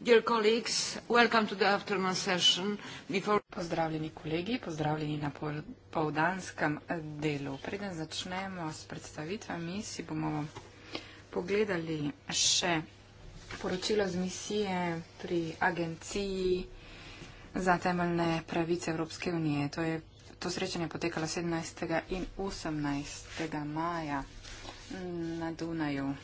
Dear colleagues, welcome to the afternoon session. Before... Pozdravljeni kolegi, pozdravljeni na pol, poldanskem delu. Preden začnemo s predstavitvami, si bomo pogledali še poročilo z misije pri Agenciji za temeljne pravice Evropske unije. To, je, to srečanje potekalo 17. in 18. maja na Dunaju. Uh,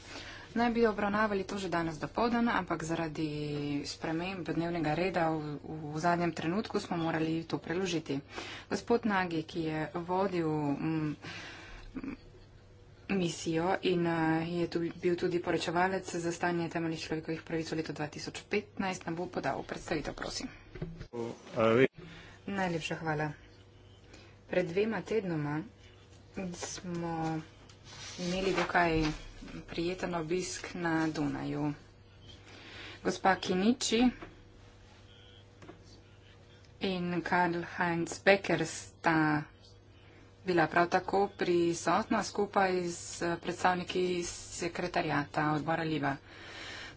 Naj bi obravnavali to že danes do povdana, ampak zaradi sprememb dnevnega reda v, v zadnjem trenutku smo morali to preložiti. Gospod Nagi, ki je vodil m, mm, mm, misijo in eh, je tudi, bil tudi porečevalec za stanje temeljnih človekovih pravic v letu 2015, nam bo podal predstavitev, prosim. Najlepša hvala. Pred dvema tednoma smo imeli dokaj prijeten obisk na Dunaju. Gospa Kiniči in Karl-Heinz Becker sta bila prav tako prisotna skupaj z predstavniki sekretarjata odbora Liba.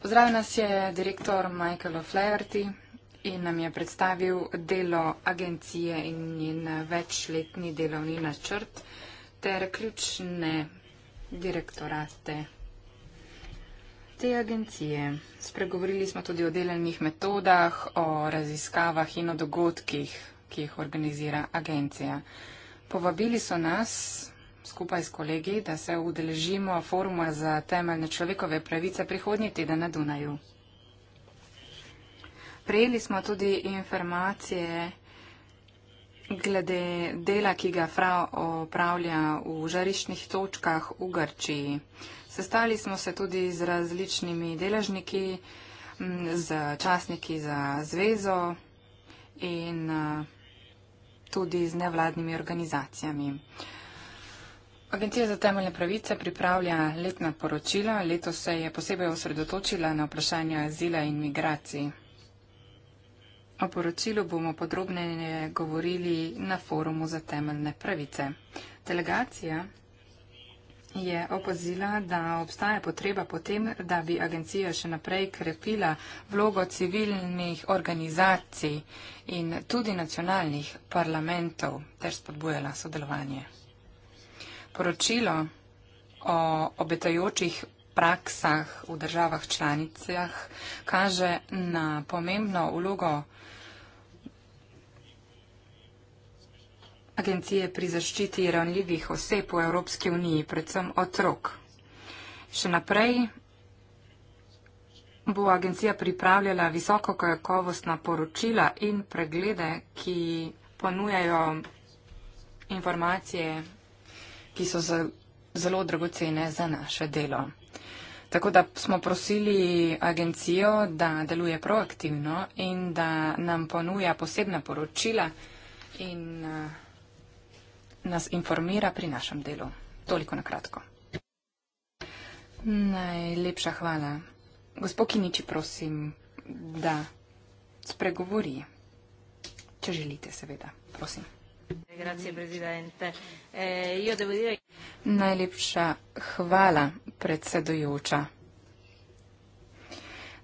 Pozdravil nas je direktor Michael O'Flaherty in nam je predstavil delo agencije in njen večletni delovni načrt ter ključne direktorate, te agencije. Spregovorili smo tudi o delenih metodah, o raziskavah in o dogodkih, ki jih organizira agencija. Povabili so nas skupaj s kolegi, da se udeležimo foruma za temeljne človekove pravice prihodnji teden na Dunaju. Prejeli smo tudi informacije, glede dela, ki ga Frau opravlja v žariščnih točkah v Grčiji. Sestali smo se tudi z različnimi deležniki, z časniki za zvezo in tudi z nevladnimi organizacijami. Agencija za temeljne pravice pripravlja letna poročila. Leto se je posebej osredotočila na vprašanje azila in migracij. O poročilu bomo podrobneje govorili na forumu za temeljne pravice. Delegacija je opazila, da obstaja potreba potem, da bi agencija še naprej krepila vlogo civilnih organizacij in tudi nacionalnih parlamentov ter spodbujala sodelovanje. Poročilo o obetajočih praksah v državah članicah kaže na pomembno vlogo agencije pri zaščiti ranljivih oseb v Evropski uniji, predvsem otrok. Še naprej bo agencija pripravljala visoko kakovostna poročila in preglede, ki ponujajo informacije, ki so zelo dragocene za naše delo. Tako da smo prosili agencijo, da deluje proaktivno in da nam ponuja posebna poročila in uh, nas informira pri našem delu. Toliko na kratko. Najlepša hvala. Gospod Kiniči, prosim, da spregovori, če želite, seveda. Prosim. Eh, Najlepša hvala, predsedojoča.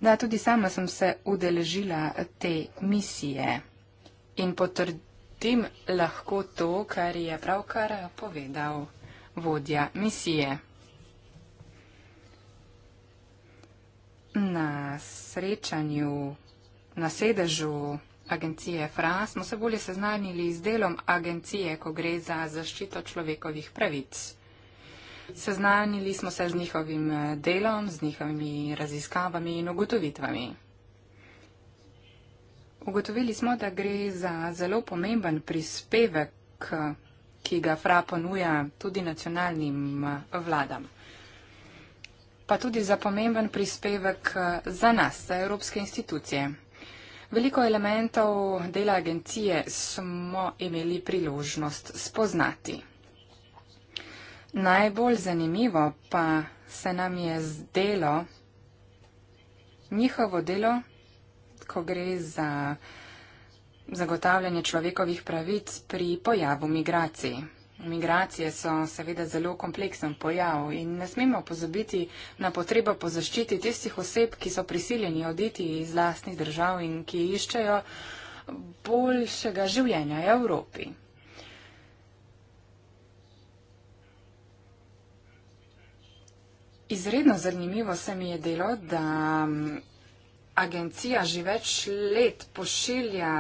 Da, tudi sama sem se udeležila te misije in potrdila, potem lahko to, kar je pravkar povedal vodja misije. Na srečanju na sedežu agencije FRA smo se bolje seznanili z delom agencije, ko gre za zaščito človekovih pravic. Seznanili smo se z njihovim delom, z njihovimi raziskavami in ugotovitvami. Ugotovili smo, da gre za zelo pomemben prispevek, ki ga FRA ponuja tudi nacionalnim eh, vladam. Pa tudi za pomemben prispevek eh, za nas, za evropske institucije. Veliko elementov dela agencije smo imeli priložnost spoznati. Najbolj zanimivo pa se nam je zdelo njihovo delo ko gre za zagotavljanje človekovih pravic pri pojavu migracij. Migracije so seveda zelo kompleksen pojav in ne smemo pozabiti na potrebo po zaščiti tistih oseb, ki so prisiljeni oditi iz lastnih držav in ki iščejo boljšega življenja v Evropi. Izredno zanimivo se mi je delo, da agencija že več let pošilja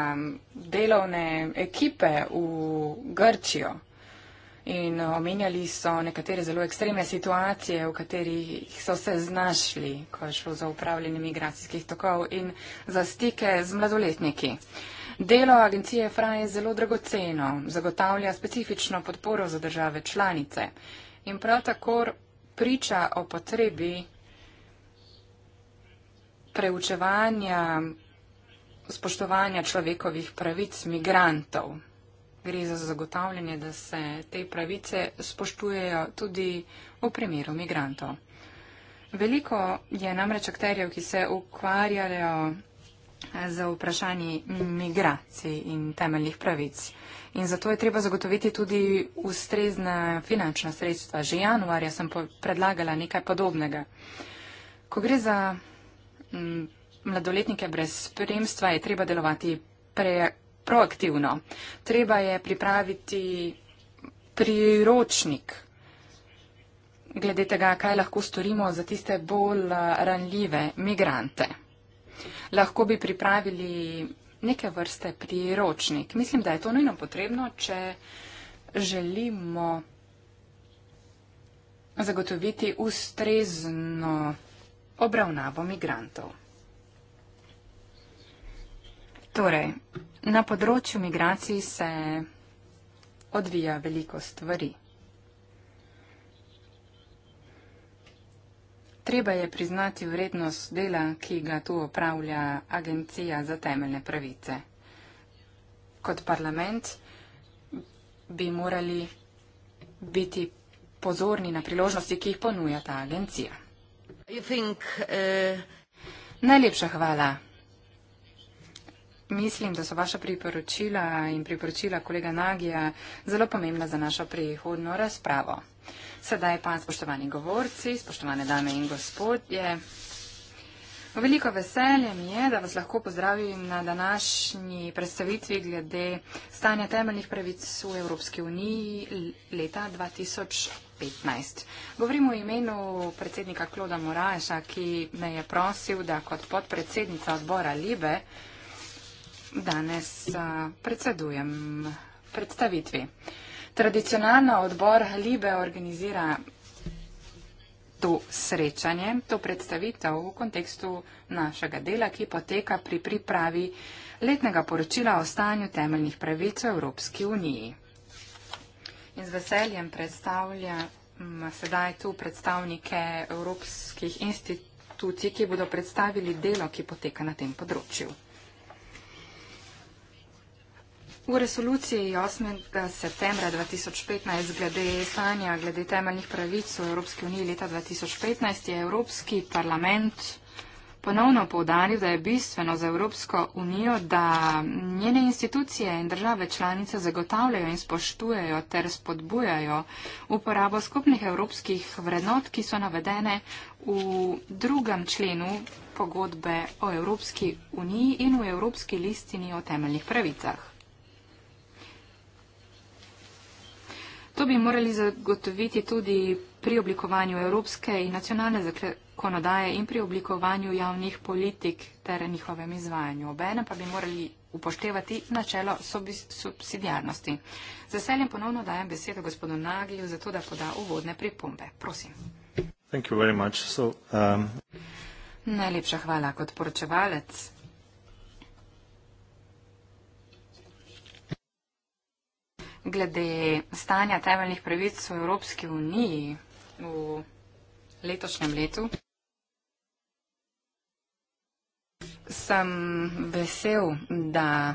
delovne ekipe v Grčijo. In omenjali so nekatere zelo ekstremne situacije, v katerih so se znašli, ko je šlo za upravljanje migracijskih tokov in za stike z mladoletniki. Delo agencije FRA je zelo dragoceno, zagotavlja specifično podporo za države članice in prav tako priča o potrebi preučevanja spoštovanja človekovih pravic migrantov. Gre za zagotavljanje, da se te pravice spoštujejo tudi v primeru migrantov. Veliko je namreč akterjev, ki se ukvarjajo z vprašanji migracij in temeljnih pravic. In zato je treba zagotoviti tudi ustrezna finančna sredstva. Že januarja sem predlagala nekaj podobnega. Ko gre za mladoletnike brez spremstva je treba delovati pre, proaktivno. Treba je pripraviti priročnik glede tega, kaj lahko storimo za tiste bolj ranljive migrante. Lahko bi pripravili neke vrste priročnik. Mislim, da je to nujno potrebno, če želimo zagotoviti ustrezno obravnavo migrantov. Torej, na področju migracij se odvija veliko stvari. Treba je priznati vrednost dela, ki ga tu opravlja Agencija za temeljne pravice. Kot parlament bi morali biti pozorni na priložnosti, ki jih ponuja ta agencija. Uh, Najlepša hvala. Mislim, da so vaša priporočila in priporočila kolega Nagija zelo pomembna za našo prihodno razpravo. Sedaj pa spoštovani govorci, spoštovane dame in gospodje. Veliko veselje mi je, da vas lahko pozdravim na današnji predstavitvi glede stanja temeljnih pravic v Evropski uniji leta 2008. 15. Govorim v imenu predsednika Kloda Morajša, ki me je prosil, da kot podpredsednica odbora Libe danes predsedujem predstavitvi. Tradicionalno odbor Libe organizira to srečanje, to predstavitev v kontekstu našega dela, ki poteka pri pripravi letnega poročila o stanju temeljnih pravic v Evropski uniji in z veseljem predstavlja sedaj tu predstavnike evropskih institucij, ki bodo predstavili delo, ki poteka na tem področju. V resoluciji 8. septembra 2015 glede stanja, glede temeljnih pravic v Evropski uniji leta 2015 je Evropski parlament ponovno povdaril, da je bistveno za Evropsko unijo, da njene institucije in države članice zagotavljajo in spoštujejo ter spodbujajo uporabo skupnih evropskih vrednot, ki so navedene v drugem členu pogodbe o Evropski uniji in v Evropski listini o temeljnih pravicah. To bi morali zagotoviti tudi pri oblikovanju evropske in nacionalne zakladnosti zakonodaje in pri oblikovanju javnih politik ter njihovem izvajanju. Obenem pa bi morali upoštevati načelo subsidijarnosti. Z veseljem ponovno dajem besedo gospodu Nagiju, zato da poda uvodne pripombe. Prosim. So, um... Najlepša hvala kot poročevalec. Glede stanja temeljnih pravic v Evropski uniji v letošnjem letu. sem vesel, da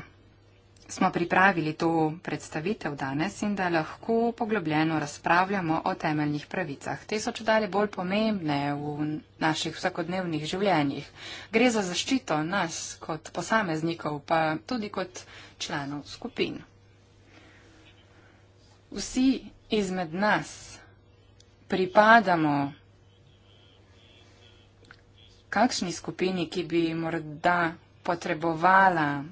smo pripravili to predstavitev danes in da lahko poglobljeno razpravljamo o temeljnih pravicah. Te so čudali bolj pomembne v naših vsakodnevnih življenjih. Gre za zaščito nas kot posameznikov, pa tudi kot članov skupin. Vsi izmed nas pripadamo kakšni skupini, ki bi morda potrebovala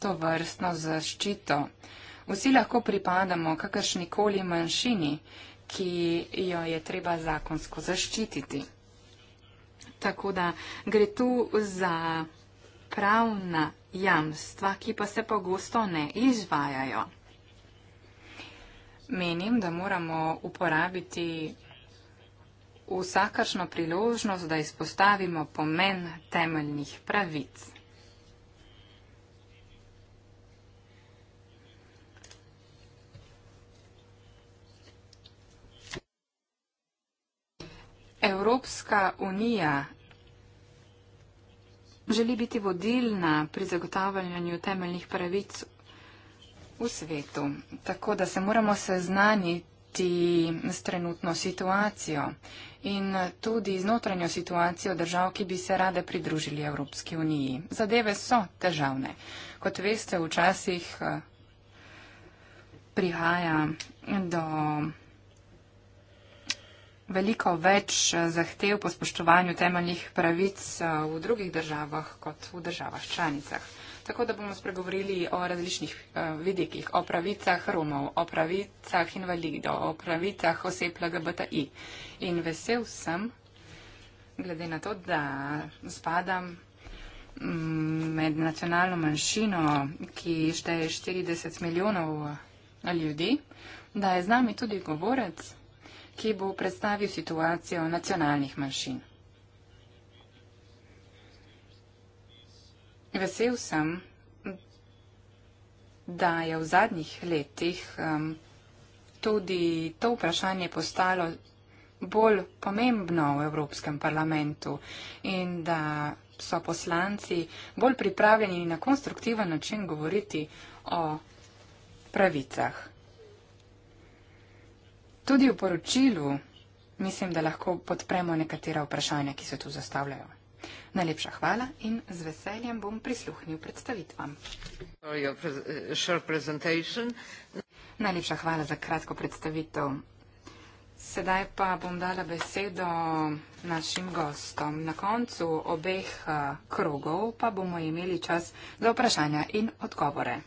to vrstno zaščito. Vsi lahko pripadamo kakršnikoli manjšini, ki jo je treba zakonsko zaščititi. Tako da gre tu za pravna jamstva, ki pa se pogosto ne izvajajo. Menim, da moramo uporabiti vsakašno priložnost, da izpostavimo pomen temeljnih pravic. Evropska unija želi biti vodilna pri zagotavljanju temeljnih pravic v svetu, tako da se moramo seznaniti s trenutno situacijo in tudi z notranjo situacijo držav, ki bi se rade pridružili Evropski uniji. Zadeve so težavne. Kot veste, včasih eh, prihaja do veliko več eh, zahtev po spoštovanju temeljnih pravic eh, v drugih državah kot v državah članicah tako da bomo spregovorili o različnih uh, vidikih, o pravicah Romov, o pravicah invalidov, o pravicah oseb LGBTI. In vesel sem, glede na to, da spadam mm, med nacionalno manjšino, ki šteje 40 milijonov eh, ljudi, da je z nami tudi govorec, ki bo predstavil situacijo nacionalnih manjšin. Vesel sem, da je v zadnjih letih um, tudi to vprašanje postalo bolj pomembno v Evropskem parlamentu in da so poslanci bolj pripravljeni na konstruktiven način govoriti o pravicah. Tudi v poročilu mislim, da lahko podpremo nekatera vprašanja, ki se tu zastavljajo. Najlepša hvala in z veseljem bom prisluhnil predstavitvam. Eh, Najlepša hvala za kratko predstavitev. Sedaj pa bom dala besedo našim gostom. Na koncu obeh eh, krogov pa bomo imeli čas za vprašanja in odgovore.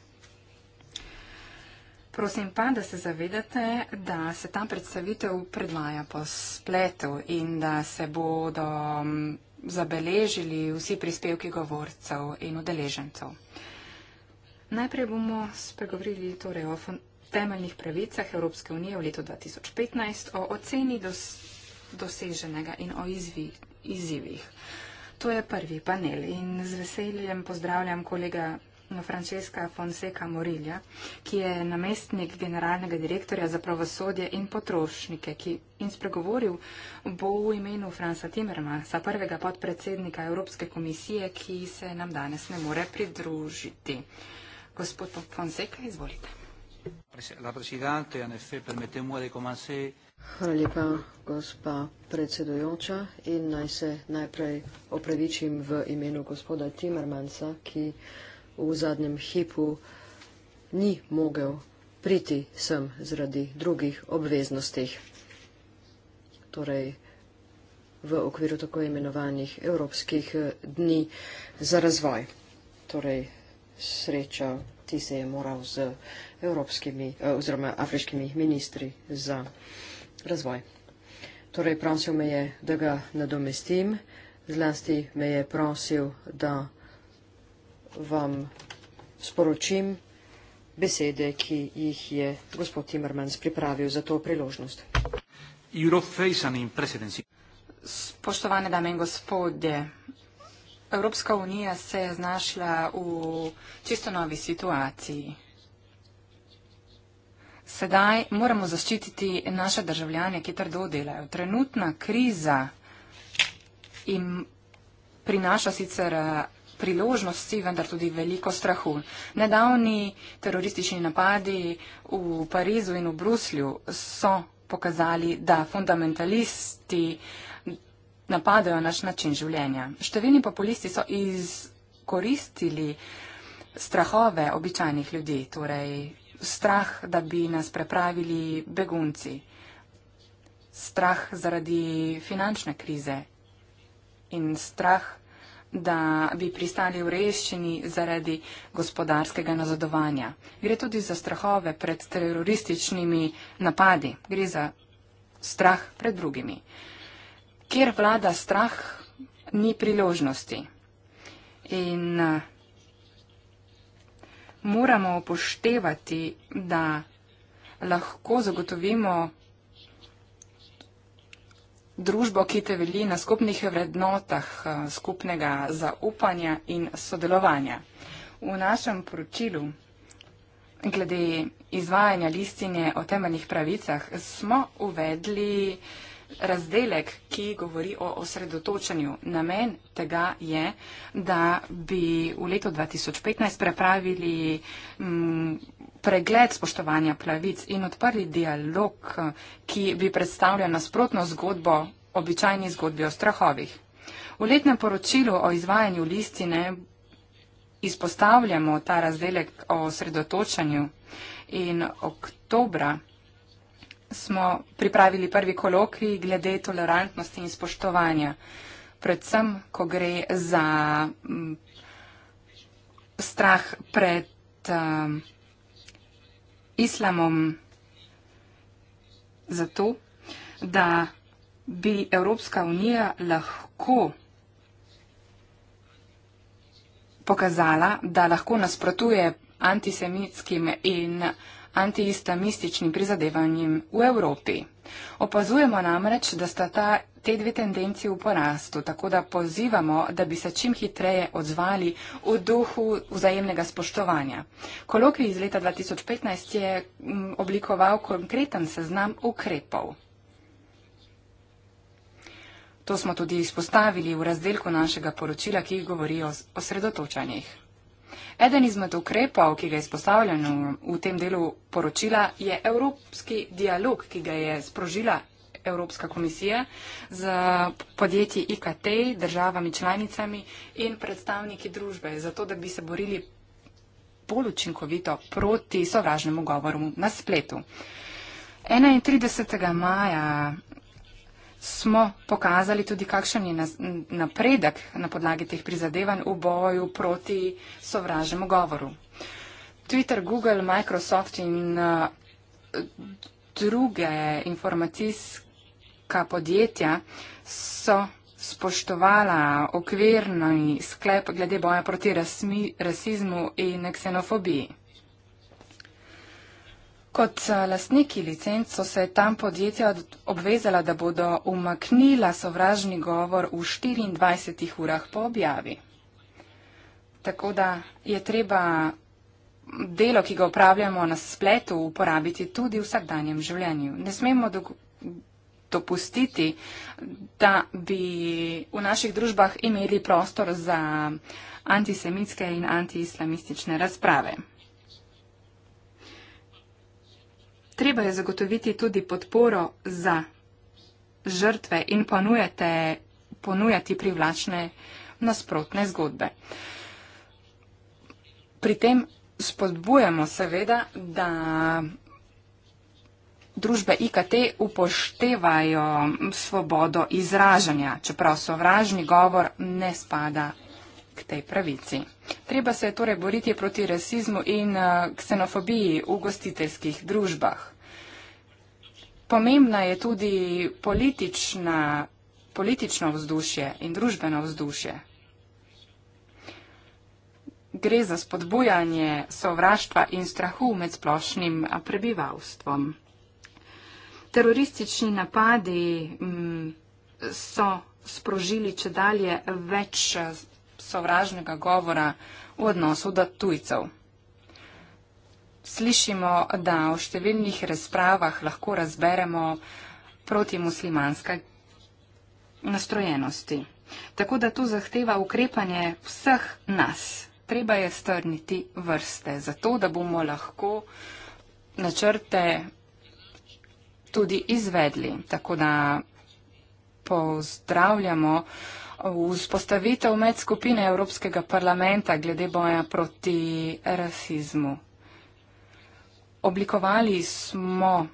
Prosim pa, da se zavedate, da se ta predstavitev predvaja po spletu in da se bodo mm, zabeležili vsi prispevki govorcev in udeležencev. Najprej bomo spregovorili torej o temeljnih pravicah Evropske unije v letu 2015, o oceni dos doseženega in o izvi izzivih. To je prvi panel in z veseljem pozdravljam kolega Francesca Fonseca Morilja, ki je namestnik generalnega direktorja za pravosodje in potrošnike, ki in spregovoril bo v imenu Franca Timmermansa, prvega podpredsednika Evropske komisije, ki se nam danes ne more pridružiti. Gospod Fonseca, izvolite. Hvala lepa, gospa predsedujoča, in naj se najprej opravičim v imenu gospoda Timmermansa, ki v zadnjem hipu ni mogel priti sem zaradi drugih obveznosti, torej v okviru tako imenovanih Evropskih eh, dni za razvoj. Torej, sreča, ti se je moral z evropskimi eh, oziroma afriškimi ministri za razvoj. Torej, prosil me je, da ga nadomestim, zlasti me je prosil, da vam sporočim besede, ki jih je gospod Timmermans pripravil za to priložnost. Spoštovane dame in gospodje, Evropska unija se je znašla v čisto novi situaciji. Sedaj moramo zaščititi naše državljane, ki trdo delajo. Trenutna kriza jim prinaša sicer priložnosti, vendar tudi veliko strahu. Nedavni teroristični napadi v Parizu in v Bruslju so pokazali, da fundamentalisti napadajo naš način življenja. Številni populisti so izkoristili strahove običajnih ljudi, torej strah, da bi nas prepravili begunci, strah zaradi finančne krize in strah da bi pristali v reščini zaradi gospodarskega nazadovanja. Gre tudi za strahove pred terorističnimi napadi, gre za strah pred drugimi. Kjer vlada strah, ni priložnosti. In eh, moramo upoštevati, da lahko zagotovimo družbo, ki te veli na skupnih vrednotah eh, skupnega zaupanja in sodelovanja. V našem poročilu glede izvajanja listinje o temeljnih pravicah smo uvedli razdelek, ki govori o osredotočenju. Namen tega je, da bi v letu 2015 prepravili. Mm, pregled spoštovanja pravic in odprli dialog, ki bi predstavljal nasprotno zgodbo, običajni zgodbi o strahovih. V letnem poročilu o izvajanju listine izpostavljamo ta razdelek o sredotočanju in oktobra smo pripravili prvi kolokvij glede tolerantnosti in spoštovanja, predvsem, ko gre za mm, strah pred. Um, islamom zato, da bi Evropska unija lahko pokazala, da lahko nasprotuje antisemitskim in uh, antiislamističnim prizadevanjem v Evropi. Opazujemo namreč, da sta ta, te dve tendenci v porastu, tako da pozivamo, da bi se čim hitreje odzvali v duhu vzajemnega spoštovanja. Kolokvi iz leta 2015 je oblikoval konkreten seznam ukrepov. To smo tudi izpostavili v razdelku našega poročila, ki govori o osredotočanjih. Eden izmed ukrepov, ki ga je izpostavljen v tem delu poročila, je evropski dialog, ki ga je sprožila Evropska komisija z podjetji IKT, državami članicami in predstavniki družbe, zato da bi se borili bolj učinkovito proti sovražnemu govoru na spletu. 31. maja smo pokazali tudi, kakšen je napredek na podlagi teh prizadevanj v boju proti sovražnemu govoru. Twitter, Google, Microsoft in eh, druge informacijska podjetja so spoštovala okvirni sklep glede boja proti rasmi, rasizmu in ksenofobiji. Kot eh, lastniki licenc so se tam podjetja obvezala, da bodo umaknila sovražni govor v 24 urah po objavi. Tako da je treba delo, ki ga upravljamo na spletu, uporabiti tudi v vsakdanjem življenju. Ne smemo dopustiti, da bi v naših družbah imeli prostor za antisemitske in antiislamistične razprave. treba je zagotoviti tudi podporo za žrtve in ponujete, ponujati privlačne nasprotne zgodbe. Pri tem spodbujamo seveda, da družbe IKT upoštevajo svobodo izražanja, čeprav sovražni govor ne spada k tej pravici. Treba se torej boriti proti rasizmu in eh, ksenofobiji v gostiteljskih družbah. Pomembna je tudi politična, politično vzdušje in družbeno vzdušje. Gre za spodbujanje sovraštva in strahu med splošnim eh, prebivalstvom. Teroristični napadi m, mm, so sprožili če dalje več eh, sovražnega govora v odnosu do tujcev. Slišimo, da v številnih razpravah lahko razberemo protimuslimanske nastrojenosti. Tako da to zahteva ukrepanje vseh nas. Treba je strniti vrste, zato da bomo lahko načrte tudi izvedli. Tako da pozdravljamo vzpostavitev medskupine Evropskega parlamenta glede boja proti rasizmu. Oblikovali smo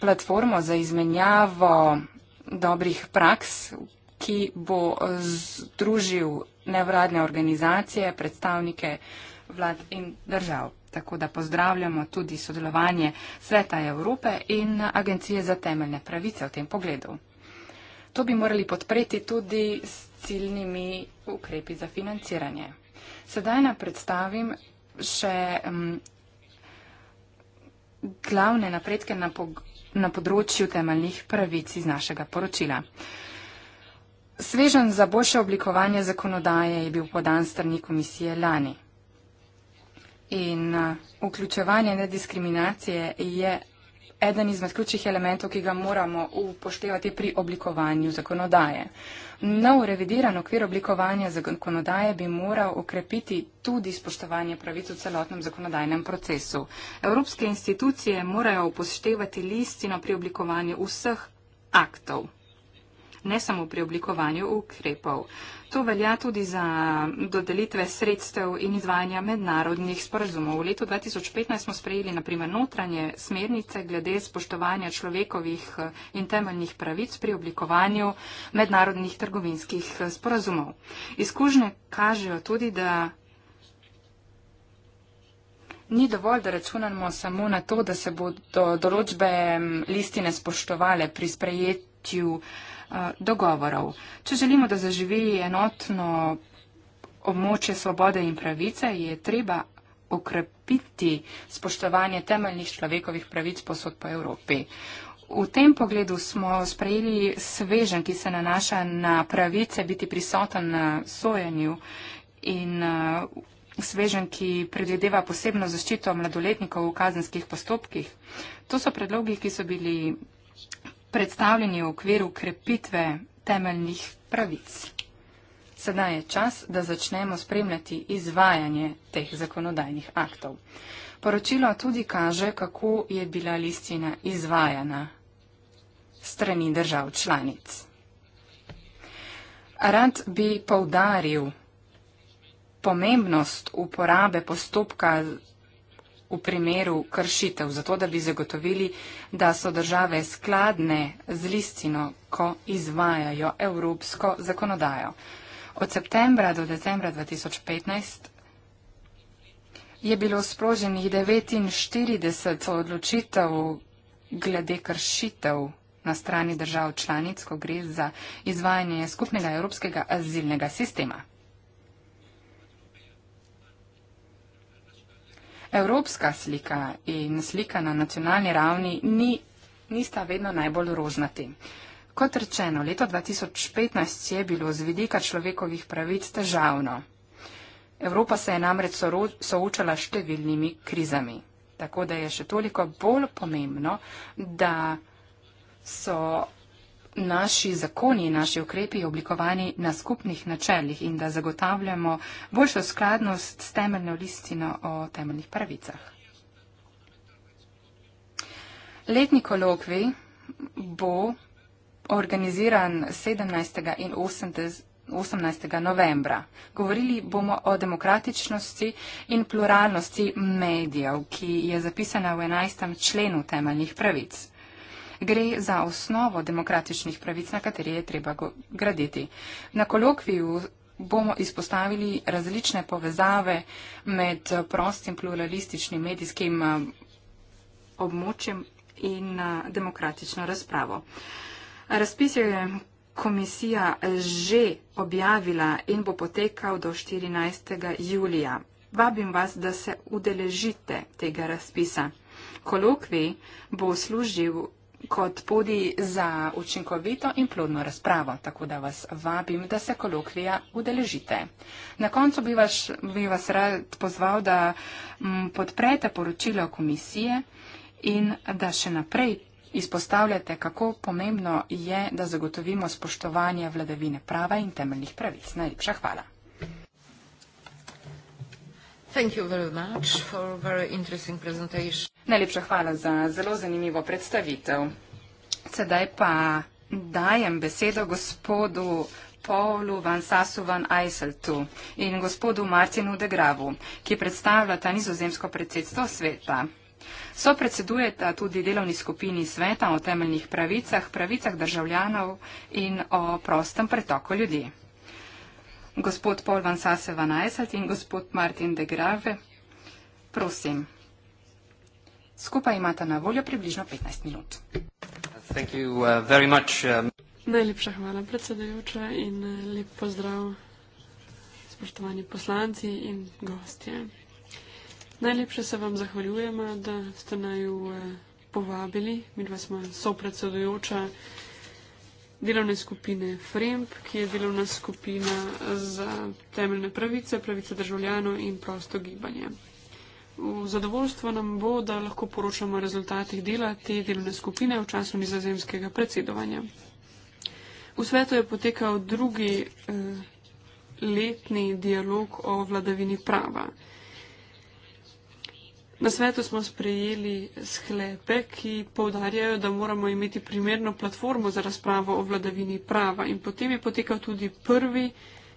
platformo za izmenjavo dobrih praks, ki bo združil nevladne organizacije, predstavnike vlad in držav. Tako da pozdravljamo tudi sodelovanje Sveta Evrope in Agencije za temeljne pravice v tem pogledu to bi morali podpreti tudi s ciljnimi ukrepi za financiranje. Sedaj nam predstavim še um, glavne napredke na, na področju temeljnih pravic iz našega poročila. Svežen za boljše oblikovanje zakonodaje je bil podan strani komisije lani. In uh, vključevanje nediskriminacije je eden izmed ključnih elementov, ki ga moramo upoštevati pri oblikovanju zakonodaje. Nov revidiran okvir oblikovanja zakonodaje bi moral okrepiti tudi spoštovanje pravic v celotnem zakonodajnem procesu. Evropske institucije morajo upoštevati listino pri oblikovanju vseh aktov ne samo pri oblikovanju ukrepov. To velja tudi za dodelitve sredstev in izvajanja mednarodnih sporazumov. V letu 2015 smo sprejeli naprimer notranje smernice glede spoštovanja človekovih eh, in temeljnih pravic pri oblikovanju mednarodnih trgovinskih eh, sporazumov. Izkužne kažejo tudi, da. Ni dovolj, da računamo samo na to, da se bodo določbe mm, listine spoštovale pri sprejetju uh, Eh, dogovorov. Če želimo, da zaživi enotno območje svobode in pravice, je treba okrepiti spoštovanje temeljnih človekovih pravic posod po Evropi. V tem pogledu smo sprejeli svežen, ki se nanaša na pravice biti prisoten na sojenju in eh, svežen, ki predvideva posebno zaščito mladoletnikov v kazenskih postopkih. To so predlogi, ki so bili predstavljeni v okviru krepitve temeljnih pravic. Sedaj je čas, da začnemo spremljati izvajanje teh zakonodajnih aktov. Poročilo tudi kaže, kako je bila listina izvajana strani držav članic. Rad bi poudaril pomembnost uporabe postopka v primeru kršitev, zato da bi zagotovili, da so države skladne z listino, ko izvajajo evropsko zakonodajo. Od septembra do decembra 2015 je bilo sproženih 49 odločitev glede kršitev na strani držav članic, ko gre za izvajanje skupnega evropskega azilnega sistema. Evropska slika in slika na nacionalni ravni ni, nista vedno najbolj rožnati. Kot rečeno, leto 2015 je bilo z vidika človekovih pravic težavno. Evropa se je namreč soočala s številnimi krizami. Tako da je še toliko bolj pomembno, da so naši zakoni, naši ukrepi oblikovani na skupnih načeljih in da zagotavljamo boljšo skladnost s temeljno listino o temeljnih pravicah. Letni kolokvi bo organiziran 17. in 18. novembra. Govorili bomo o demokratičnosti in pluralnosti medijev, ki je zapisana v 11. členu temeljnih pravic gre za osnovo demokratičnih pravic, na kateri je treba graditi. Na kolokviju bomo izpostavili različne povezave med prostim pluralističnim medijskim območjem in demokratično razpravo. Razpis je komisija že objavila in bo potekal do 14. julija. Vabim vas, da se udeležite tega razpisa. Kolokvi bo služil kot tudi za učinkovito in plodno razpravo, tako da vas vabim, da se kolokvija udeležite. Na koncu bi vas, bi vas rad pozval, da mm, podprete poročilo komisije in da še naprej izpostavljate, kako pomembno je, da zagotovimo spoštovanje vladavine prava in temeljnih pravic. Najlepša hvala. Thank you very much for very interesting presentation. Najlepša hvala za zelo zanimivo predstavitev. Sedaj pa dajem besedo gospodu Paulu van Sasu van Eiseltu in gospodu Martinu de Gravu, ki predstavljata nizozemsko predsedstvo sveta. So predsedujeta tudi delovni skupini sveta o temeljnih pravicah, pravicah državljanov in o prostem pretoku ljudi. Gospod Paul van Sase van Eiselt in gospod Martin de Grave, prosim. Skupaj imate na voljo približno 15 minut. You, uh, much, um... Najlepša hvala, predsedujoča, in uh, lep pozdrav, spoštovani poslanci in gostje. Najlepše se vam zahvaljujemo, da ste naju uh, povabili. Mi dva smo sopredsedujoča delovne skupine FREMP, ki je delovna skupina za temeljne pravice, pravice državljanov in prosto gibanje. V zadovoljstvo nam bo, da lahko poročamo o rezultatih dela te delovne skupine v času nizozemskega predsedovanja. V svetu je potekal drugi eh, letni dialog o vladavini prava. Na svetu smo sprejeli sklepe, ki povdarjajo, da moramo imeti primerno platformo za razpravo o vladavini prava. In potem je potekal tudi prvi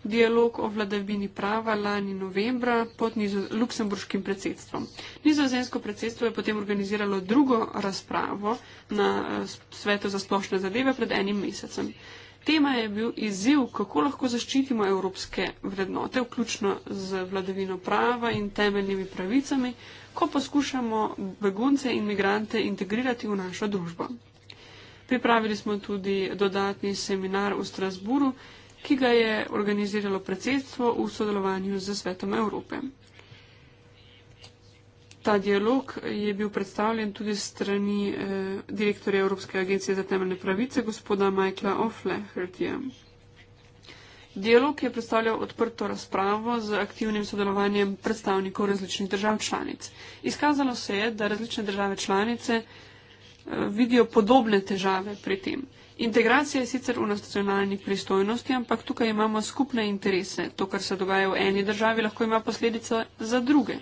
dialog o vladavini prava lani novembra pod luksemburškim predsedstvom. Nizozemsko predsedstvo je potem organiziralo drugo razpravo na eh, svetu za splošne zadeve pred enim mesecem. Tema je bil izziv, kako lahko zaščitimo evropske vrednote, vključno z vladavino prava in temeljnimi pravicami, ko poskušamo begunce in migrante integrirati v našo družbo. Pripravili smo tudi dodatni seminar v Strasburu, ki ga je organiziralo predsedstvo v sodelovanju z Svetom Evrope. Ta dialog je bil predstavljen tudi strani eh, direktorja Evropske agencije za temeljne pravice, gospoda Michaela O'Flahertyja. Dialog je predstavljal odprto razpravo z aktivnim sodelovanjem predstavnikov različnih držav članic. Izkazalo se je, da različne države članice eh, vidijo podobne težave pri tem. Integracija je sicer v nacionalni pristojnosti, ampak tukaj imamo skupne interese. To, kar se dogaja v eni državi, lahko ima posledice za druge.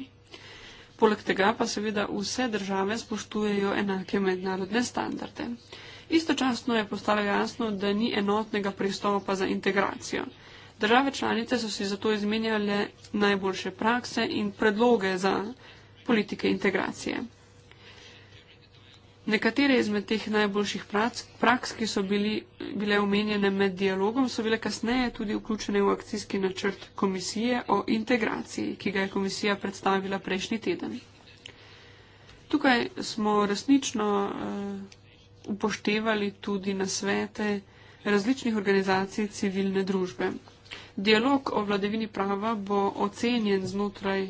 Poleg tega pa seveda vse države spoštujejo enake mednarodne standarde. Istočasno je postalo jasno, da ni enotnega pristopa za integracijo. Države članice so si zato izmenjale najboljše prakse in predloge za politike integracije. Nekatere izmed teh najboljših praks, praks ki so bili, bile omenjene med dialogom, so bile kasneje tudi vključene v akcijski načrt komisije o integraciji, ki ga je komisija predstavila prejšnji teden. Tukaj smo resnično uh, upoštevali tudi nasvete različnih organizacij civilne družbe. Dialog o vladavini prava bo ocenjen znotraj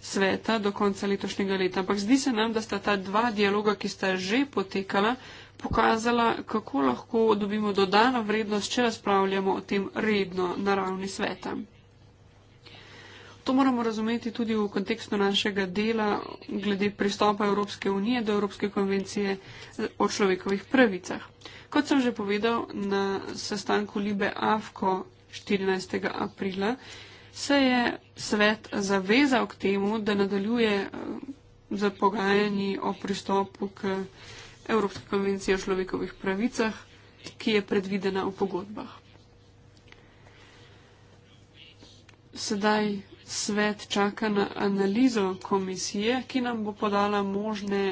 sveta do konca letošnjega leta. Ampak zdi se nam, da sta ta dva dialoga, ki sta že potekala, pokazala, kako lahko dobimo dodano vrednost, če razpravljamo o tem redno na ravni sveta. To moramo razumeti tudi v kontekstu našega dela glede pristopa Evropske unije do Evropske konvencije o človekovih pravicah. Kot sem že povedal, na sestanku Libe Avko 14. aprila se je svet zavezal k temu, da nadaljuje eh, z pogajanji o pristopu k Evropski konvenciji o človekovih pravicah, ki je predvidena v pogodbah. Sedaj svet čaka na analizo komisije, ki nam bo podala možne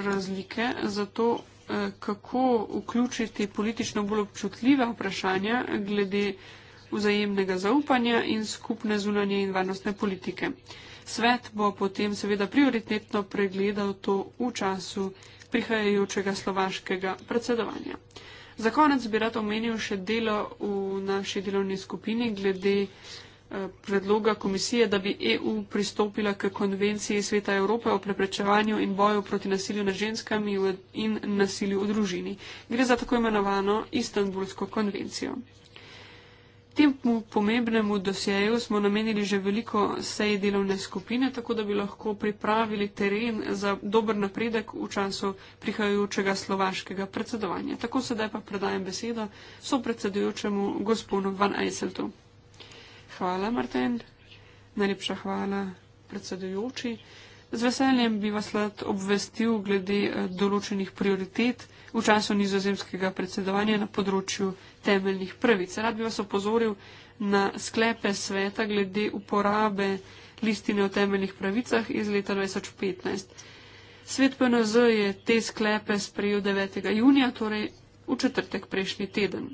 razlike za to, eh, kako vključiti politično bolj občutljiva vprašanja glede vzajemnega zaupanja in skupne zunanje in varnostne politike. Svet bo potem seveda prioritetno pregledal to v času prihajajočega slovaškega predsedovanja. Za konec bi rad omenil še delo v naši delovni skupini glede eh, predloga komisije, da bi EU pristopila k konvenciji Sveta Evrope o preprečevanju in boju proti nasilju nad ženskami in nasilju v družini. Gre za tako imenovano Istanbulsko konvencijo temu pomembnemu dosjeju smo namenili že veliko sej delovne skupine, tako da bi lahko pripravili teren za dober napredek v času prihajajočega slovaškega predsedovanja. Tako sedaj pa predajem besedo sopredsedujočemu gospodu Van Eiseltu. Hvala, Marten. Najlepša hvala, predsedujoči. Z veseljem bi vas rad obvestil glede eh, določenih prioritet v času nizozemskega predsedovanja na področju temeljnih pravic. Rad bi vas opozoril na sklepe sveta glede uporabe listine o temeljnih pravicah iz leta 2015. Svet PNZ je te sklepe sprejel 9. junija, torej v četrtek prejšnji teden.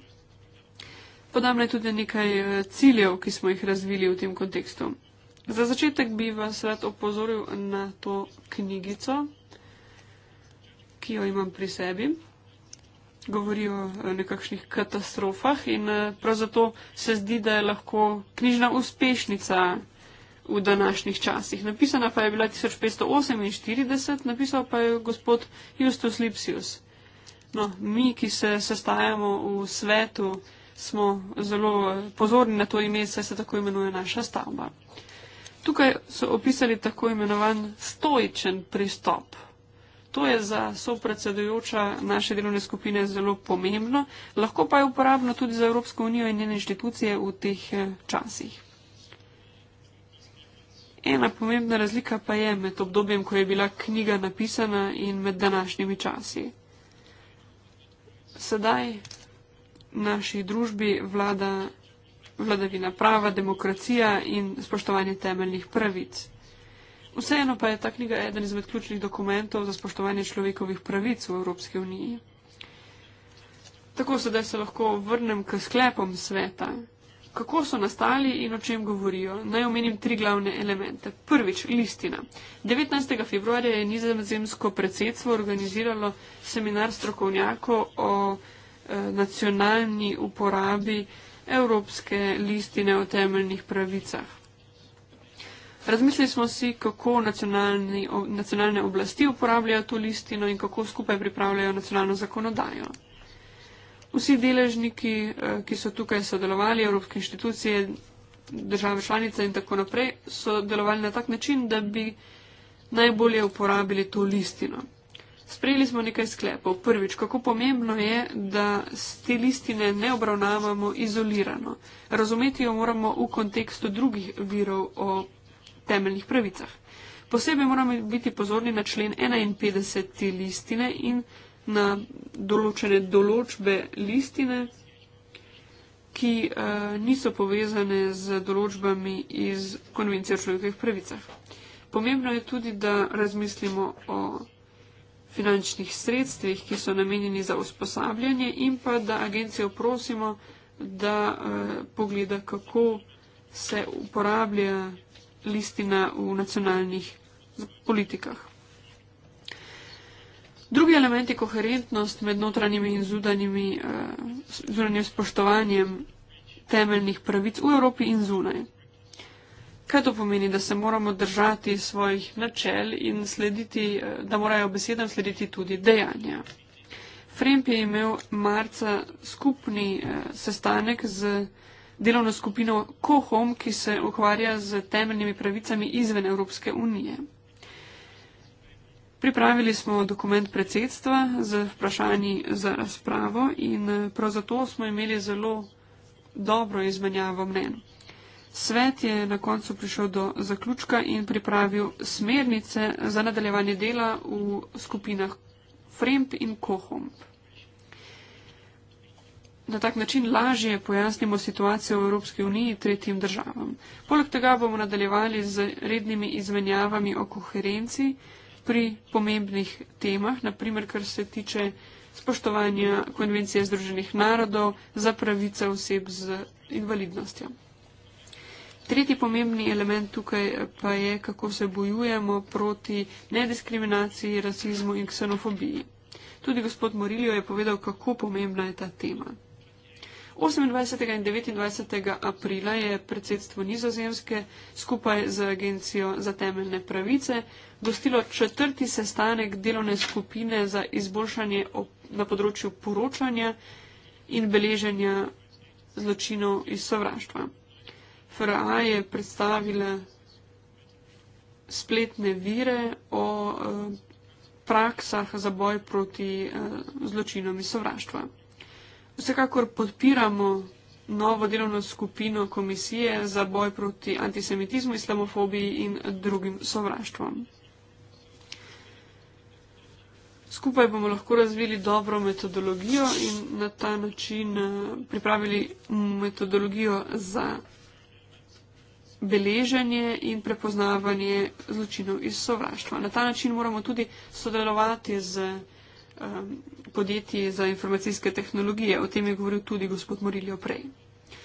Podam naj tudi nekaj eh, ciljev, ki smo jih razvili v tem kontekstu. Za začetek bi vas rad opozoril na to knjigico, ki jo imam pri sebi govori o eh, nekakšnih katastrofah in eh, prav zato se zdi, da je lahko knjižna uspešnica v današnjih časih. Napisana pa je bila 1548, napisal pa je gospod Justus Lipsius. No, mi, ki se sestajamo v svetu, smo zelo eh, pozorni na to ime, saj se tako imenuje naša stavba. Tukaj so opisali tako imenovan stoičen pristop. To je za sopredsedujoča naše delovne skupine zelo pomembno, lahko pa je uporabno tudi za Evropsko unijo in njene inštitucije v teh eh, časih. Ena pomembna razlika pa je med obdobjem, ko je bila knjiga napisana in med današnjimi časi. Sedaj naši družbi vlada vladavina prava, demokracija in spoštovanje temeljnih pravic. Vseeno pa je ta knjiga eden izmed ključnih dokumentov za spoštovanje človekovih pravic v Evropski uniji. Tako sedaj se lahko vrnem k sklepom sveta. Kako so nastali in o čem govorijo? Naj omenim tri glavne elemente. Prvič, listina. 19. februarja je nizozemsko predsedstvo organiziralo seminar strokovnjakov o e, nacionalni uporabi evropske listine o temeljnih pravicah. Razmislili smo si, kako nacionalne oblasti uporabljajo to listino in kako skupaj pripravljajo nacionalno zakonodajo. Vsi deležniki, eh, ki so tukaj sodelovali, evropske inštitucije, države članice in tako naprej, so delovali na tak način, da bi najbolje uporabili to listino. Sprejeli smo nekaj sklepov. Prvič, kako pomembno je, da te listine ne obravnavamo izolirano. Razumeti jo moramo v kontekstu drugih virov o temeljnih pravicah. Posebej moramo biti pozorni na člen 51. listine in na določene določbe listine, ki uh, niso povezane z določbami iz konvencije o človekovih pravicah. Pomembno je tudi, da razmislimo o finančnih sredstvih, ki so namenjeni za usposabljanje in pa da agencijo prosimo, da uh, pogleda, kako se uporablja listina v nacionalnih politikah. Drugi element je koherentnost med notranjimi in zudanjimi, eh, zunanjim spoštovanjem temeljnih pravic v Evropi in zunaj. Kaj to pomeni, da se moramo držati svojih načel in slediti, eh, da morajo besedam slediti tudi dejanja? Fremp je imel marca skupni eh, sestanek z delovno skupino COHOM, ki se ukvarja z temeljnimi pravicami izven Evropske unije. Pripravili smo dokument predsedstva z vprašanji za razpravo in prav zato smo imeli zelo dobro izmenjavo mnen. Svet je na koncu prišel do zaključka in pripravil smernice za nadaljevanje dela v skupinah FREMP in COHOMP na tak način lažje pojasnimo situacijo v Evropski uniji tretjim državam. Poleg tega bomo nadaljevali z rednimi izmenjavami o koherenci pri pomembnih temah, naprimer kar se tiče spoštovanja konvencije Združenih narodov za pravice oseb z invalidnostjo. Tretji pomembni element tukaj pa je, kako se bojujemo proti nediskriminaciji, rasizmu in ksenofobiji. Tudi gospod Morilijo je povedal, kako pomembna je ta tema. 28. in 29. aprila je predsedstvo nizozemske skupaj z Agencijo za temeljne pravice gostilo četrti sestanek delovne skupine za izboljšanje op, na področju poročanja in beleženja zločinov iz sovraštva. FRA je predstavila spletne vire o eh, praksah za boj proti eh, zločinom iz sovraštva. Vsekakor podpiramo novo delovno skupino komisije za boj proti antisemitizmu, islamofobiji in drugim sovraštvom. Skupaj bomo lahko razvili dobro metodologijo in na ta način eh, pripravili metodologijo za beleženje in prepoznavanje zločinov iz sovraštva. Na ta način moramo tudi sodelovati z um, podjetij za informacijske tehnologije. O tem je govoril tudi gospod Morilijo prej.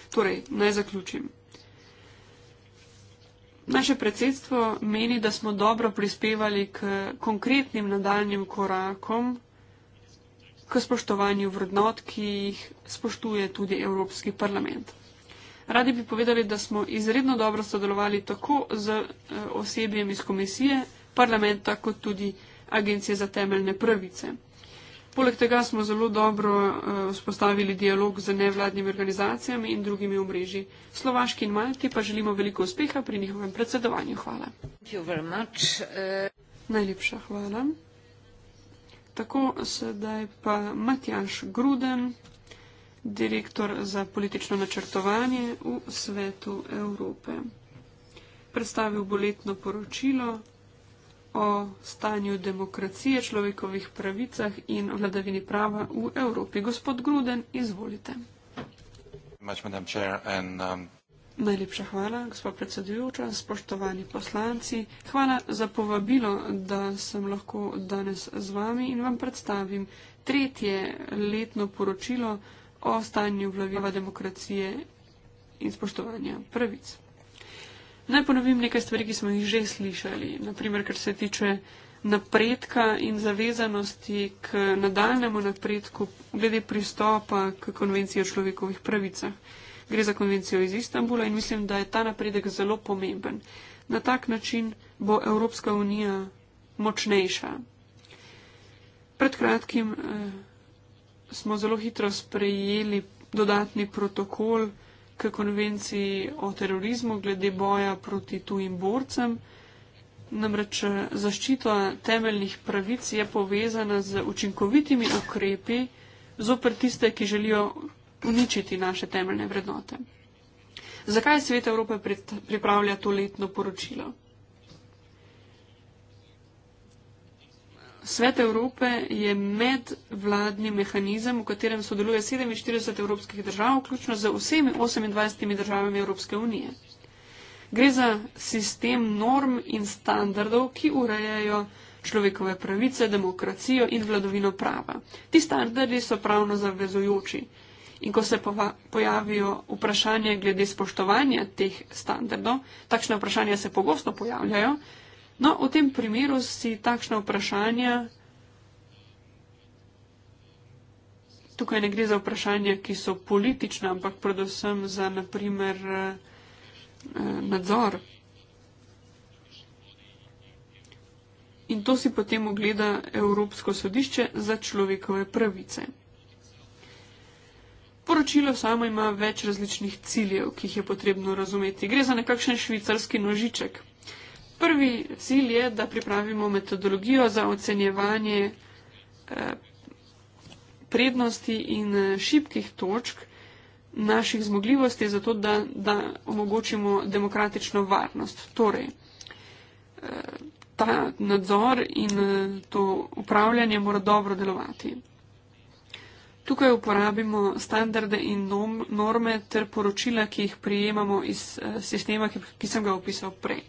Torej, naj zaključim. Naše predsedstvo meni, da smo dobro prispevali k konkretnim nadaljnim korakom, k spoštovanju vrednot, ki jih spoštuje tudi Evropski parlament. Radi bi povedali, da smo izredno dobro sodelovali tako z eh, osebjem iz komisije, parlamenta, kot tudi agencije za temeljne pravice. Poleg tega smo zelo dobro eh, vzpostavili dialog z nevladnimi organizacijami in drugimi omrežji. Slovaški in Malti pa želimo veliko uspeha pri njihovem predsedovanju. Hvala. Uh... Najlepša hvala. Tako sedaj pa Matjaš Gruden, direktor za politično načrtovanje v svetu Evrope. Predstavil bo letno poročilo o stanju demokracije, človekovih pravicah in vladavini prava v Evropi. Gospod Gruden, izvolite. Um, Najlepša hvala, gospod predsedujoča, spoštovani poslanci. Hvala za povabilo, da sem lahko danes z vami in vam predstavim tretje letno poročilo o stanju vladavine demokracije in spoštovanja pravic. Naj ponovim nekaj stvari, ki smo jih že slišali, naprimer, kar se tiče napredka in zavezanosti k nadaljnemu napredku glede pristopa k konvenciji o človekovih pravicah. Gre za konvencijo iz Istanbula in mislim, da je ta napredek zelo pomemben. Na tak način bo Evropska unija močnejša. Pred kratkim eh, smo zelo hitro sprejeli dodatni protokol, k konvenciji o terorizmu glede boja proti tujim borcem. Namreč eh, zaščita temeljnih pravic je povezana z učinkovitimi ukrepi zoper tiste, ki želijo uničiti naše temeljne vrednote. Zakaj Svet Evrope pripravlja to letno poročilo? Svet Evrope je medvladni mehanizem, v katerem sodeluje 47 evropskih držav, vključno z vsemi 28 državami Evropske unije. Gre za sistem norm in standardov, ki urejajo človekove pravice, demokracijo in vladovino prava. Ti standardi so pravno zavezujoči. In ko se pojavijo vprašanja glede spoštovanja teh standardov, takšne vprašanja se pogosto pojavljajo, No, v tem primeru si takšna vprašanja, tukaj ne gre za vprašanja, ki so politična, ampak predvsem za, naprimer, eh, nadzor. In to si potem ogleda Evropsko sodišče za človekove pravice. Poročilo samo ima več različnih ciljev, ki jih je potrebno razumeti. Gre za nekakšen švicarski nožiček, prvi cilj je, da pripravimo metodologijo za ocenjevanje eh, prednosti in eh, šibkih točk naših zmogljivosti, zato da, da omogočimo demokratično varnost. Torej, eh, ta nadzor in to upravljanje mora dobro delovati. Tukaj uporabimo standarde in norme ter poročila, ki jih prijemamo iz sistema, ki sem ga opisal prej.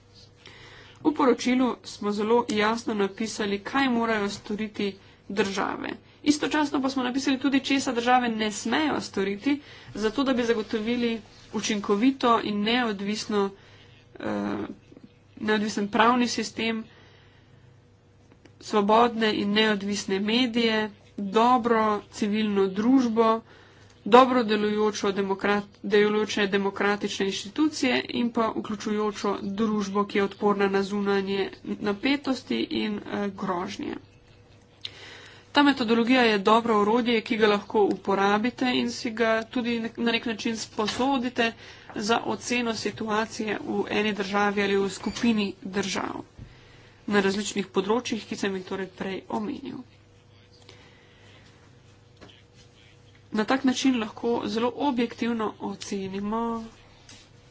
V poročilu smo zelo jasno napisali, kaj morajo storiti države. Istočasno pa smo napisali tudi, česa države ne smejo storiti, zato da bi zagotovili učinkovito in neodvisno, uh, neodvisen pravni sistem, svobodne in neodvisne medije, dobro civilno družbo dobro delujočo demokrat, delujoče demokratične inštitucije in pa vključujočo družbo, ki je odporna na zunanje napetosti in eh, grožnje. Ta metodologija je dobro orodje, ki ga lahko uporabite in si ga tudi na nek način sposodite za oceno situacije v eni državi ali v skupini držav na različnih področjih, ki sem jih torej prej omenil. na tak način lahko zelo objektivno ocenimo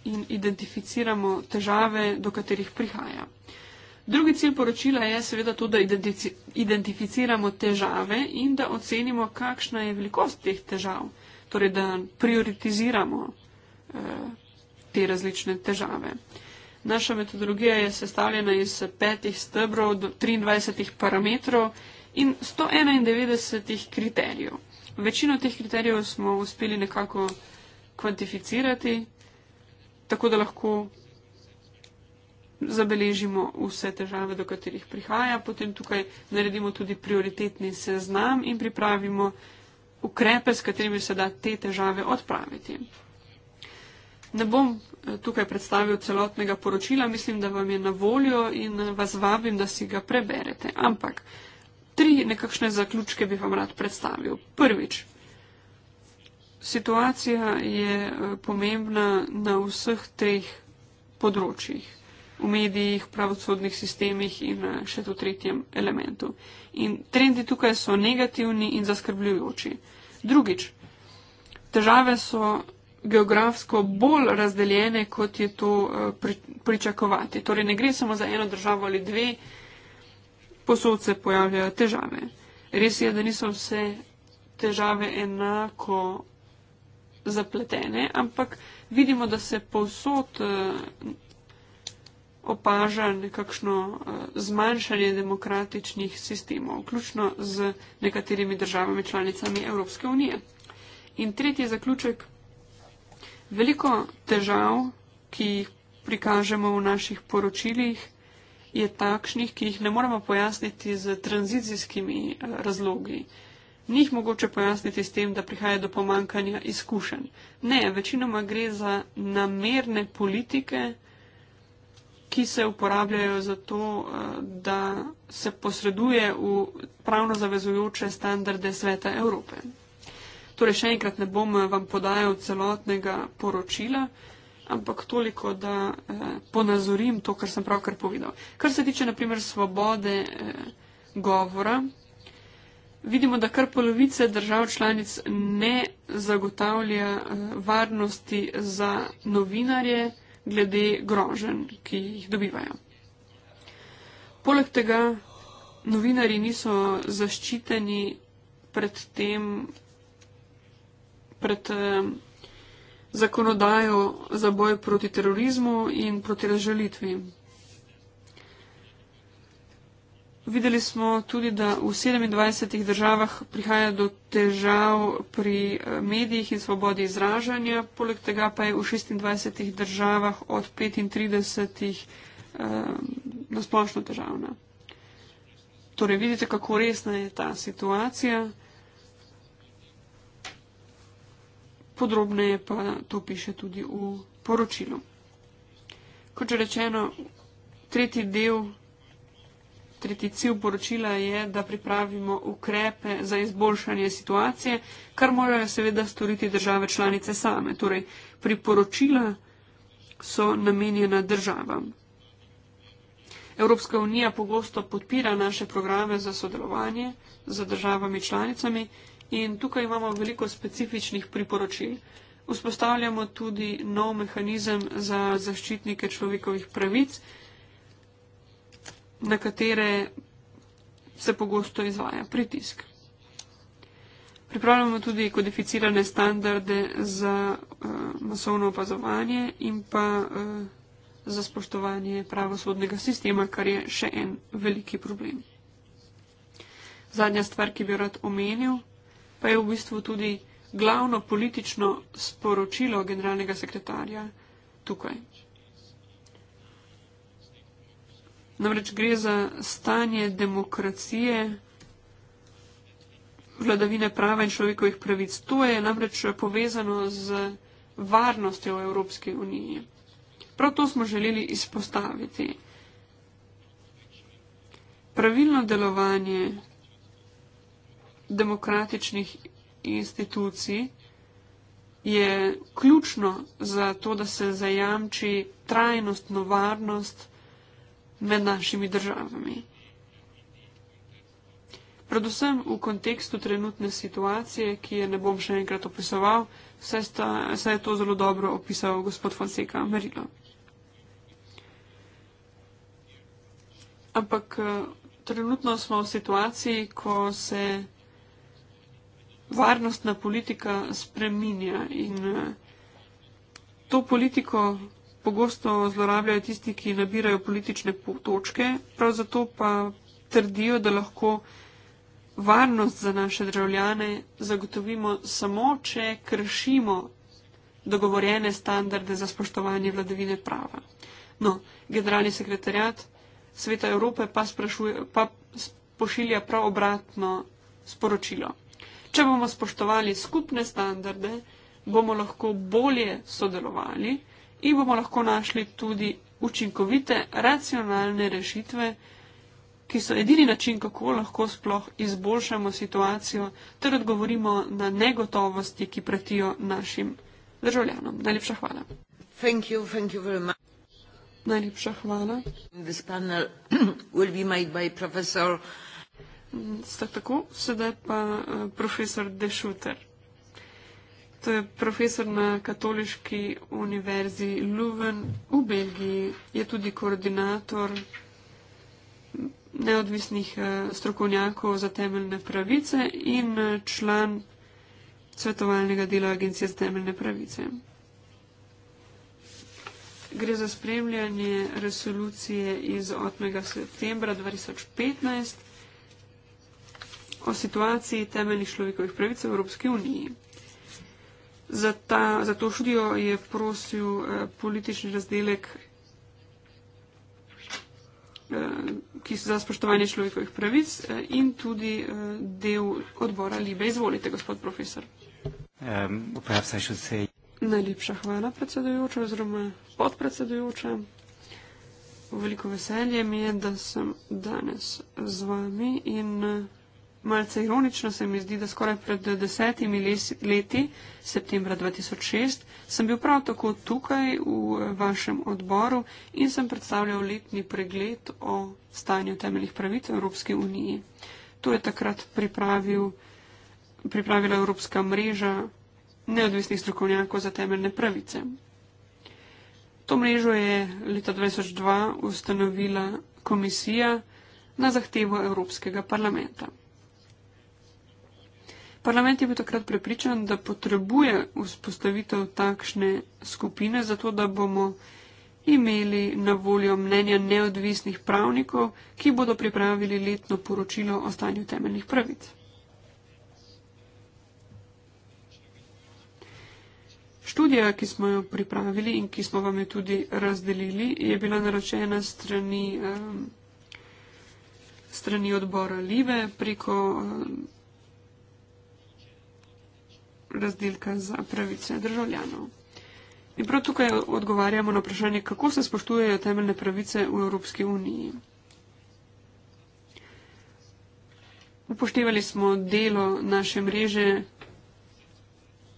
in identificiramo težave, do katerih prihaja. Drugi cilj poročila je seveda to, da identificiramo težave in da ocenimo, kakšna je velikost teh težav, torej da prioritiziramo eh, te različne težave. Naša metodologija je sestavljena iz petih stebrov do 23 parametrov in 191 kriterijev večino teh kriterijev smo uspeli nekako kvantificirati, tako da lahko zabeležimo vse težave, do katerih prihaja. Potem tukaj naredimo tudi prioritetni seznam in pripravimo ukrepe, s katerimi se da te težave odpraviti. Ne bom eh, tukaj predstavil celotnega poročila, mislim, da vam je na voljo in eh, vas vabim, da si ga preberete. Ampak tri nekakšne zaključke bi vam rad predstavil. Prvič, situacija je eh, pomembna na vseh treh področjih. V medijih, pravosodnih sistemih in eh, še v tretjem elementu. In trendi tukaj so negativni in zaskrbljujoči. Drugič, težave so geografsko bolj razdeljene, kot je to eh, pričakovati. Torej, ne gre samo za eno državo ali dve, posod se pojavljajo težave. Res je, da niso vse težave enako zapletene, ampak vidimo, da se posod eh, opaža nekakšno eh, zmanjšanje demokratičnih sistemov, vključno z nekaterimi državami članicami Evropske unije. In tretji zaključek. Veliko težav, ki jih prikažemo v naših poročilih, je takšnih, ki jih ne moremo pojasniti z tranzicijskimi eh, razlogi. Ni jih mogoče pojasniti s tem, da prihaja do pomankanja izkušenj. Ne, večinoma gre za namerne politike, ki se uporabljajo za to, eh, da se posreduje v pravno zavezujoče standarde sveta Evrope. Torej, še enkrat ne bom eh, vam podajal celotnega poročila ampak toliko, da eh, ponazorim to, kar sem pravkar povedal. Kar se tiče, naprimer, svobode eh, govora, vidimo, da kar polovice držav članic ne zagotavlja eh, varnosti za novinarje glede groženj, ki jih dobivajo. Poleg tega, novinari niso zaščiteni pred tem, pred. Eh, zakonodajo za boj proti terorizmu in proti razžalitvi. Videli smo tudi, da v 27 državah prihaja do težav pri eh, medijih in svobodi izražanja, poleg tega pa je v 26 državah od 35 eh, nasplošno težavna. Torej vidite, kako resna je ta situacija. podrobneje pa to piše tudi v poročilu. Kot že rečeno, tretji del, tretji cilj poročila je, da pripravimo ukrepe za izboljšanje situacije, kar morajo seveda storiti države članice same. Torej, priporočila so namenjena državam. Evropska unija pogosto podpira naše programe za sodelovanje z državami članicami in tukaj imamo veliko specifičnih priporočil. Vzpostavljamo tudi nov mehanizem za zaščitnike človekovih pravic, na katere se pogosto izvaja pritisk. Pripravljamo tudi kodificirane standarde za uh, masovno opazovanje in pa uh, za spoštovanje pravosodnega sistema, kar je še en veliki problem. Zadnja stvar, ki bi rad omenil, pa je v bistvu tudi glavno politično sporočilo generalnega sekretarja tukaj. Namreč gre za stanje demokracije, vladavine prava in človekovih pravic. To je namreč povezano z varnostjo Evropske unije. Prav to smo želeli izpostaviti. Pravilno delovanje demokratičnih institucij je ključno za to, da se zajamči trajnostno varnost med našimi državami. Predvsem v kontekstu trenutne situacije, ki je ne bom še enkrat opisoval, saj je to zelo dobro opisal gospod Fonseca Merilo. Ampak eh, trenutno smo v situaciji, ko se varnostna politika spreminja in eh, to politiko pogosto zlorabljajo tisti, ki nabirajo politične točke, prav zato pa trdijo, da lahko varnost za naše državljane zagotovimo samo, če kršimo dogovorjene standarde za spoštovanje vladavine prava. No, generalni sekretarjat Sveta Evrope pa, sprašuje, pa pošilja prav obratno sporočilo. Če bomo spoštovali skupne standarde, bomo lahko bolje sodelovali in bomo lahko našli tudi učinkovite, racionalne rešitve, ki so edini način, kako lahko sploh izboljšamo situacijo ter odgovorimo na negotovosti, ki pretijo našim državljanom. Najlepša hvala. Thank you, thank you very much. Najlepša hvala. This panel will be made by professor Ste tako, sedaj pa eh, profesor Dešuter. To je profesor na Katoliški univerzi Luven v Belgiji. Je tudi koordinator neodvisnih eh, strokovnjakov za temeljne pravice in eh, član svetovalnega dela Agencije za temeljne pravice. Gre za spremljanje resolucije iz 8. septembra 2015 o situaciji temeljnih človekovih pravic v Evropski uniji. Za, ta, za to študijo je prosil eh, politični razdelek, eh, ki so za spoštovanje človekovih pravic eh, in tudi eh, del odbora Libe. Izvolite, gospod profesor. Um, say... Najlepša hvala, predsedujoča oziroma podpredsedujoča. Veliko veselje mi je, da sem danes z vami in. Eh, malce ironično se mi zdi, da skoraj pred desetimi les, leti, septembra 2006, sem bil prav tako tukaj v vašem odboru in sem predstavljal letni pregled o stanju temeljih pravic v Evropski uniji. To je takrat pripravil, pripravila Evropska mreža neodvisnih strokovnjakov za temeljne pravice. To mrežo je leta 2002 ustanovila komisija na zahtevo Evropskega parlamenta. Parlament je bil takrat prepričan, da potrebuje vzpostavitev takšne skupine, zato da bomo imeli na voljo mnenja neodvisnih pravnikov, ki bodo pripravili letno poročilo o stanju temeljnih pravic. Študija, ki smo jo pripravili in ki smo vam jo tudi razdelili, je bila naročena strani, um, strani odbora Live preko. Um, razdelka za pravice državljanov. In prav tukaj odgovarjamo na vprašanje, kako se spoštujejo temeljne pravice v Evropski uniji. Upoštevali smo delo naše mreže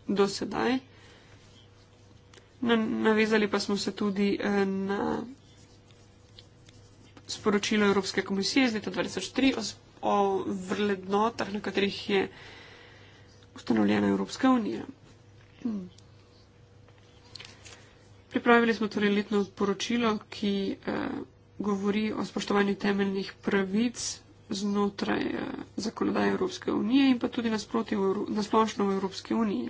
do sedaj, navezali pa smo se tudi eh, na sporočilo Evropske komisije iz leta 2003 o vrednotah, na katerih je ustanovljena Evropska unija. Pripravili smo torej letno poročilo, ki eh, govori o spoštovanju temeljnih pravic znotraj eh, zakonodaje Evropske unije in pa tudi nasproti nasplošno v Evropski uniji.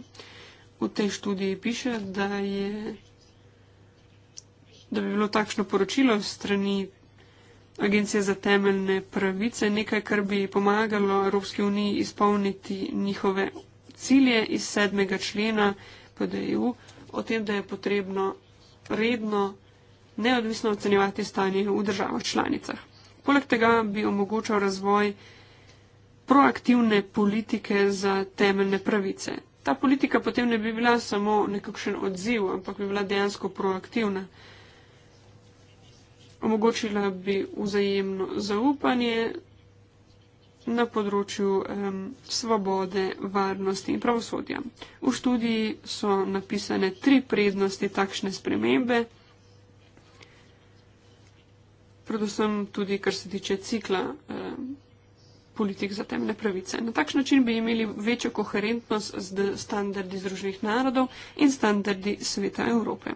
V tej študiji piše, da, je, da bi bilo takšno poročilo strani Agencije za temeljne pravice nekaj, kar bi pomagalo Evropski uniji izpolniti njihove cilje iz sedmega člena PDEU o tem, da je potrebno redno, neodvisno ocenjevati stanje v državah članicah. Poleg tega bi omogočal razvoj proaktivne politike za temeljne pravice. Ta politika potem ne bi bila samo nekakšen odziv, ampak bi bila dejansko proaktivna. Omogočila bi vzajemno zaupanje, na področju um, svobode, varnosti in pravosodja. V študiji so napisane tri prednosti takšne spremembe, predvsem tudi, kar se tiče cikla um, politik za temne pravice. Na takšen način bi imeli večjo koherentnost z standardi Združenih narodov in standardi Sveta Evrope.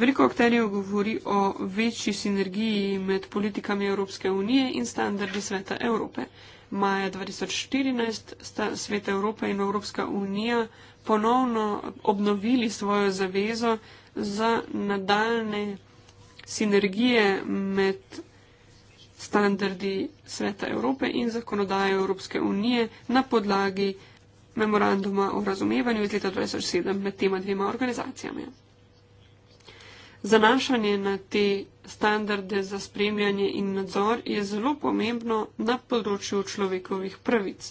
Veliko akterjev govori o večji sinergiji med politikami Evropske unije in standardi Sveta Evrope. Maja 2014 sta Svet Evrope in Evropska unija ponovno obnovili svojo zavezo za nadaljne sinergije med standardi Sveta Evrope in zakonodaje Evropske unije na podlagi memoranduma o razumevanju iz leta 2007 med tema dvema organizacijami. Zanašanje na te standarde za spremljanje in nadzor je zelo pomembno na področju človekovih pravic.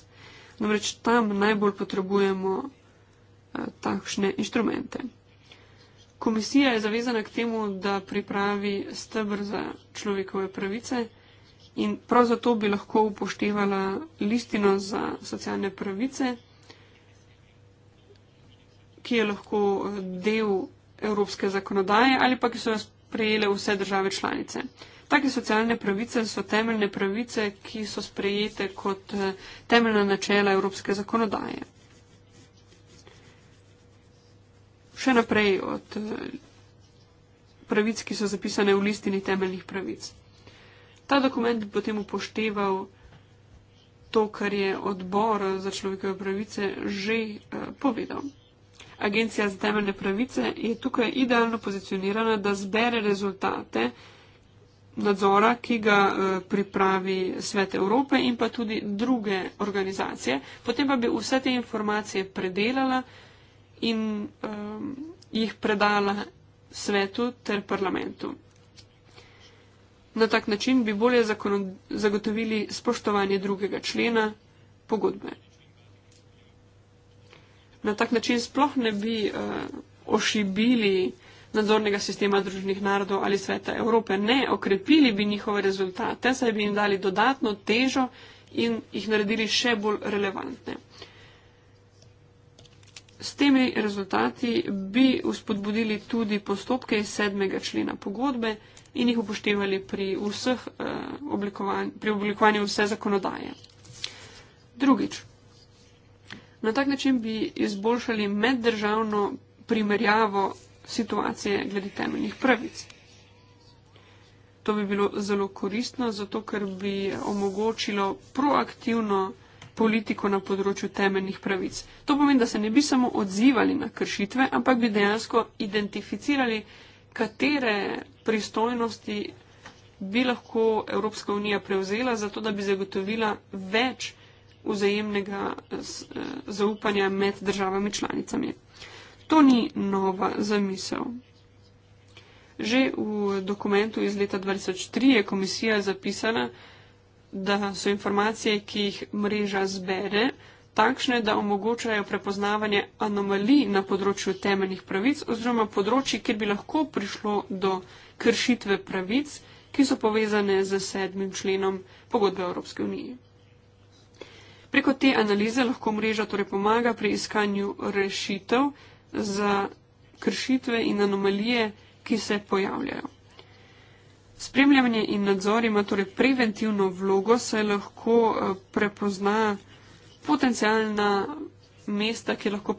Namreč tam najbolj potrebujemo eh, takšne inštrumente. Komisija je zavezana k temu, da pripravi stebr za človekove pravice in prav zato bi lahko upoštevala listino za socialne pravice, ki je lahko eh, del evropske zakonodaje ali pa ki so jo sprejele vse države članice. Take socialne pravice so temeljne pravice, ki so sprejete kot eh, temeljna načela evropske zakonodaje. Še naprej od eh, pravic, ki so zapisane v listini temeljnih pravic. Ta dokument bi potem upošteval to, kar je odbor za človekove pravice že eh, povedal. Agencija za temeljne pravice je tukaj idealno pozicionirana, da zbere rezultate nadzora, ki ga eh, pripravi Svet Evrope in pa tudi druge organizacije. Potem pa bi vse te informacije predelala in um, jih predala svetu ter parlamentu. Na tak način bi bolje zagotovili spoštovanje drugega člena pogodbe na tak način sploh ne bi uh, ošibili nadzornega sistema Združenih narodov ali Sveta Evrope. Ne, okrepili bi njihove rezultate, saj bi jim dali dodatno težo in jih naredili še bolj relevantne. S temi rezultati bi uspodbudili tudi postopke iz sedmega člena pogodbe in jih upoštevali pri, vseh, eh, oblikovanj, pri oblikovanju vse zakonodaje. Drugič, Na tak način bi izboljšali meddržavno primerjavo situacije glede temeljnih pravic. To bi bilo zelo koristno, zato ker bi omogočilo proaktivno politiko na področju temeljnih pravic. To pomeni, da se ne bi samo odzivali na kršitve, ampak bi dejansko identificirali, katere pristojnosti bi lahko Evropska unija prevzela, zato da bi zagotovila več pristojnosti vzajemnega eh, eh, zaupanja med državami članicami. To ni nova zamisel. Že v dokumentu iz leta 2003 je komisija zapisana, da so informacije, ki jih mreža zbere, takšne, da omogočajo prepoznavanje anomalij na področju temeljnih pravic oziroma področji, kjer bi lahko prišlo do kršitve pravic, ki so povezane z sedmim členom pogodbe Evropske unije. Preko te analize lahko mreža torej pomaga pri iskanju rešitev za kršitve in anomalije, ki se pojavljajo. Spremljanje in nadzor ima torej preventivno vlogo, saj lahko eh, prepozna potencijalna mesta, ki lahko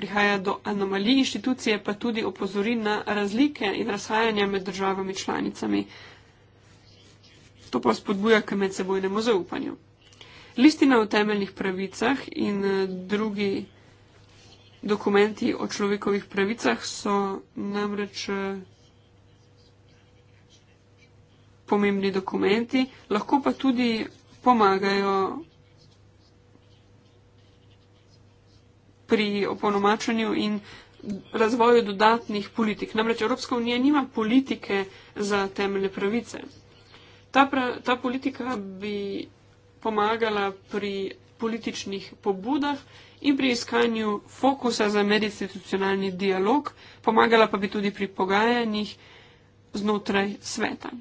prihaja do anomalij inštitucije, pa tudi opozori na razlike in razhajanja med državami članicami. To pa spodbuja k medsebojnemu zaupanju listina o temeljnih pravicah in eh, drugi dokumenti o človekovih pravicah so namreč eh, pomembni dokumenti, lahko pa tudi pomagajo pri opolnomačanju in razvoju dodatnih politik. Namreč Evropska unija nima politike za temeljne pravice. Ta, pra, ta politika bi pomagala pri političnih pobudah in pri iskanju fokusa za medinstitucionalni dialog, pomagala pa bi tudi pri pogajanjih znotraj sveta.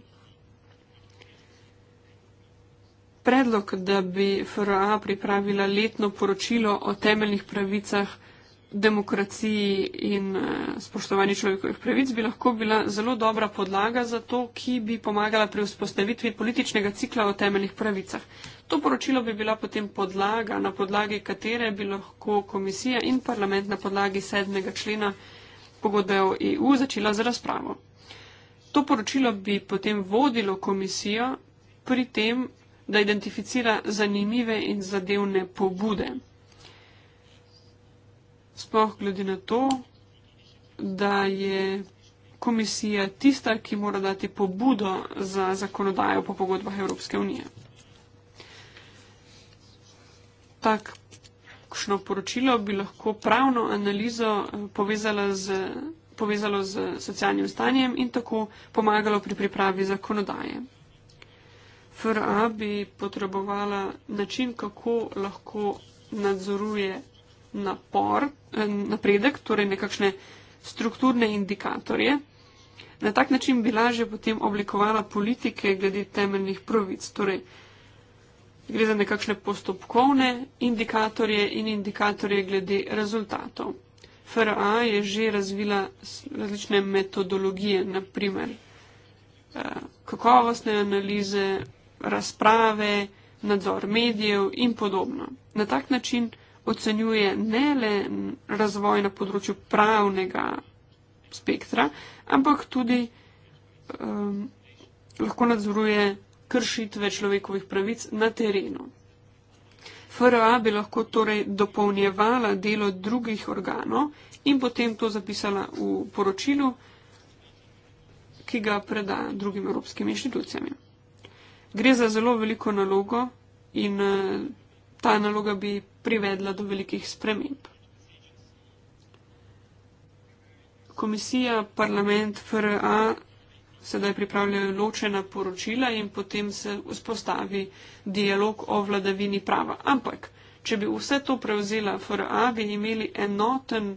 Predlog, da bi FRA pripravila letno poročilo o temeljnih pravicah demokraciji in eh, spoštovanju človekovih pravic, bi lahko bila zelo dobra podlaga za to, ki bi pomagala pri vzpostavitvi političnega cikla o temeljnih pravicah. To poročilo bi bila potem podlaga, na podlagi katere bi lahko komisija in parlament na podlagi sedmega člena pogodbe o EU začela z razpravo. To poročilo bi potem vodilo komisijo pri tem, da identificira zanimive in zadevne pobude. Sploh glede na to, da je komisija tista, ki mora dati pobudo za zakonodajo po pogodbah Evropske unije tak, kakšno poročilo bi lahko pravno analizo eh, povezala z, povezalo z socialnim stanjem in tako pomagalo pri pripravi zakonodaje. FRA bi potrebovala način, kako lahko nadzoruje napor, eh, napredek, torej nekakšne strukturne indikatorje. Na tak način bi lažje potem oblikovala politike glede temeljnih pravic. Torej, Gre za nekakšne postopkovne indikatorje in indikatorje glede rezultatov. FRA je že razvila različne metodologije, naprimer eh, kakovostne analize, razprave, nadzor medijev in podobno. Na tak način ocenjuje ne le razvoj na področju pravnega spektra, ampak tudi um, lahko nadzoruje kršitve človekovih pravic na terenu. FRA bi lahko torej dopolnjevala delo drugih organov in potem to zapisala v poročilu, ki ga preda drugim evropskim inštitucijam. Gre za zelo veliko nalogo in eh, ta naloga bi privedla do velikih sprememb. Komisija, parlament, FRA sedaj pripravljajo ločena poročila in potem se vzpostavi dialog o vladavini prava. Ampak, če bi vse to prevzela FRA, bi imeli enoten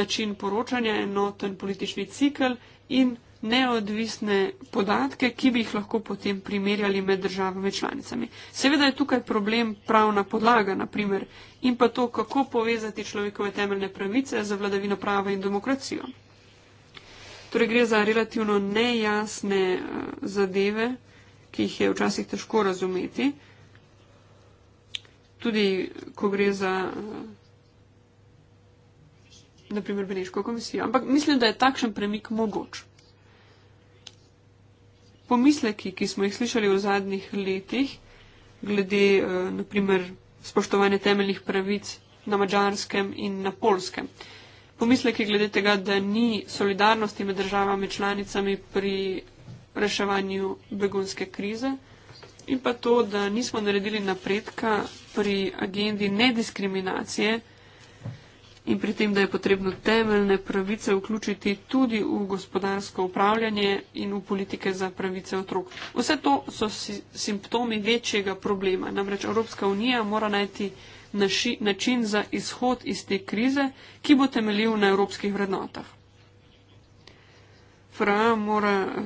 način poročanja, enoten politični cikl in neodvisne podatke, ki bi jih lahko potem primerjali med državami članicami. Seveda je tukaj problem pravna podlaga, naprimer, in pa to, kako povezati človekove temeljne pravice z vladavino prava in demokracijo. Torej, gre za relativno nejasne eh, zadeve, ki jih je včasih težko razumeti. Tudi, ko gre za, eh, naprimer, Beneško komisijo. Ampak mislim, da je takšen premik mogoč. Pomisleki, ki smo jih slišali v zadnjih letih, glede, eh, naprimer, spoštovanja temeljnih pravic na mačarskem in na polskem pomisleki glede tega, da ni solidarnosti med državami članicami pri reševanju begunske krize in pa to, da nismo naredili napredka pri agendi nediskriminacije in pri tem, da je potrebno temeljne pravice vključiti tudi v gospodarsko upravljanje in v politike za pravice otrok. Vse to so si, simptomi večjega problema. Namreč Evropska unija mora najti naši, način za izhod iz te krize, ki bo temeljil na evropskih vrednotah. Fraja mora eh,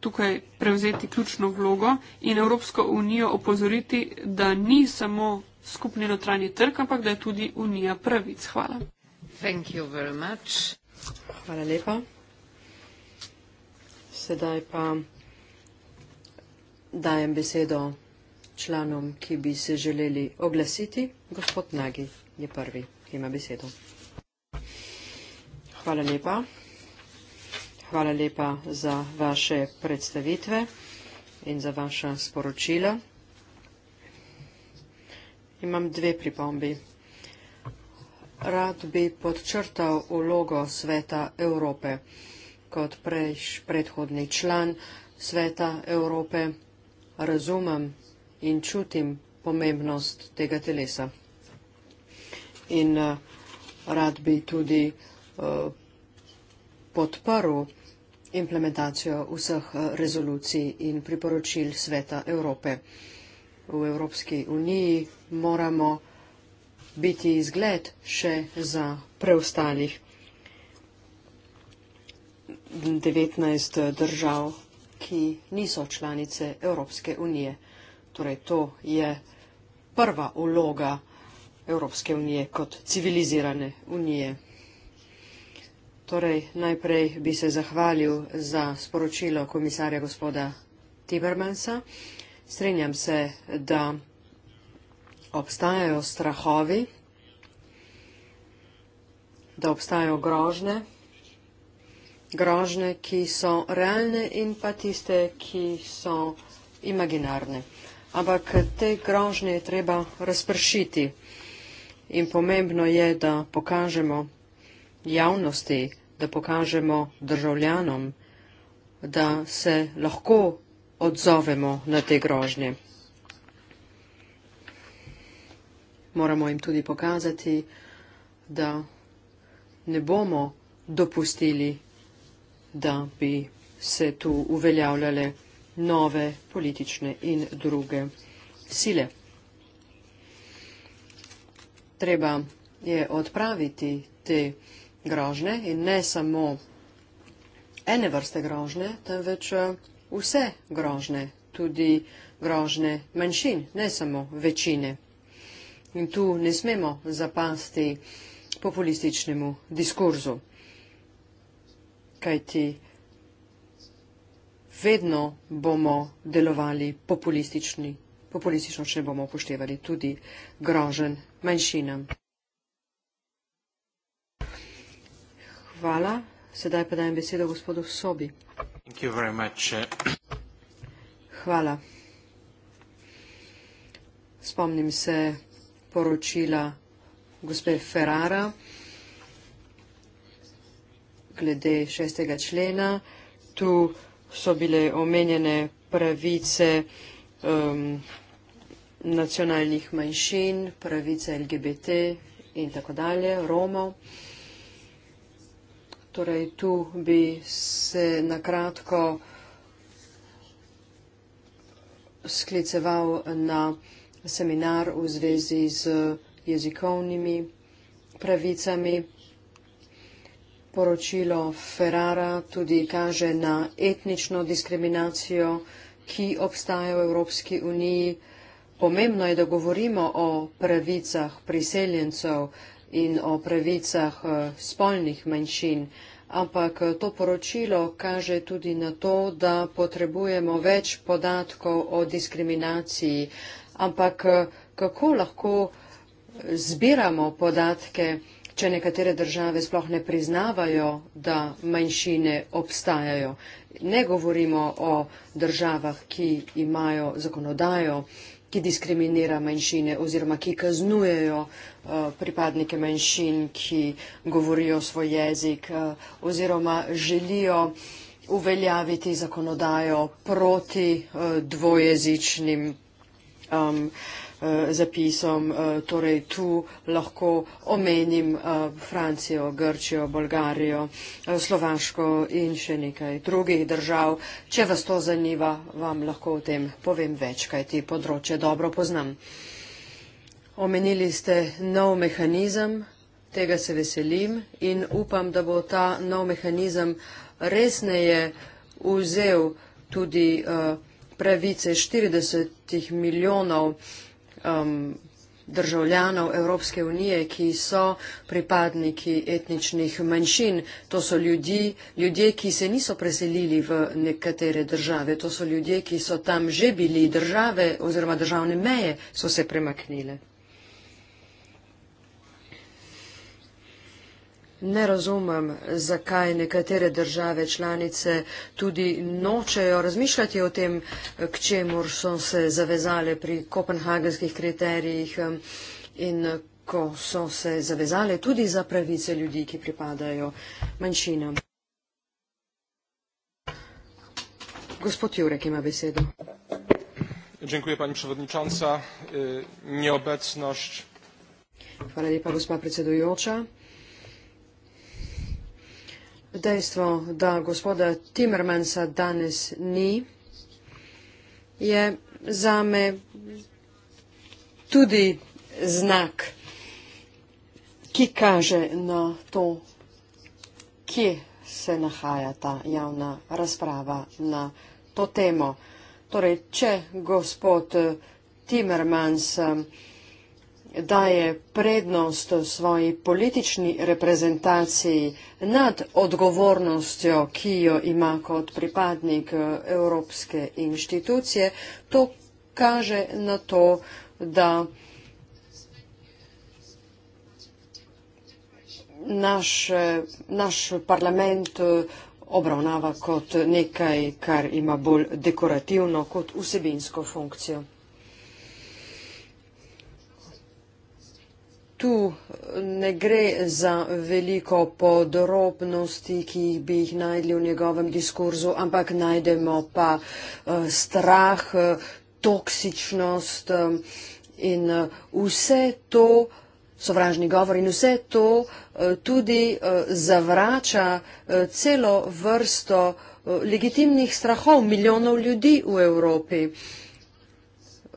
tukaj prevzeti ključno vlogo in Evropsko unijo opozoriti, da ni samo skupni notranji trg, ampak da je tudi unija pravic. Hvala. Thank you very much. Hvala lepa. Sedaj pa dajem besedo članom, ki bi se želeli oglasiti. Gospod Nagi je prvi, ki ima besedo. Hvala lepa. Hvala lepa za vaše predstavitve in za vaša sporočila. Imam dve pripombi. Rad bi podčrtal ulogo Sveta Evrope. Kot prejš predhodni član Sveta Evrope razumem in čutim pomembnost tega telesa. In uh, rad bi tudi uh, podprl implementacijo vseh uh, rezolucij in priporočil Sveta Evrope. V Evropski uniji moramo biti izgled še za preostalih 19 držav, ki niso članice Evropske unije. Torej, to je prva uloga Evropske unije kot civilizirane unije. Torej, najprej bi se zahvalil za sporočilo komisarja gospoda Timmermansa. Strenjam se, da obstajajo strahovi, da obstajajo grožne, grožne, ki so realne in pa tiste, ki so imaginarne ampak te grožnje je treba razpršiti. In pomembno je, da pokažemo javnosti, da pokažemo državljanom, da se lahko odzovemo na te grožnje. Moramo jim tudi pokazati, da ne bomo dopustili, da bi se tu uveljavljale nove politične in druge sile. Treba je odpraviti te grožne in ne samo ene vrste grožne, temveč eh, vse grožne, tudi grožne manjšin, ne samo večine. In tu ne smemo zapasti populističnemu diskurzu, kajti vedno bomo delovali populistični, populistično še bomo upoštevali tudi grožen manjšinam. Hvala. Sedaj pa dajem besedo gospodu Sobi. Thank you very much. Eh. Hvala. Spomnim se poročila gospe Ferrara glede šestega člena. Tu so bile omenjene pravice um, nacionalnih manjšin, pravice LGBT in tako dalje, Romov. Torej, tu bi se nakratko skliceval na seminar v zvezi z jezikovnimi pravicami poročilo Ferrara tudi kaže na etnično diskriminacijo, ki obstaja v Evropski uniji. Pomembno je, da govorimo o pravicah priseljencev in o pravicah eh, spolnih manjšin, ampak eh, to poročilo kaže tudi na to, da potrebujemo več podatkov o diskriminaciji. Ampak eh, kako lahko zbiramo podatke, če nekatere države sploh ne priznavajo, da manjšine obstajajo. Ne govorimo o državah, ki imajo zakonodajo, ki diskriminira manjšine oziroma ki kaznujejo uh, pripadnike manjšin, ki govorijo svoj jezik uh, oziroma želijo uveljaviti zakonodajo proti uh, dvojezičnim. Um, uh, Eh, zapisom, eh, torej tu lahko omenim eh, Francijo, Grčijo, Bolgarijo, Slovaško in še nekaj drugih držav. Če vas to zanima, vam lahko o tem povem več, kaj ti področje dobro poznam. Omenili ste nov mehanizem, tega se veselim in upam, da bo ta nov mehanizem resneje vzel tudi pravice 40 milijonov um, državljanov Evropske unije, ki so pripadniki etničnih manjšin. To so ljudi, ljudje, ki se niso preselili v nekatere države. To so ljudje, ki so tam že bili. Države oziroma državne meje so se premaknile. Ne razumem, zakaj nekatere države članice tudi nočejo razmišljati o tem, k čemu so se zavezale pri kopenhagenskih kriterijih um, in ko so se zavezale tudi za pravice ljudi, ki pripadajo manjšinam. Gospod Jurek ima besedo. Dziękuję pani przewodnicząca. Nieobecność. Hvala lepa, gospa predsedujoča dejstvo, da gospoda Timmermansa danes ni, je za me tudi znak, ki kaže na to, kje se nahaja ta javna razprava na to temo. Torej, če gospod Timmermans um, daje prednost svoji politični reprezentaciji nad odgovornostjo, ki jo ima kot pripadnik eh, Evropske inštitucije, to kaže na to, da naš, eh, naš parlament eh, obravnava kot nekaj, kar ima bolj dekorativno kot vsebinsko funkcijo. Tu ne gre za veliko podrobnosti, ki bi jih najdli v njegovem diskurzu, ampak najdemo pa eh, strah, eh, toksičnost eh, in vse to, sovražni govor in vse to tudi zavrača celo vrsto legitimnih strahov milijonov ljudi v Evropi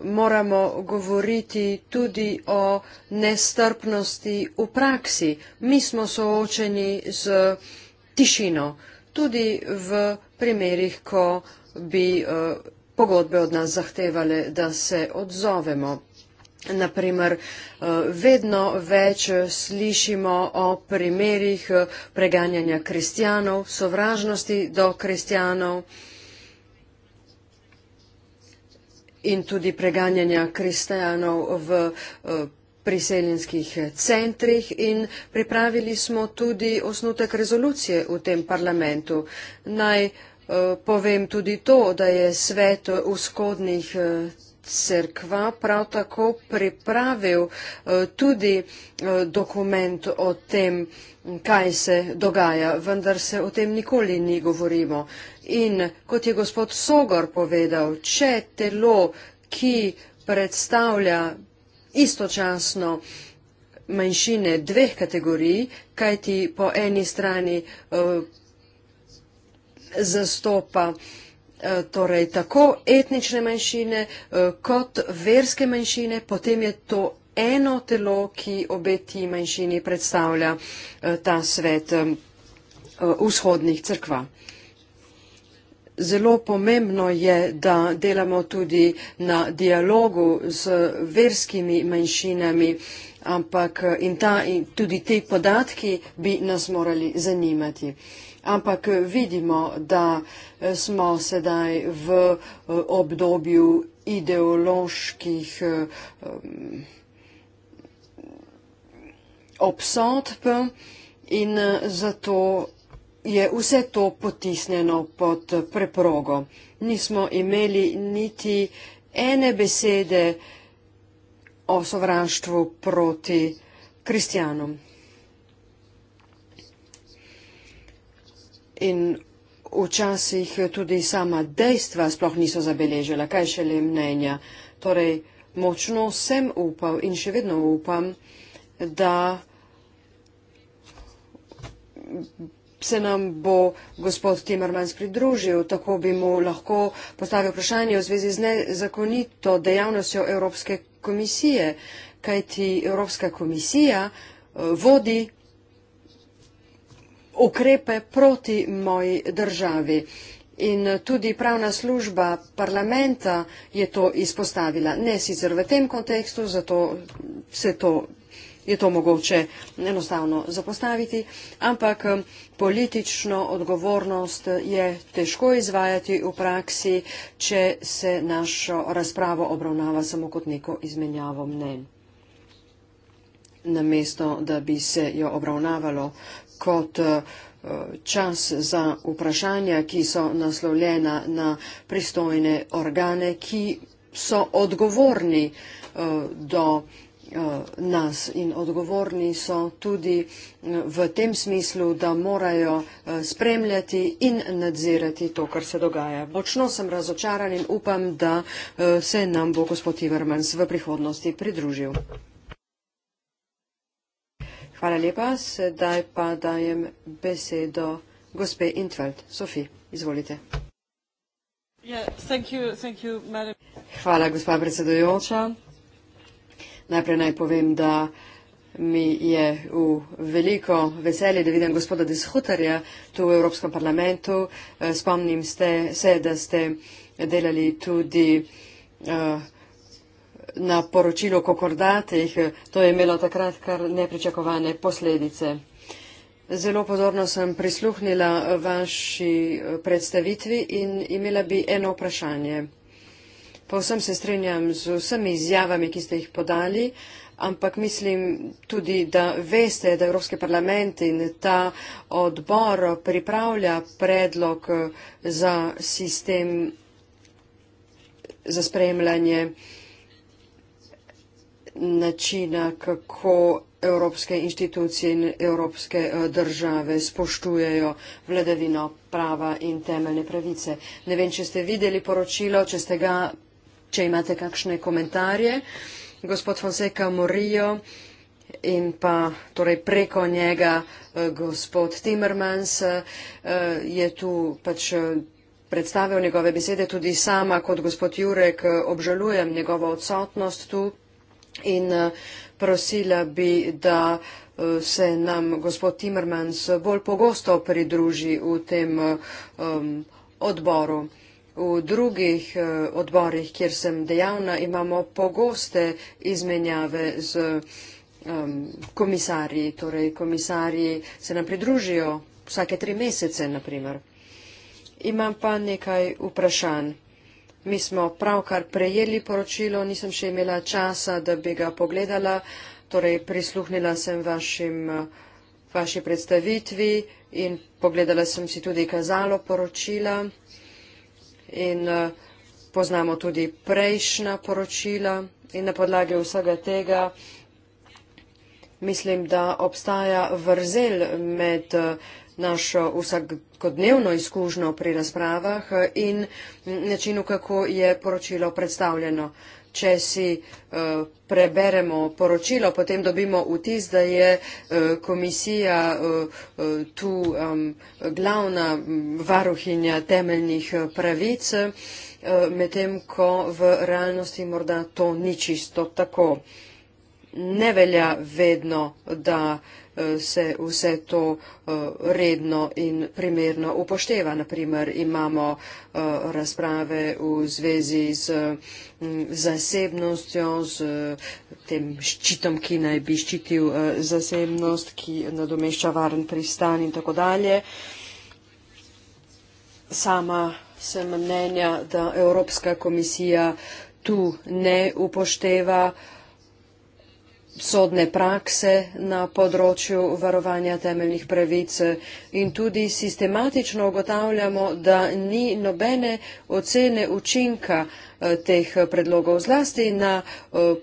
moramo govoriti tudi o nestrpnosti v praksi. Mi smo soočeni z tišino, tudi v primerih, ko bi eh, pogodbe od nas zahtevale, da se odzovemo. Naprimer, eh, vedno več slišimo o primerih eh, preganjanja kristjanov, sovražnosti do kristjanov. in tudi preganjanja kristijanov v eh, priseljenskih centrih in pripravili smo tudi osnutek rezolucije v tem parlamentu. Naj eh, povem tudi to, da je svet vzhodnih eh, crkva prav tako pripravil tudi dokument o tem, kaj se dogaja, vendar se o tem nikoli ni govorimo. In kot je gospod Sogor povedal, če telo, ki predstavlja istočasno manjšine dveh kategorij, kajti po eni strani uh, zastopa uh, torej tako etnične manjšine uh, kot verske manjšine, potem je to eno telo, ki obe ti manjšini predstavlja uh, ta svet uh, vzhodnih crkva. Uh, Zelo pomembno je, da delamo tudi na dialogu z verskimi manjšinami, ampak in ta, in tudi te podatki bi nas morali zanimati. Ampak vidimo, da smo sedaj v obdobju ideoloških obsodb in zato je vse to potisnjeno pod preprogo. Nismo imeli niti ene besede o sovraštvu proti kristjanom. In včasih tudi sama dejstva sploh niso zabeležila, kaj šele mnenja. Torej, močno sem upal in še vedno upam, da se nam bo gospod Timmermans pridružil, tako bi mu lahko postavil vprašanje v zvezi z nezakonito dejavnostjo Evropske komisije, kajti Evropska komisija eh, vodi ukrepe proti moji državi. In eh, tudi pravna služba parlamenta je to izpostavila. Ne sicer v tem kontekstu, zato se to je to mogoče enostavno zapostaviti, ampak eh, politično odgovornost je težko izvajati v praksi, če se našo razpravo obravnava samo kot neko izmenjavo mnen, namesto da bi se jo obravnavalo kot eh, čas za vprašanja, ki so naslovljena na pristojne organe, ki so odgovorni eh, do Eh, nas in odgovorni so tudi eh, v tem smislu, da morajo eh, spremljati in nadzirati to, kar se dogaja. Močno sem razočaran in upam, da se nam bo gospod Ivermans v prihodnosti pridružil. Hvala lepa, sedaj pa dajem besedo gospe Intveld. Sofi, izvolite. Yeah, thank you, thank you, Hvala, gospa predsedujoča. Yeah. Najprej naj povem, da mi je v veliko veselje, da vidim gospoda Deshutarja tu v Evropskem parlamentu. Eh, spomnim ste, se, da ste delali tudi eh, na poročilu kokordatih. Eh, to je imelo takrat kar nepričakovane posledice. Zelo pozorno sem prisluhnila vaši predstavitvi in imela bi eno vprašanje. Povsem se strinjam z vsemi izjavami, ki ste jih podali, ampak mislim tudi, da veste, da Evropski parlament in ta odbor pripravlja predlog eh, za sistem za spremljanje načina, kako evropske inštitucije in evropske eh, države spoštujejo vladavino prava in temeljne pravice. Ne vem, če ste videli poročilo, če ste ga Če imate kakšne komentarje, gospod Fonseca Morijo in pa torej preko njega eh, gospod Timmermans eh, je tu pač eh, predstavil njegove besede tudi sama kot gospod Jurek, obžalujem njegovo odsotnost tu in prosila bi, da se nam gospod Timmermans bolj pogosto pridruži v tem um, odboru v drugih eh, odborih, kjer sem dejavna, imamo pogoste izmenjave z um, komisarji. Torej, komisarji se nam pridružijo vsake tri mesece, naprimer. Imam pa nekaj vprašanj. Mi smo pravkar prejeli poročilo, nisem še imela časa, da bi ga pogledala, torej prisluhnila sem vašim, vaši predstavitvi in pogledala sem si tudi kazalo poročila in eh, poznamo tudi prejšnja poročila in na podlagi vsega tega mislim, da obstaja vrzel med eh, našo vsakodnevno izkušnjo pri razpravah in načinu, kako je poročilo predstavljeno če si eh, preberemo poročilo, potem dobimo vtis, da je eh, komisija eh, tu glavna mm, varuhinja temeljnih pravic, medtem ko v realnosti morda to ni čisto tako. Ne velja vedno, da se vse to eh, redno in primerno upošteva. Naprimer, imamo eh, razprave v zvezi z mm, zasebnostjo, z eh, tem ščitom, ki naj bi ščitil zasebnost, ki nadomešča varen pristan in tako dalje. Sama sem mnenja, da Evropska komisija tu ne upošteva uh, sodne prakse na področju varovanja temeljnih pravic in tudi sistematično ugotavljamo, da ni nobene ocene učinka eh, teh predlogov zlasti na eh,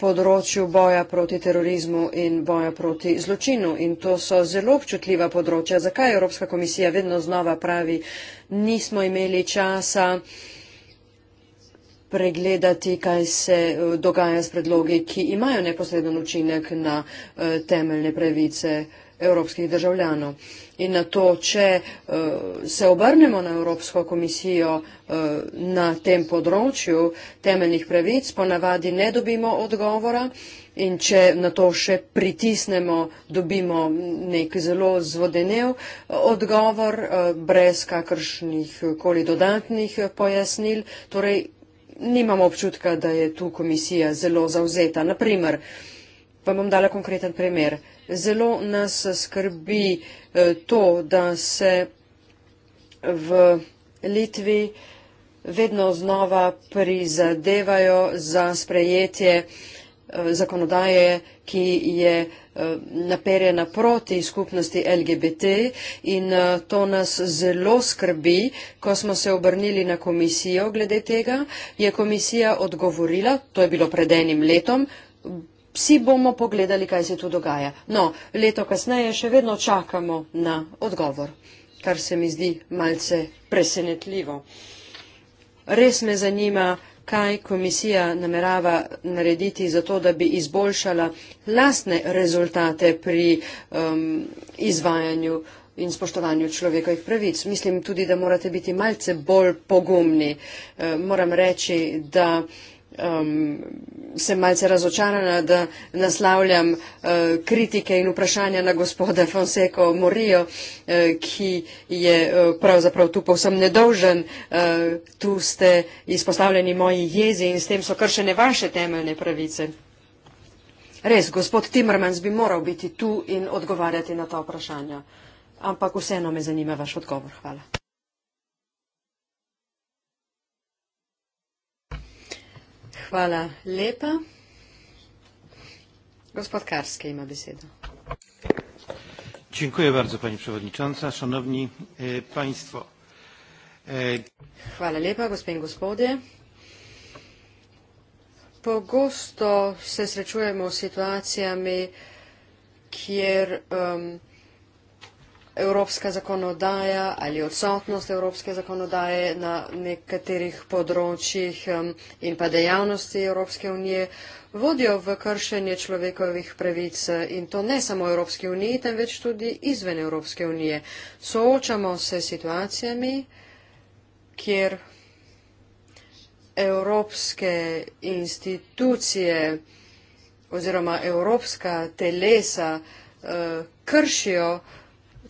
področju boja proti terorizmu in boja proti zločinu. In to so zelo občutljiva področja. Zakaj Evropska komisija vedno znova pravi, nismo imeli časa, pregledati, kaj se eh, dogaja s predlogi, ki imajo neposreden učinek na eh, temeljne pravice evropskih državljanov. In na to, če eh, se obrnemo na Evropsko komisijo na tem področju temeljnih pravic, ponavadi ne dobimo odgovora. In če na to še pritisnemo, dobimo nek zelo zvodenev odgovor, brez kakršnih koli dodatnih pojasnil. Torej, nimamo občutka, da je tu komisija zelo zauzeta. Naprimer, pa bom dala konkreten primer. Zelo nas skrbi eh, to, da se v Litvi vedno znova prizadevajo za sprejetje uh, Eh, zakonodaje, ki je eh, naperjena proti skupnosti LGBT in eh, to nas zelo skrbi. Ko smo se obrnili na komisijo glede tega, je komisija odgovorila, to je bilo pred enim letom, vsi bomo pogledali, kaj se tu dogaja. No, leto kasneje še vedno čakamo na odgovor, kar se mi zdi malce presenetljivo. Res me zanima, kaj komisija namerava narediti za to, da bi izboljšala lastne rezultate pri um, izvajanju in spoštovanju človekovih pravic. Mislim tudi, da morate biti malce bolj pogumni. Uh, moram reči, da uh, um, sem malce razočarana, da naslavljam uh, kritike in vprašanja na gospoda Fonseko Morijo, uh, eh, ki je uh, pravzaprav tu povsem nedolžen. Uh, tu ste izpostavljeni moji jezi in s tem so kršene vaše temeljne pravice. Res, gospod Timmermans bi moral biti tu in odgovarjati na ta vprašanja. Ampak vseeno me zanima vaš odgovor. Hvala. Hvala lepa. Gospod Karski ima besedo. Dziękuję bardzo Pani Przewodnicząca, Szanowni e, Państwo. E... Hvala lepa, gospe in gospode. Pogosto se srečujemo s situacijami, kjer um, evropska zakonodaja ali odsotnost evropske zakonodaje na nekaterih področjih in pa dejavnosti Evropske unije vodijo v kršenje človekovih pravic in to ne samo v Evropski uniji, temveč tudi izven Evropske unije. Soočamo se s situacijami, kjer evropske institucije oziroma evropska telesa eh, kršijo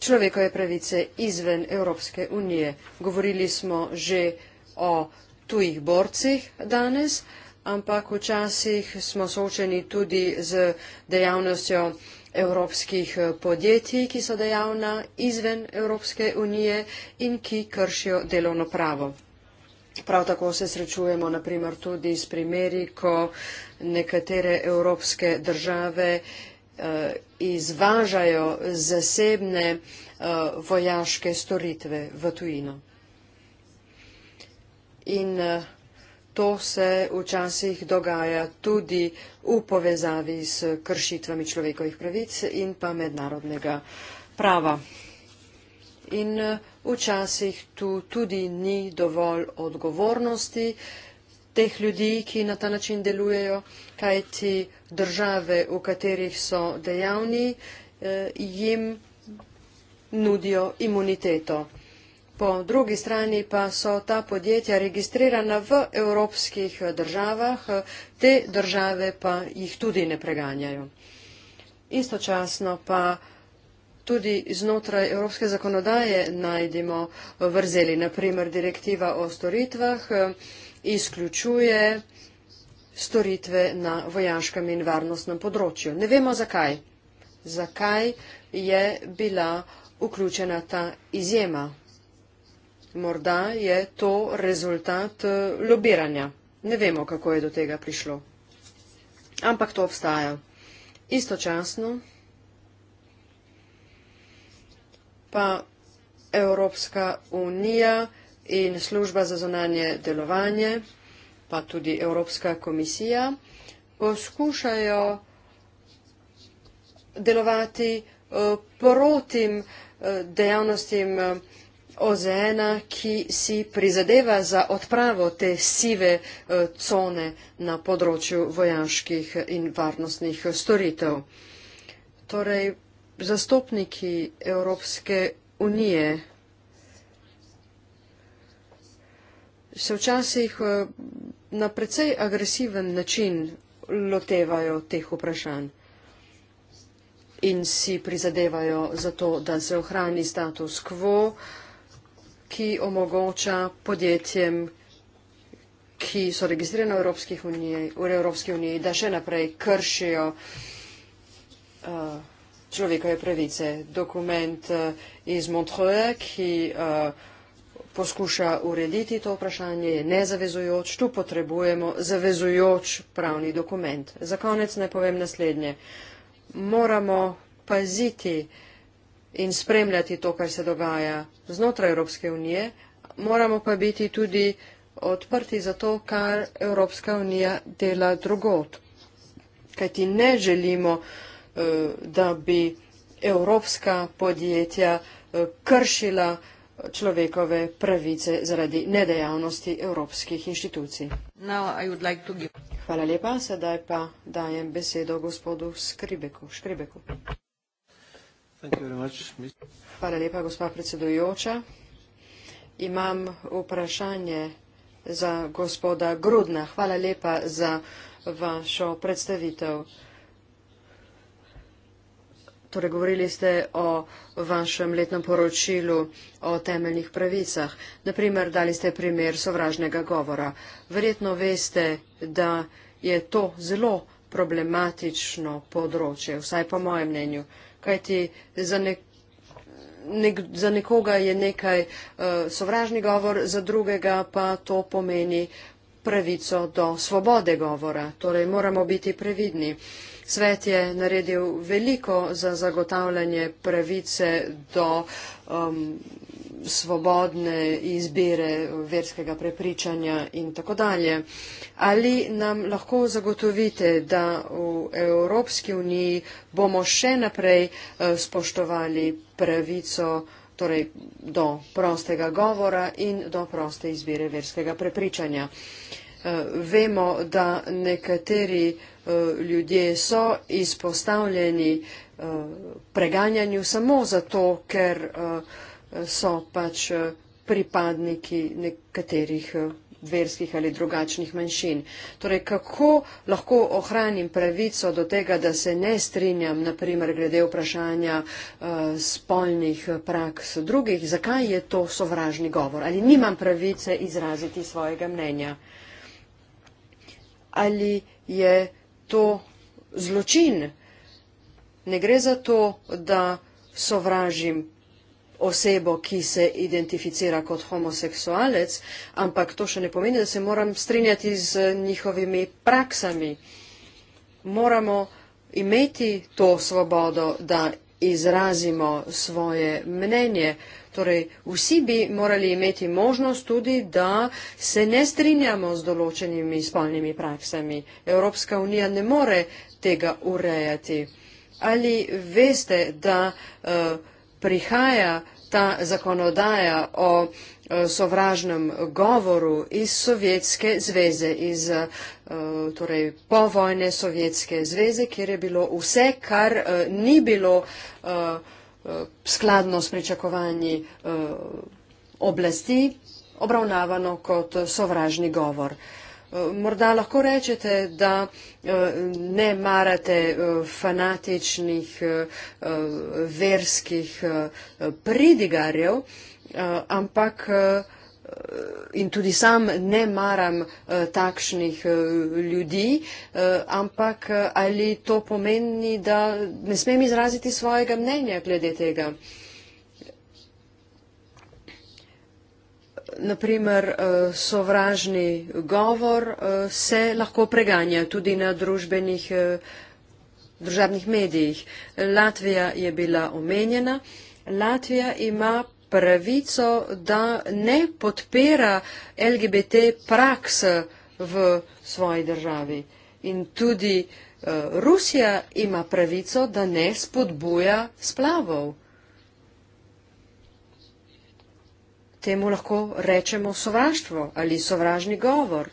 človekove pravice izven Evropske unije. Govorili smo že o tujih borcih danes, ampak včasih smo soočeni tudi z dejavnostjo evropskih eh, podjetij, ki so dejavna izven Evropske unije in ki kršijo delovno pravo. Prav tako se srečujemo naprimer tudi s primeri, ko nekatere evropske države Eh, izvažajo zasebne eh, vojaške storitve v tujino. In eh, to se včasih dogaja tudi v povezavi s kršitvami človekovih pravic in pa mednarodnega prava. In včasih tu tudi ni dovolj odgovornosti, teh ljudi, ki na ta način delujejo, kaj ti države, v katerih so dejavni, eh, jim nudijo imuniteto. Po drugi strani pa so ta podjetja registrirana v evropskih državah, te države pa jih tudi ne preganjajo. Istočasno pa tudi znotraj evropske zakonodaje najdemo vrzeli, naprimer direktiva o storitvah, izključuje storitve na vojaškem in varnostnem področju. Ne vemo zakaj. Zakaj je bila vključena ta izjema? Morda je to rezultat eh, lobiranja. Ne vemo, kako je do tega prišlo. Ampak to obstaja. Istočasno pa Evropska unija in služba za zonanje delovanje, pa tudi Evropska komisija, poskušajo delovati eh, proti eh, dejavnostim eh, OZN-a, ki si prizadeva za odpravo te sive cone na področju vojaških in varnostnih storitev. Torej, zastopniki Evropske unije se včasih eh, na precej agresiven način lotevajo teh vprašanj in si prizadevajo za to, da se ohrani status quo, ki omogoča podjetjem, ki so registrirane v, v Evropski uniji, da še naprej kršijo uh, človekove pravice. Dokument uh, iz Montreux, ki uh, poskuša urediti to vprašanje, je nezavezujoč, tu potrebujemo zavezujoč pravni dokument. Za konec naj povem naslednje. Moramo paziti in spremljati to, kar se dogaja znotraj Evropske unije, moramo pa biti tudi odprti za to, kar Evropska unija dela drugot. Kajti ne želimo, eh, da bi evropska podjetja eh, kršila človekove pravice zaradi nedejavnosti evropskih inštitucij. Like give... Hvala lepa, sedaj pa dajem besedo gospodu Skribeku. Škribeku. Hvala lepa, gospa predsedujoča. Imam vprašanje za gospoda Grudna. Hvala lepa za vašo predstavitev. Torej, govorili ste o vašem letnem poročilu o temeljnih pravicah. Naprimer, dali ste primer sovražnega govora. Verjetno veste, da je to zelo problematično področje, vsaj po mojem mnenju. Kajti za, nek, nek, za nekoga je nekaj uh, sovražni govor, za drugega pa to pomeni pravico do svobode govora. Torej, moramo biti previdni. Uh, Svet je naredil veliko za zagotavljanje pravice do um, svobodne izbire verskega prepričanja in tako dalje. Ali nam lahko zagotovite, da v Evropski uniji bomo še naprej eh, spoštovali pravico torej do prostega govora in do proste izbire verskega prepričanja? Eh, vemo, da nekateri eh, ljudje so izpostavljeni eh, preganjanju samo zato, ker so pač pripadniki nekaterih verskih ali drugačnih manjšin. Torej, kako lahko ohranim pravico do tega, da se ne strinjam, naprimer, glede vprašanja uh, spolnih praks drugih, zakaj je to sovražni govor? Ali nimam pravice izraziti svojega mnenja? Uh, ali je to zločin. Ne gre za to, da sovražim osebo, ki se identificira kot homoseksualec, ampak to še ne pomeni, da se moram strinjati z njihovimi praksami. Moramo imeti to svobodo, da izrazimo svoje mnenje. Torej, vsi bi morali imeti možnost tudi, da se ne strinjamo z določenimi spolnimi praksami. Evropska unija ne more tega urejati. Ali veste, da uh, prihaja ta zakonodaja o uh, sovražnem govoru iz Sovjetske zveze, iz uh, torej, povojne Sovjetske zveze, kjer je bilo vse, kar uh, ni bilo. Uh, Eh, skladno s pričakovanji eh, oblasti obravnavano kot sovražni govor. Eh, morda lahko rečete, da ne marate fanatičnih verskih pridigarjev, ampak Eh, in tudi sam ne maram eh, takšnih eh, ljudi, ampak ali to pomeni, da ne smem izraziti svojega mnenja glede tega? Naprimer, sovražni govor se lahko preganja tudi na družbenih, družbenih medijih. Latvija je bila omenjena. Latvija ima pravico, da ne podpira LGBT praks v svoji državi. In tudi eh, Rusija ima pravico, da ne spodbuja splavov. Temu lahko rečemo sovraštvo ali sovražni govor.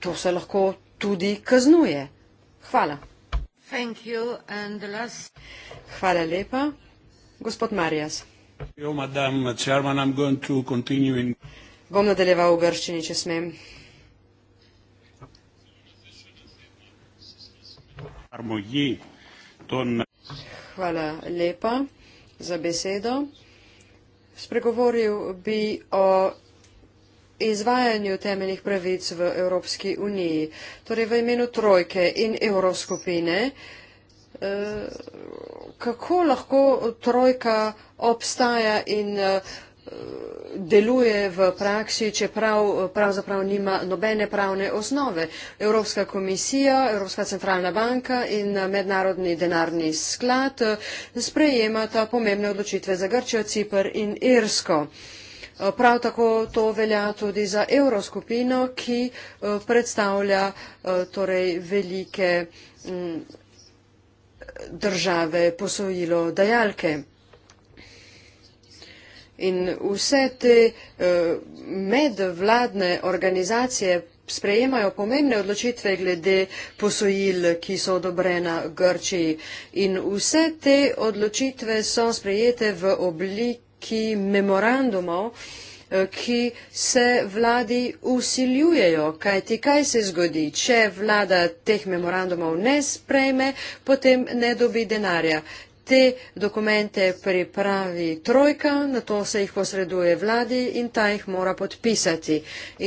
To se lahko tudi kaznuje. Hvala. Hvala lepa. Gospod Marijas. Bom nadaljeval v grščini, če smem. Hvala lepa za besedo. Spregovoril bi o izvajanju temeljnih pravic v Evropski uniji, torej v imenu trojke in evroskupine. Eh, kako lahko trojka obstaja in eh, deluje v praksi, čeprav eh, pravzaprav nima nobene pravne osnove. Evropska komisija, Evropska centralna banka in eh, Mednarodni denarni sklad sprejemata pomembne odločitve za Grčijo, Cipr in Irsko. Prav tako to velja tudi za evroskupino, ki predstavlja torej, velike mm, države posojilo dajalke. In vse te eh, medvladne organizacije sprejemajo pomembne odločitve glede posojil, ki so odobrena Grčiji. In vse te odločitve so sprejete v obliki memorandumov, Eh, ki se vladi usiljujejo. Kaj ti kaj se zgodi? Če vlada teh memorandumov ne sprejme, potem ne dobi denarja. Te dokumente pripravi trojka, na to se jih posreduje vladi in ta jih mora podpisati.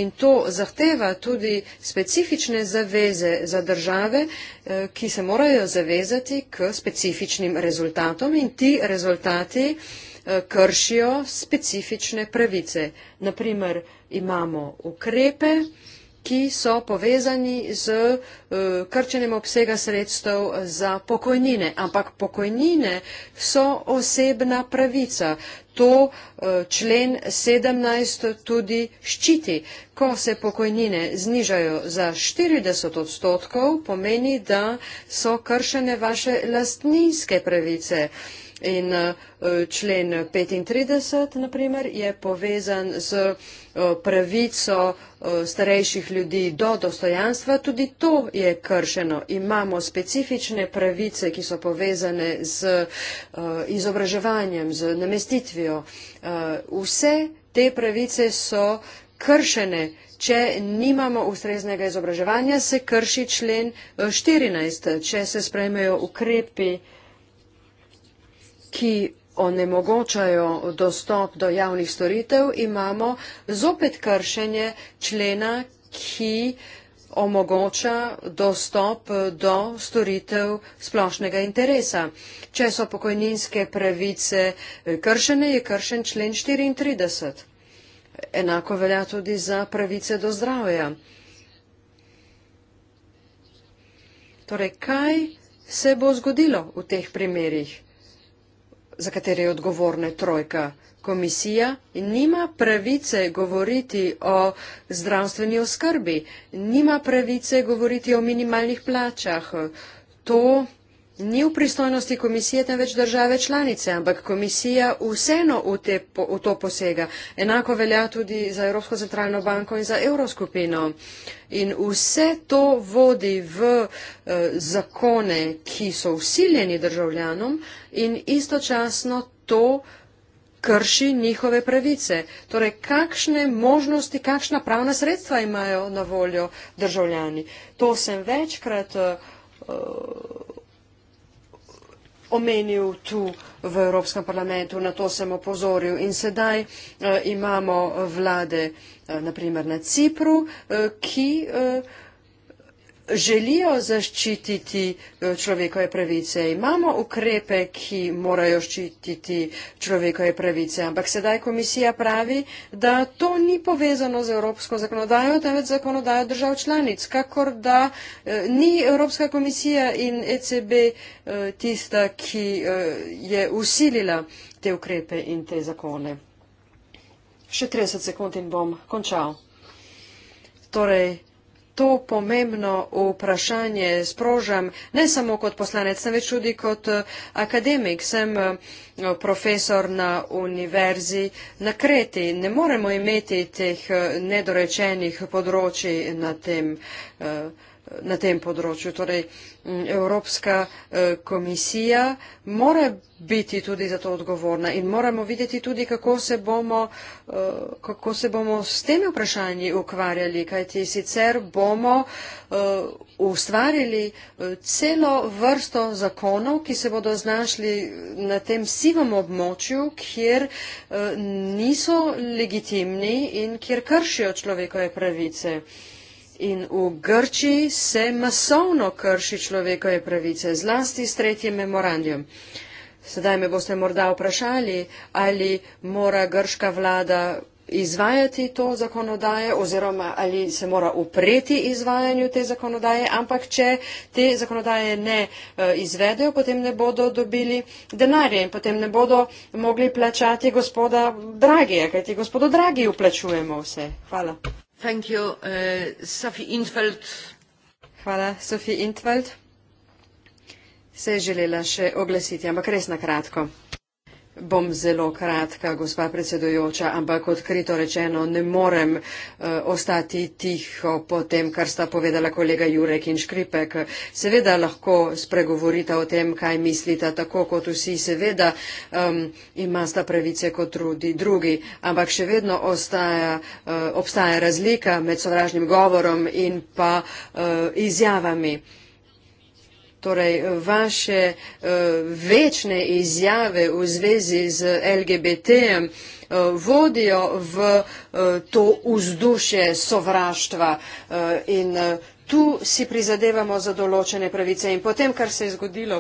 In to zahteva tudi specifične zaveze za države, eh, ki se morajo zavezati k specifičnim rezultatom in ti rezultati Eh, kršijo specifične pravice. Naprimer, imamo ukrepe, ki so povezani z eh, krčenjem obsega sredstev za pokojnine. Ampak pokojnine so osebna pravica. To eh, člen 17 tudi ščiti. Ko se pokojnine znižajo za 40 odstotkov, pomeni, da so kršene vaše lastninske pravice. In eh, člen 35, naprimer, je povezan z eh, pravico eh, starejših ljudi do dostojanstva. Tudi to je kršeno. Imamo specifične pravice, ki so povezane z izobraževanjem, z namestitvijo. Vse te pravice so kršene. Če nimamo ustreznega izobraževanja, se krši člen 14, če se sprejmejo ukrepi ki onemogočajo dostop do javnih storitev, imamo zopet kršenje člena, ki omogoča dostop do storitev splošnega interesa. Če so pokojninske pravice eh, kršene, je kršen člen 34. Enako velja tudi za pravice do zdravja. Torej, kaj se bo zgodilo v teh primerjih? za katere je odgovorna trojka komisija, nima pravice govoriti o zdravstveni oskrbi, nima pravice govoriti o minimalnih plačah. To ni v pristojnosti komisije, temveč države članice, ampak komisija vseeno v, te, v to posega. Enako velja tudi za Evropsko centralno banko in za Evroskupino. In vse to vodi v eh, zakone, ki so usiljeni državljanom in istočasno to krši njihove pravice. Torej, kakšne možnosti, kakšna pravna sredstva imajo na voljo državljani. To sem večkrat. Eh, omenil tu v Evropskem parlamentu, na to sem opozoril. In sedaj eh, imamo vlade, eh, naprimer na Cipru, eh, ki želijo zaščititi eh, človekove pravice. Imamo ukrepe, ki morajo ščititi človekove pravice, ampak sedaj komisija pravi, da to ni povezano z evropsko zakonodajo, temveč zakonodajo držav članic, kakor da eh, ni Evropska komisija in ECB eh, tista, ki je usilila te ukrepe in te zakone. Še 30 sekund in bom končal. Torej, to pomembno vprašanje sprožam ne samo kot poslanec, temveč tudi kot eh, akademik. Sem eh, profesor na univerzi na Kreti. Ne moremo imeti teh eh, nedorečenih področji na tem področju na tem področju. Torej, Evropska eh, komisija mora biti tudi za to odgovorna in moramo videti tudi, kako se bomo, eh, kako se bomo s temi vprašanji ukvarjali, kajti sicer bomo eh, ustvarili celo vrsto zakonov, ki se bodo znašli na tem sivem območju, kjer niso legitimni in kjer kršijo človekove pravice. In v Grčiji se masovno krši človekove pravice, zlasti s tretjim memorandijom. Sedaj me boste morda vprašali, ali mora grška vlada izvajati to zakonodaje oziroma ali se mora upreti izvajanju te zakonodaje, ampak če te zakonodaje ne e, izvedejo, potem ne bodo dobili denarje in potem ne bodo mogli plačati gospoda Dragija, kajti gospodo Dragi vplačujemo vse. Hvala. Uh, se je želela še oglasiti ampak res na kratko. Bom zelo kratka, gospa predsedujoča, ampak odkrito rečeno ne morem uh, ostati tiho po tem, kar sta povedala kolega Jurek in Škripek. Seveda lahko spregovorite o tem, kaj mislite, tako kot vsi, seveda um, ima sta pravice kot drugi, drugi, ampak še vedno ostaja, uh, obstaja razlika med sovražnim govorom in pa uh, izjavami. Uh, torej vaše uh, večne izjave v zvezi z LGBT uh, eh, vodijo v uh, to vzdušje sovraštva uh, in uh, tu si prizadevamo za določene pravice. In potem, kar se je zgodilo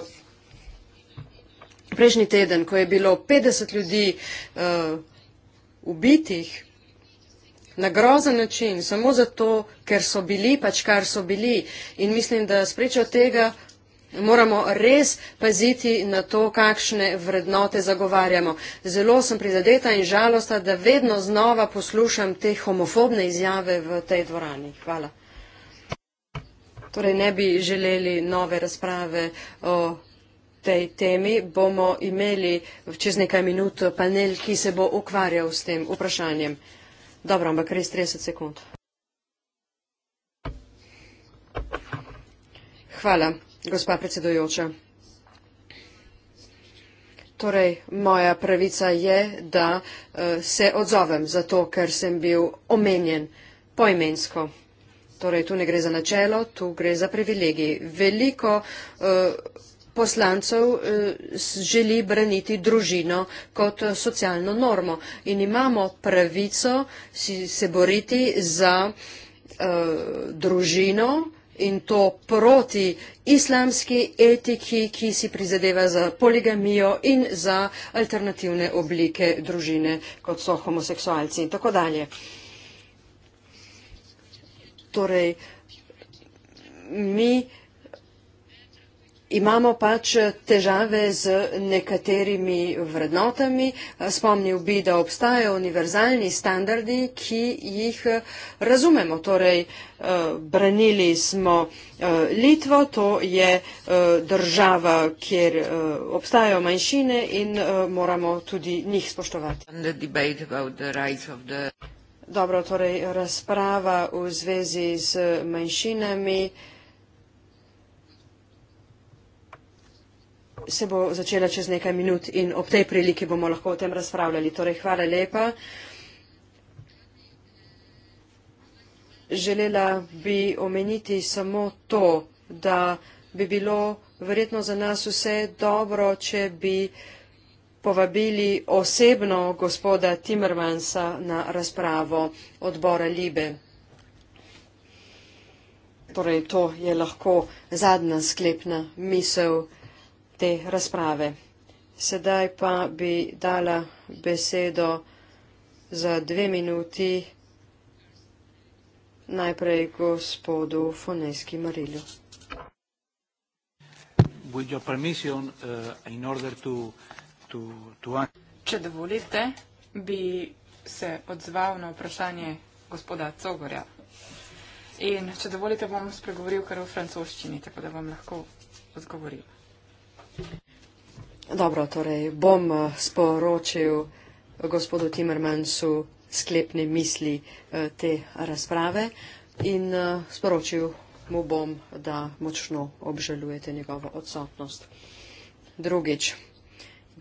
prejšnji teden, ko je bilo 50 ljudi uh, ubitih, Na grozen način, samo zato, ker so bili pač, kar so bili. In mislim, da spričo tega Moramo res paziti na to, kakšne vrednote zagovarjamo. Zelo sem prizadeta in žalosta, da vedno znova poslušam te homofobne izjave v tej dvorani. Hvala. Torej, ne bi želeli nove razprave o tej temi. Bomo imeli čez nekaj minut panel, ki se bo ukvarjal s tem vprašanjem. Dobro, ampak res 30 sekund. Hvala gospa predsedujoča. Torej, moja pravica je, da uh, se odzovem zato, ker sem bil omenjen poimensko. Torej, tu ne gre za načelo, tu gre za privilegij. Veliko uh, poslancev uh, želi braniti družino kot socialno normo in imamo pravico si, se boriti za uh, družino, in to proti islamski etiki, ki si prizadeva za poligamijo in za alternativne oblike družine, kot so homoseksualci in tako dalje. Torej, mi Imamo pač težave z nekaterimi vrednotami. Spomnil bi, da obstajajo univerzalni standardi, ki jih eh, razumemo. Torej, eh, branili smo eh, Litvo, to je država, kjer obstajajo manjšine in moramo tudi njih spoštovati. Dobro, torej razprava v zvezi z manjšinami. se bo začela čez nekaj minut in ob tej priliki bomo lahko o tem razpravljali. Torej, hvala lepa. Želela bi omeniti samo to, da bi bilo verjetno za nas vse dobro, če bi povabili osebno gospoda Timmermansa na razpravo odbora Libe. Torej, to je lahko zadnja sklepna misel te razprave. Sedaj pa bi dala besedo za dve minuti najprej gospodu Foneski Marilju. Uh, če dovolite, bi se odzval na vprašanje gospoda Cogorja. In če dovolite, bom spregovoril kar v francoščini, tako da vam lahko odgovorim. Dobro, torej bom eh, sporočil gospodu Timmermansu sklepne misli eh, te razprave in eh, sporočil mu bom, da močno obžalujete njegovo odsotnost. Drugič,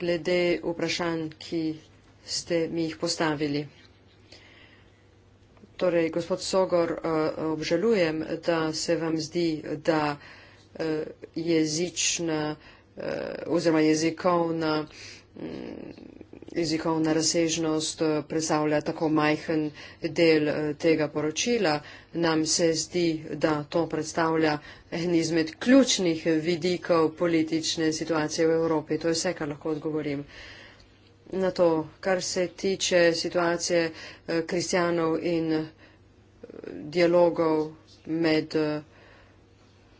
glede vprašanj, ki ste mi jih postavili. Torej, gospod Sogor, obžalujem, da se vam zdi, da jezična Eh, oziroma jezikovna, mm, jezikovna razsežnost eh, predstavlja tako majhen del eh, tega poročila. Nam se zdi, da to predstavlja en izmed ključnih vidikov politične situacije v Evropi. To je vse, kar lahko odgovorim. Na to, kar se tiče situacije kristjanov in dialogov med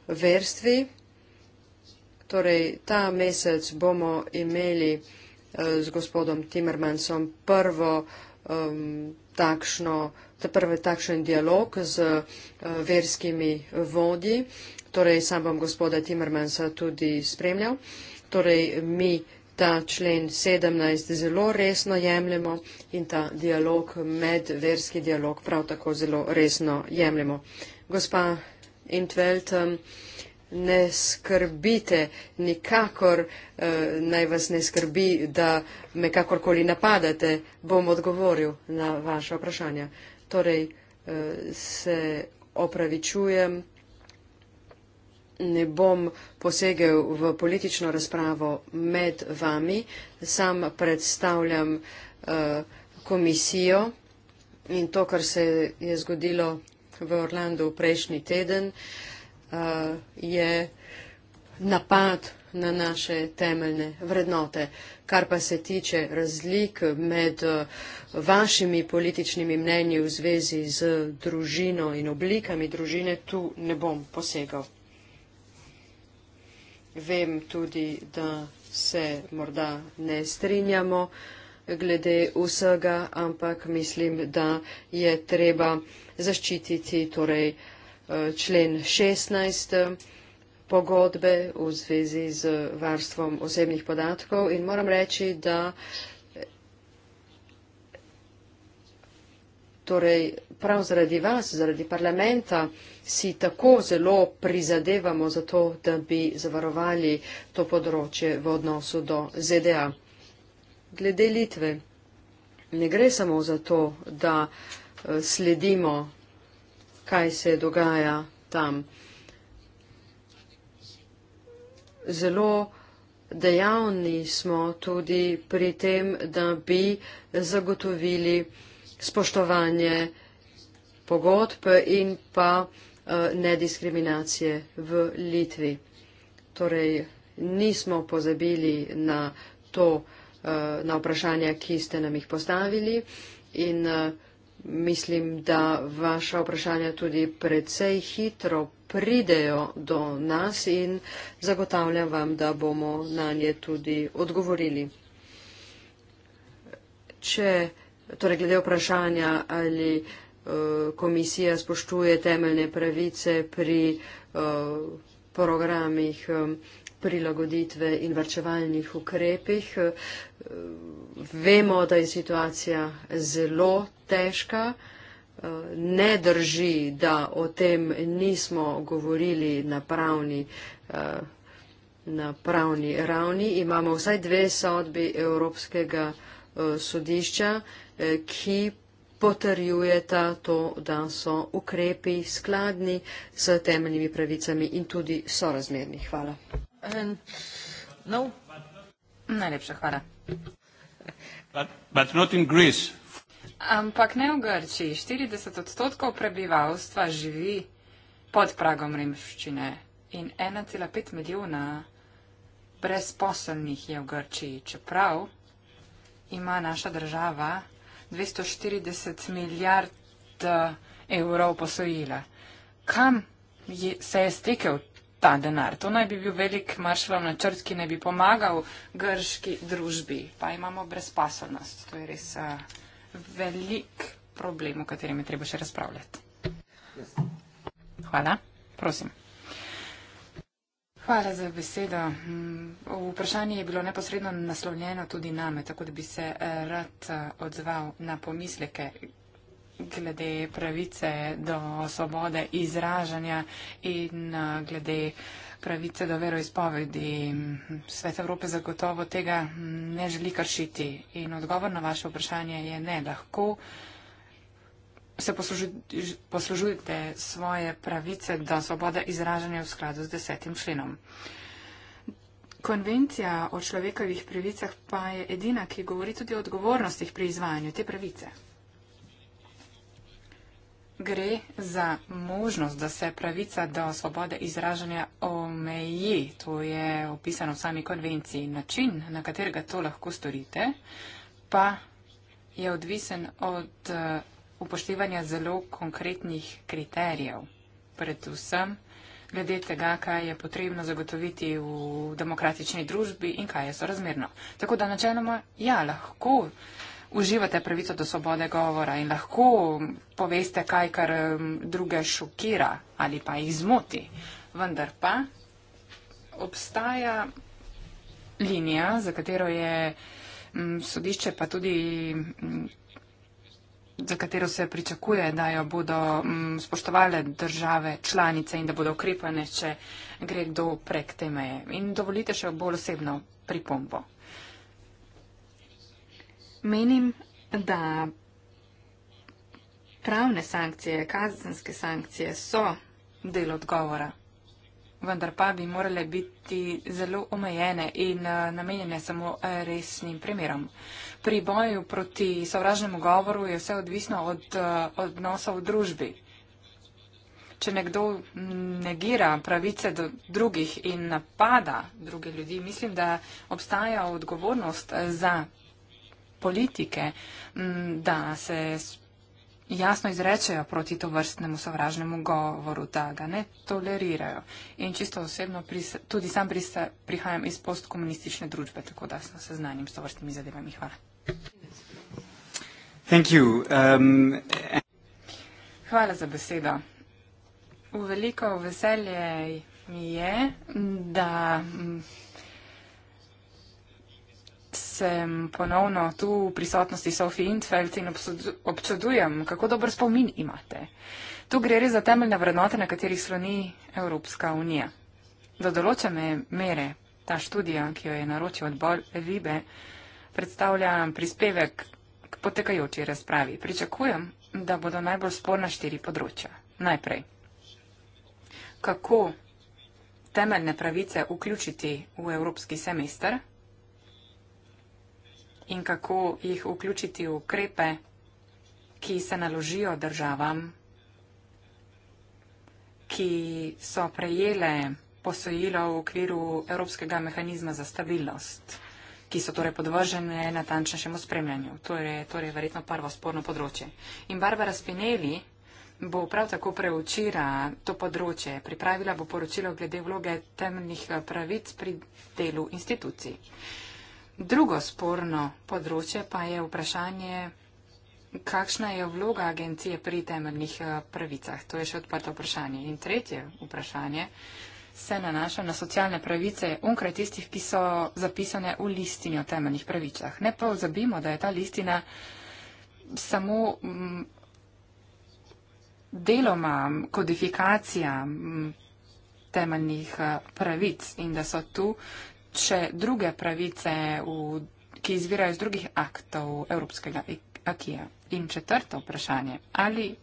verstvi, Torej, ta mesec bomo imeli eh, z gospodom Timmermansom prvo um, takšno, ta prvi takšen dialog z uh, verskimi vodji. Torej, sam bom gospoda Timmermansa tudi spremljal. Torej, mi ta člen 17 zelo resno jemljemo in ta dialog, medverski dialog, prav tako zelo resno jemljemo. Gospa Intveld, um, ne skrbite, nikakor uh, naj vas ne skrbi, da me kakorkoli napadate, bom odgovoril na vaše vprašanje. Torej, uh, se opravičujem, ne bom posegel v politično razpravo med vami, sam predstavljam uh, komisijo in to, kar se je zgodilo v Orlando prejšnji teden. Uh, je napad na naše temeljne vrednote. Kar pa se tiče razlik med vašimi političnimi mnenji v zvezi z družino in oblikami družine, tu ne bom posegal. Vem tudi, da se morda ne strinjamo glede vsega, ampak mislim, da je treba zaščititi torej, uh, člen 16 eh, pogodbe v zvezi z varstvom osebnih podatkov in moram reči, da torej prav zaradi vas, zaradi parlamenta, si tako zelo prizadevamo za to, da bi zavarovali to področje v odnosu do ZDA. Glede Litve, ne gre samo za to, da eh, sledimo kaj se dogaja tam. Zelo dejavni smo tudi pri tem, da bi zagotovili spoštovanje pogodb in pa eh, nediskriminacije v Litvi. Torej, nismo pozabili na to, eh, na vprašanja, ki ste nam jih postavili in uh, Mislim, da vaša vprašanja tudi precej hitro pridejo do nas in zagotavljam vam, da bomo na nje tudi odgovorili. Če, torej, glede vprašanja, ali eh, komisija spoštuje temeljne pravice pri eh, programih eh, prilagoditve in varčevalnih ukrepih. Vemo, da je situacija zelo težka. Ne drži, da o tem nismo govorili na pravni, na pravni ravni. Imamo vsaj dve sodbi Evropskega sodišča, ki potrjujeta to, da so ukrepi skladni s temeljnimi pravicami in tudi sorazmerni. Hvala. No? Najlepša hvala. But, but not in Greece. Ampak ne v Grčiji. 40 odstotkov prebivalstva živi pod pragom revščine in 1,5 milijona brezposelnih je v Grčiji, čeprav ima naša država 240 milijard eh, evrov posojila. Kam je, se je stekel ta denar. To naj bi bil velik maršalov načrt, ki naj bi pomagal grški družbi. Pa imamo brezpasovnost. To je res uh, velik problem, o katerem je treba še razpravljati. Hvala. Prosim. Hvala za besedo. Mm, vprašanje je bilo neposredno naslovljeno tudi name, tako da bi se eh, rad eh, odzval na pomisleke, glede pravice do svobode izražanja in glede pravice do veroizpovedi. Svet Evrope zagotovo tega ne želi kršiti in odgovor na vaše vprašanje je ne. Lahko se poslužujete svoje pravice do svobode izražanja v skladu z desetim členom. Konvencija o človekovih pravicah pa je edina, ki govori tudi o odgovornostih pri izvajanju te pravice gre za možnost, da se pravica do svobode izražanja omeji. To je opisano v sami konvenciji. Način, na katerega to lahko storite, pa je odvisen od uh, upoštevanja zelo konkretnih kriterijev. Predvsem glede tega, kaj je potrebno zagotoviti v demokratični družbi in kaj je sorazmerno. Tako da načeloma, ja, lahko uživate pravico do svobode govora in lahko poveste kaj, kar druge šokira ali pa jih zmoti. Vendar pa obstaja linija, za katero je sodišče pa tudi za katero se pričakuje, da jo bodo spoštovale države članice in da bodo ukrepane, če gre kdo prek te meje. In dovolite še bolj osebno pripombo menim, da pravne sankcije, kazenske sankcije so del odgovora, vendar pa bi morale biti zelo omejene in eh, namenjene samo eh, resnim primerom. Pri boju proti sovražnemu govoru je vse odvisno od eh, odnosov v družbi. Če nekdo negira pravice do drugih in napada druge ljudi, mislim, da obstaja odgovornost za politike, da se jasno izrečejo proti to vrstnemu sovražnemu govoru, da ga ne tolerirajo. In čisto osebno tudi sam prihajam iz postkomunistične družbe, tako da sem seznanjen s to vrstnimi zadevami. Hvala. Um, Hvala za besedo. V veliko veselje mi je, da sem ponovno tu v prisotnosti Sofi Intfeld in občudujem, kako dober spomin imate. Tu gre res za temeljne vrednote, na katerih sloni Evropska unija. Do določene mere ta študija, ki jo je naročil odbor Libe, predstavlja prispevek k potekajoči razpravi. Pričakujem, da bodo najbolj sporna štiri področja. Najprej, kako temeljne pravice vključiti v evropski semester? in kako jih vključiti v ukrepe, ki se naložijo državam, ki so prejele posojilo v okviru Evropskega mehanizma za stabilnost, ki so torej podvržene natančnejšemu spremljanju. To je torej verjetno prvo sporno področje. In Barbara Spinelli bo prav tako preučila to področje, pripravila bo poročilo glede vloge temeljnih pravic pri delu institucij. Drugo sporno področje pa je vprašanje, kakšna je vloga agencije pri temeljnih eh, pravicah. To je še odprto vprašanje. In tretje vprašanje se nanaša na socialne pravice onkraj tistih, ki so zapisane v listini o temeljnih pravicah. Ne pa ozabimo, da je ta listina samo mm, deloma kodifikacija mm, temeljnih eh, pravic in da so tu še druge pravice, v, ki izvirajo iz drugih aktov Evropskega e- akija? In četrto vprašanje, ali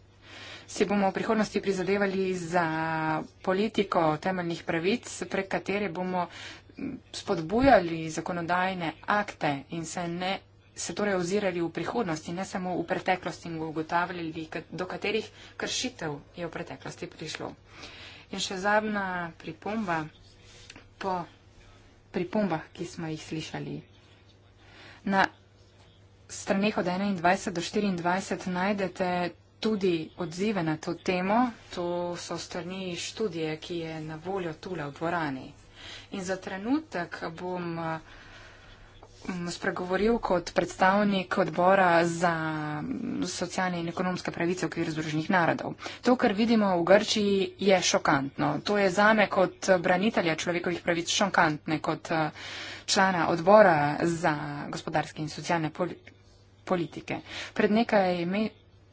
si bomo v prihodnosti prizadevali za politiko temeljnih pravic, prek katere bomo spodbujali zakonodajne akte in se ne se torej ozirali v prihodnosti, ne samo v preteklosti in ugotavljali, do katerih kršitev je v preteklosti prišlo. In še zadnja pripomba po pripombah, ki smo jih slišali. Na straneh od 21 do 24 najdete tudi odzive na to temo. To so strani študije, ki je na voljo tule v dvorani. In za trenutek bom. Uh, Mm, spregovoril kot predstavnik odbora za mm, socialne in ekonomske pravice v okviru Združenih narodov. To, kar vidimo v Grčiji, je šokantno. To je zame kot branitelja človekovih pravic šokantne, kot eh, člana odbora za gospodarske in socialne politike. Pred nekaj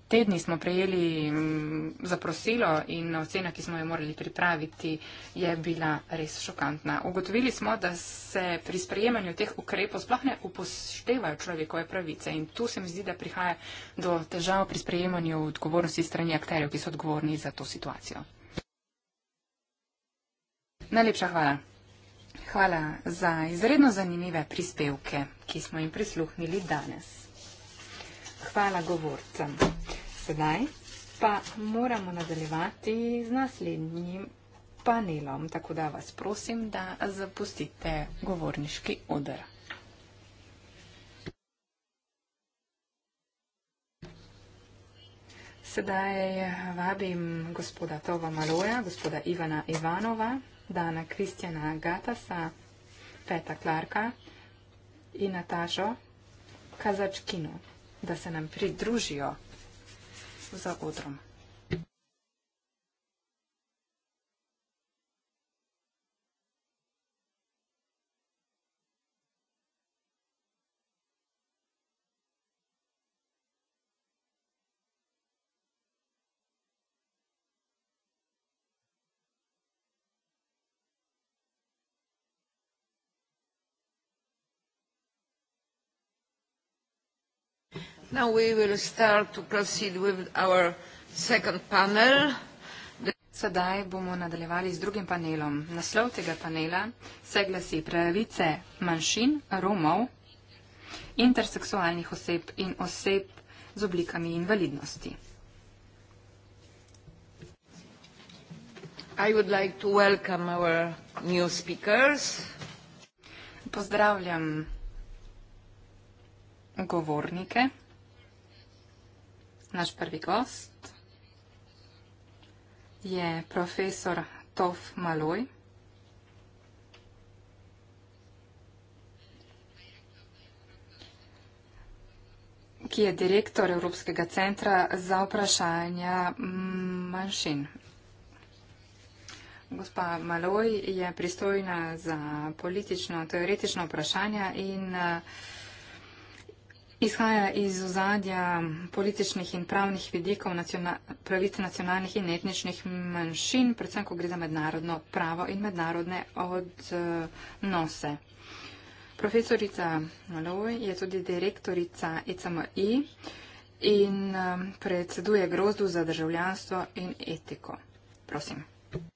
tedni smo prejeli mm, zaprosilo in ocena, ki smo jo morali pripraviti, je bila res šokantna. Ugotovili smo, da se pri sprejemanju teh ukrepov sploh ne upoštevajo človekove pravice in tu se mi zdi, da prihaja do težav pri sprejemanju odgovornosti strani akterjev, ki so odgovorni za to situacijo. Najlepša hvala. Hvala za izredno zanimive prispevke, ki smo jim prisluhnili danes hvala govorcem. Sedaj pa moramo nadaljevati z naslednjim panelom, tako da vas prosim, da zapustite govorniški odr. Sedaj vabim gospoda Tova Maloja, gospoda Ivana Ivanova, Dana Kristjana Gatasa, Peta Klarka in Natašo Kazačkino da se nam pridružijo za odrom. Now we will start to proceed with our second panel. Sedaj bomo nadaljevali z drugim panelom. Naslov tega panela se glasi pravice manjšin, romov, interseksualnih oseb in oseb z oblikami invalidnosti. I would like to welcome our new speakers. Pozdravljam govornike. Naš prvi gost je profesor Tof Maloj. ki je direktor Evropskega centra za vprašanja mm, manjšin. Gospa Maloj je pristojna za politično, teoretično vprašanje in uh, izhaja iz ozadja političnih in pravnih vidikov nacional, pravic nacionalnih in etničnih manjšin, predvsem, ko gre za mednarodno pravo in mednarodne odnose. Profesorica Maloj je tudi direktorica ECMI in um, predseduje grozdu za državljanstvo in etiko. Prosim. Um,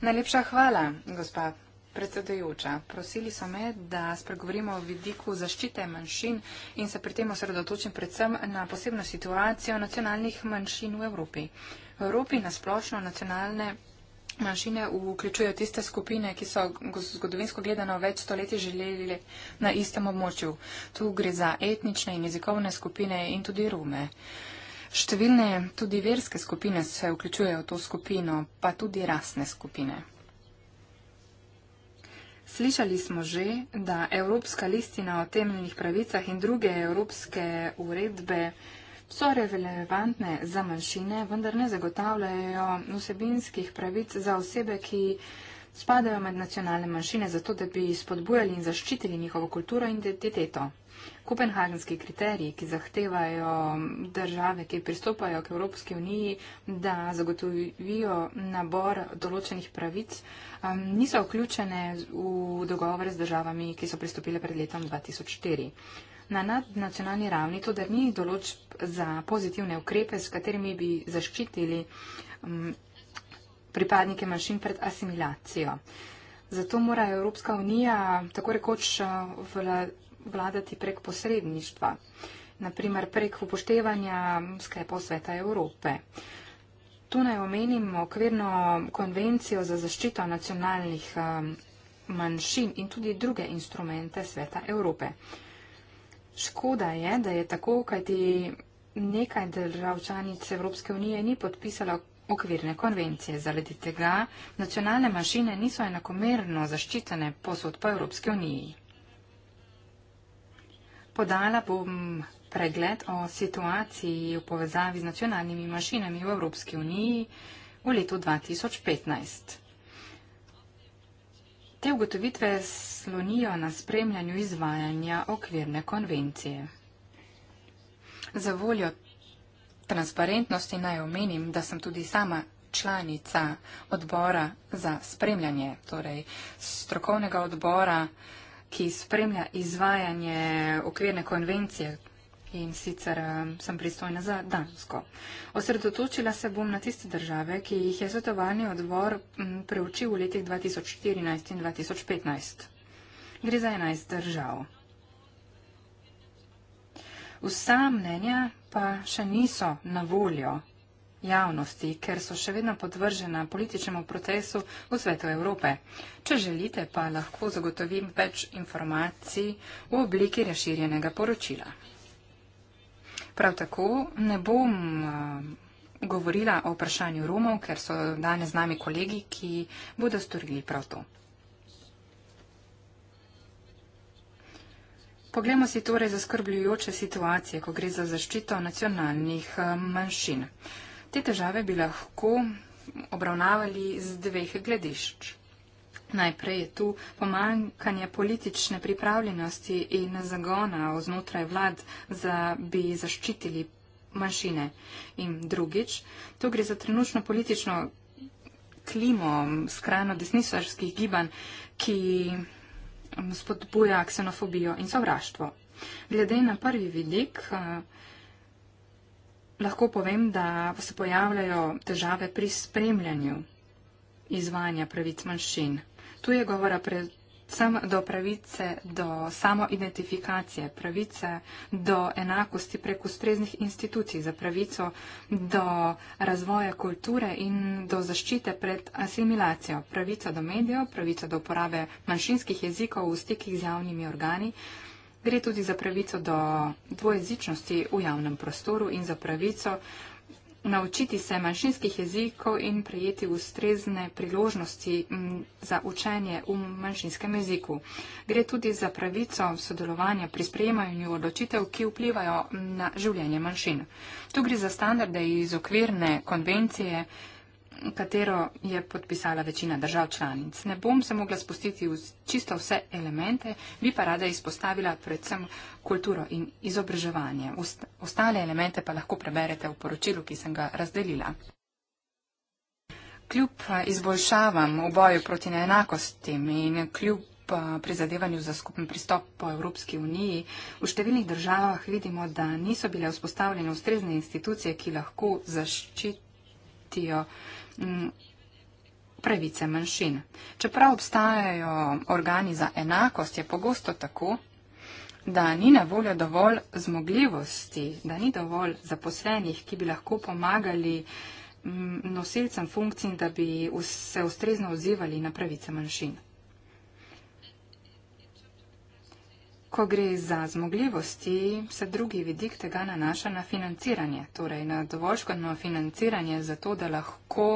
Najlepša hvala, gospa Predsedujoča, prosili so me, da spregovorimo o vidiku zaščite manjšin in se pri tem osredotočim predvsem na posebno situacijo nacionalnih manjšin v Evropi. V Evropi nasplošno nacionalne manjšine vključujejo tiste skupine, ki so zgodovinsko gledano več stoletij želeli na istem območju. Tu gre za etnične in jezikovne skupine in tudi rume. Številne tudi verske skupine se vključujejo v to skupino, pa tudi rasne skupine. Slišali smo že, da Evropska listina o temeljnih pravicah in druge evropske uredbe so relevantne za manjšine, vendar ne zagotavljajo vsebinskih pravic za osebe, ki spadajo med nacionalne manjšine, zato da bi spodbujali in zaščitili njihovo kulturo in identiteto kopenhagenski kriteriji, ki zahtevajo države, ki pristopajo k Evropski uniji, da zagotovijo nabor določenih pravic, um, niso vključene v dogovore z državami, ki so pristopile pred letom 2004. Na nadnacionalni ravni to, da ni določb za pozitivne ukrepe, s katerimi bi zaščitili um, pripadnike manjšin pred asimilacijo. Zato mora Evropska unija tako rekoč uh, vla, vladati prek posredništva, naprimer prek upoštevanja sklepov Sveta Evrope. Tu naj omenim okvirno konvencijo za zaščito nacionalnih um, manjšin in tudi druge instrumente Sveta Evrope. Škoda je, da je tako, kajti nekaj držav članic Evropske unije ni podpisalo okvirne konvencije. Zaradi tega nacionalne manjšine niso enakomerno zaščitene posod po Evropske uniji. Podala bom pregled o situaciji v povezavi z nacionalnimi mašinami v Evropski uniji v letu 2015. Te ugotovitve slonijo na spremljanju izvajanja okvirne konvencije. Za voljo transparentnosti naj omenim, da sem tudi sama članica odbora za spremljanje, torej strokovnega odbora ki spremlja izvajanje okvirne konvencije in sicer um, sem pristojna za Dansko. Osredotočila se bom na tiste države, ki jih je svetovalni odbor preučil v letih 2014 in 2015. Gre za 11 držav. Vsa mnenja pa še niso na voljo javnosti, ker so še vedno podvržena političnemu procesu v svetu Evrope. Če želite, pa lahko zagotovim več informacij v obliki raširjenega poročila. Prav tako ne bom eh, govorila o vprašanju Romov, ker so danes z nami kolegi, ki bodo storili prav to. Poglejmo si torej zaskrbljujoče situacije, ko gre za zaščito nacionalnih eh, manjšin. Te težave bi lahko obravnavali z dveh gledišč. Najprej je tu pomankanje politične pripravljenosti in zagona oznotraj vlad, da bi zaščitili manjšine. In drugič, tu gre za trenutno politično klimo skrajno desnisarskih gibanj, ki spodbuja ksenofobijo in sovraštvo. Glede na prvi vidik, lahko povem, da se pojavljajo težave pri spremljanju izvanja pravic manjšin. Tu je govora predvsem do pravice do samoidentifikacije, pravice do enakosti prek ustreznih institucij, za pravico do razvoja kulture in do zaščite pred asimilacijo, pravica do medijev, pravica do uporabe manjšinskih jezikov v stikih z javnimi organi, Gre tudi za pravico do dvojezičnosti v javnem prostoru in za pravico naučiti se manjšinskih jezikov in prejeti ustrezne priložnosti za učenje v manjšinskem jeziku. Gre tudi za pravico sodelovanja pri sprejemanju odločitev, ki vplivajo na življenje manjšin. Tu gre za standarde iz okvirne konvencije katero je podpisala večina držav članic. Ne bom se mogla spustiti v čisto vse elemente, bi pa rada izpostavila predvsem kulturo in izobraževanje. Ost ostale elemente pa lahko preberete v poročilu, ki sem ga razdelila. Kljub eh, izboljšavam v boju proti neenakostim in kljub Po eh, prizadevanju za skupen pristop po Evropski uniji v številnih državah vidimo, da niso bile vzpostavljene ustrezne institucije, ki lahko zaščitijo pravice manjšin. Čeprav obstajajo organi za enakost, je pogosto tako, da ni na voljo dovolj zmogljivosti, da ni dovolj zaposlenih, ki bi lahko pomagali nosilcem funkcij, da bi se ustrezno odzivali na pravice manjšin. Ko gre za zmogljivosti, se drugi vidik tega nanaša na financiranje, torej na dovoljškodno financiranje za to, da lahko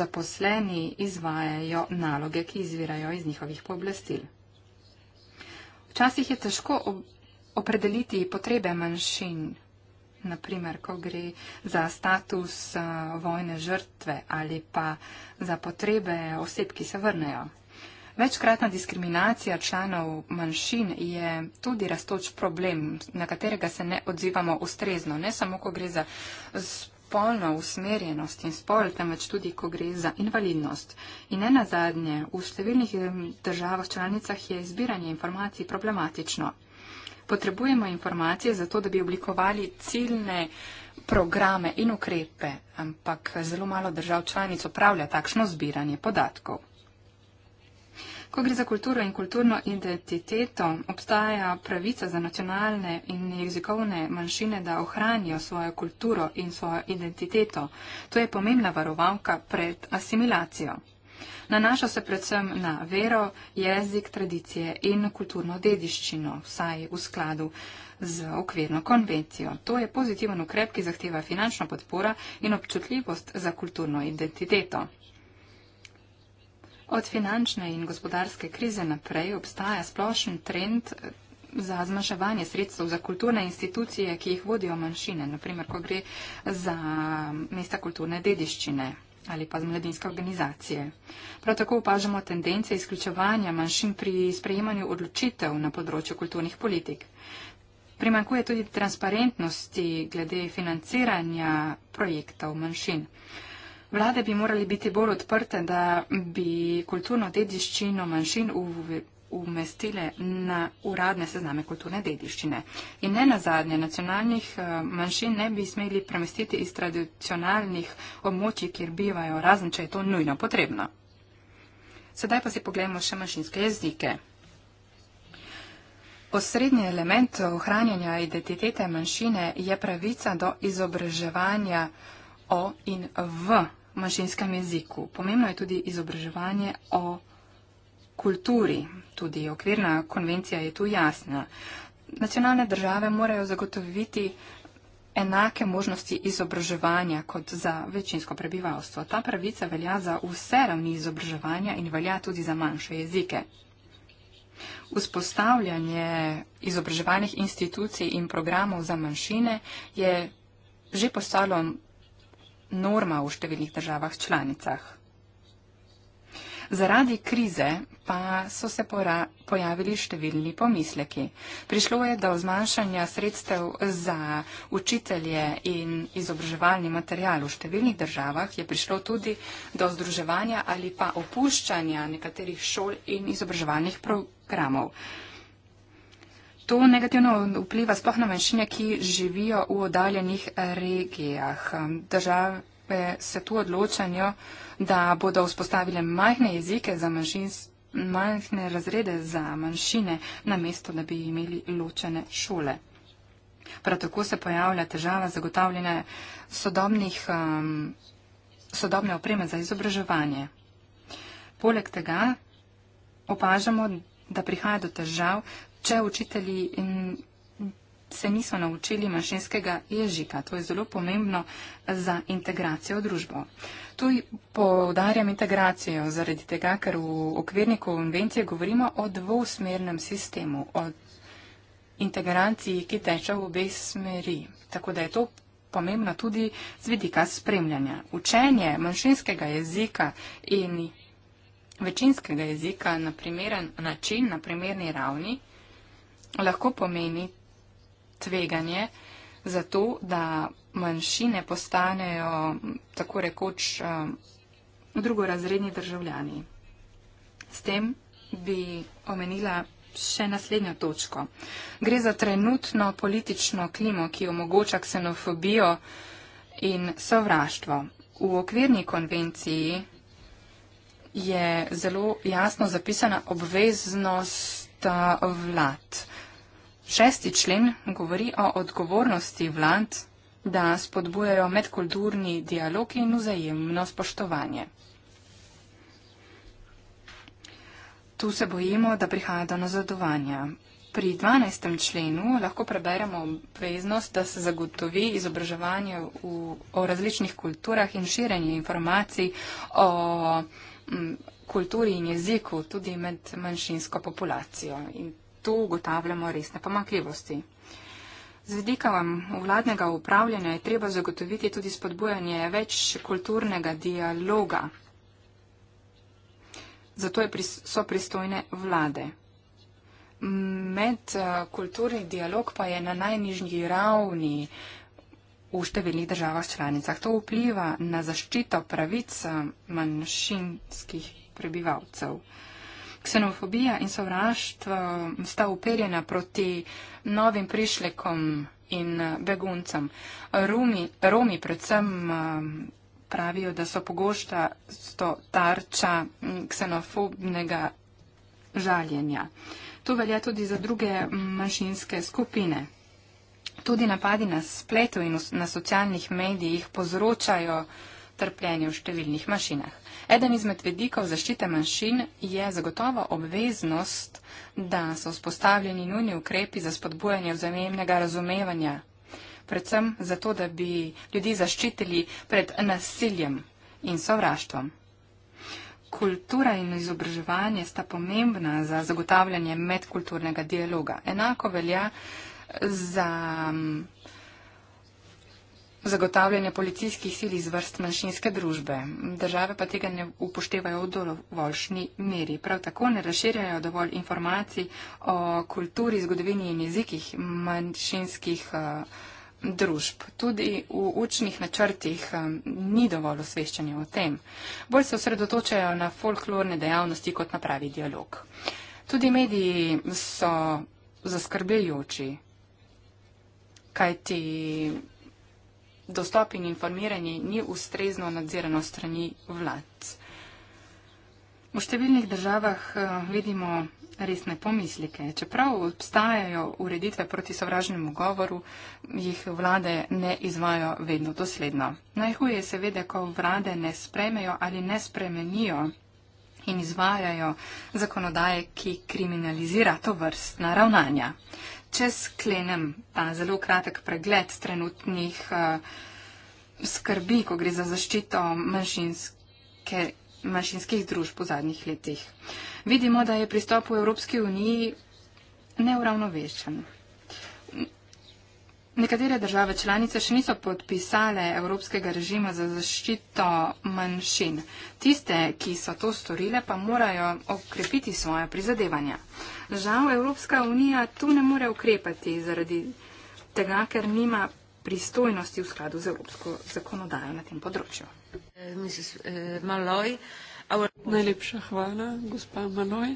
zaposleni izvajajo naloge, ki izvirajo iz njihovih pooblastil. Včasih je težko opredeliti potrebe manjšin, naprimer, ko gre za status eh, vojne žrtve ali pa za potrebe oseb, ki se vrnejo. Večkratna diskriminacija članov manjšin je tudi rastoč problem, na katerega se ne odzivamo ustrezno, ne samo, ko gre za spolno usmerjenost in spol, temveč tudi, ko gre za invalidnost. In ne nazadnje, v številnih državah članicah je zbiranje informacij problematično. Potrebujemo informacije za to, da bi oblikovali ciljne programe in ukrepe, ampak zelo malo držav članic opravlja takšno zbiranje podatkov. Ko gre za kulturo in kulturno identiteto, obstaja pravica za nacionalne in jezikovne manjšine, da ohranijo svojo kulturo in svojo identiteto. To je pomembna varovalka pred asimilacijo. Nanaša se predvsem na vero, jezik, tradicije in kulturno dediščino, vsaj v skladu z okvirno konvencijo. To je pozitiven ukrep, ki zahteva finančno podpora in občutljivost za kulturno identiteto. Od finančne in gospodarske krize naprej obstaja splošen trend eh, za zmanjševanje sredstev za kulturne institucije, ki jih vodijo manjšine, naprimer, ko gre za mesta kulturne dediščine ali pa za mladinske organizacije. Prav tako opažamo tendence izključevanja manjšin pri sprejemanju odločitev na področju kulturnih politik. Primankuje tudi transparentnosti glede financiranja projektov manjšin. Vlade bi morali biti bolj odprte, da bi kulturno dediščino manjšin umestile na uradne sezname kulturne dediščine. In ne na zadnje, nacionalnih eh, manjšin ne bi smeli premestiti iz tradicionalnih območij, kjer bivajo, razen če je to nujno potrebno. Sedaj pa si pogledamo še manjšinske jezike. Osrednji element ohranjanja identitete manjšine je pravica do izobraževanja o in v manjšinskem jeziku. Pomembno je tudi izobraževanje o kulturi. Tudi okvirna konvencija je tu jasna. Nacionalne države morajo zagotoviti enake možnosti izobraževanja kot za večinsko prebivalstvo. Ta pravica velja za vse ravni izobraževanja in velja tudi za manjše jezike. Vzpostavljanje izobraževalnih institucij in programov za manjšine je že postalo norma v številnih državah članicah. Zaradi krize pa so se pojavili številni pomisleki. Prišlo je do zmanjšanja sredstev za učitelje in izobraževalni material v številnih državah, je prišlo tudi do združevanja ali pa opuščanja nekaterih šol in izobraževalnih programov. To negativno vpliva sploh na manjšine, ki živijo v oddaljenih regijah. Države se tu odločanjo, da bodo vzpostavile majhne jezike za manjšinstvo majhne razrede za manjšine, na mesto, da bi imeli ločene šole. Prav tako se pojavlja težava zagotavljanja sodobnih, um, sodobne opreme za izobraževanje. Poleg tega opažamo, da prihaja do težav če učitelji se niso naučili manjšinskega jezika. To je zelo pomembno za integracijo v družbo. Tu poudarjam integracijo zaradi tega, ker v okvirniku konvencije govorimo o dvosmernem sistemu, o integraciji, ki teče v obe smeri. Tako da je to pomembno tudi z vidika spremljanja. Učenje manjšinskega jezika in večinskega jezika na primeren način, na primerni ravni, lahko pomeni tveganje za to, da manjšine postanejo tako rekoč um, drugorazredni državljani. S tem bi omenila še naslednjo točko. Gre za trenutno politično klimo, ki omogoča ksenofobijo in sovraštvo. V okvirni konvenciji je zelo jasno zapisana obveznost uh, vlad. Šesti člen govori o odgovornosti vlad, da spodbujajo medkulturni dialog in vzajemno spoštovanje. Tu se bojimo, da prihaja do nazadovanja. Pri 12. členu lahko preberemo obveznost, da se zagotovi izobraževanje v, o različnih kulturah in širenje informacij o m, mm, kulturi in jeziku tudi med manjšinsko populacijo. In tu ugotavljamo resne pomakljivosti. Z vidika vladnega upravljanja je treba zagotoviti tudi spodbujanje več kulturnega dialoga. Zato pris so pristojne vlade. Medkulturni uh, dialog pa je na najnižji ravni v številnih državah članicah. To vpliva na zaščito pravic eh, manjšinskih prebivalcev. Uh, ksenofobija in sovraštvo sta uperjena proti novim prišlekom in eh, beguncem. Rumi, Romi predvsem eh, pravijo, da so pogošta sto tarča mm, ksenofobnega žaljenja. To velja tudi za druge mm, manjšinske skupine. Tudi napadi na spletu in na socialnih medijih povzročajo trpljenje v številnih mašinah. Eden izmed vedikov zaščite manjšin je zagotovo obveznost, da so vzpostavljeni nujni ukrepi za spodbujanje vzajemnega razumevanja, predvsem zato, da bi ljudi zaščitili pred nasiljem in sovraštvom. Kultura in izobraževanje sta pomembna za zagotavljanje medkulturnega dialoga. Enako velja za mm, zagotavljanje policijskih sil iz vrst manjšinske družbe. Države pa tega ne upoštevajo v dovoljšni meri. Prav tako ne razširjajo dovolj informacij o kulturi, zgodovini in jezikih manjšinskih eh, družb. Tudi v učnih načrtih eh, ni dovolj osveščanja o tem. Bolj se osredotočajo na folklorne dejavnosti kot na pravi dialog. Tudi mediji so zaskrbljujoči, kajti dostop in informiranje ni ustrezno nadzirano strani vlad. V številnih državah eh, vidimo resne pomislike. Čeprav obstajajo ureditve proti sovražnemu govoru, jih vlade ne izvajo vedno dosledno. Najhuje je seveda, ko vlade ne spremejo ali ne spremenijo in izvajajo zakonodaje, ki kriminalizira to vrstna ravnanja če sklenem ta zelo kratek pregled trenutnih uh, skrbi, ko gre za zaščito manjšinske, manjšinskih družb v zadnjih letih. Vidimo, da je pristop v Evropski uniji neuravnovešen. Nekatere države članice še niso podpisale Evropskega režima za zaščito manjšin. Tiste, ki so to storile, pa morajo okrepiti svoje prizadevanja. Uh, žal Evropska unija tu ne more ukrepati zaradi tega, ker nima pristojnosti v skladu z evropsko zakonodajo na tem področju. Eh, Najlepša hvala, gospa Maloj.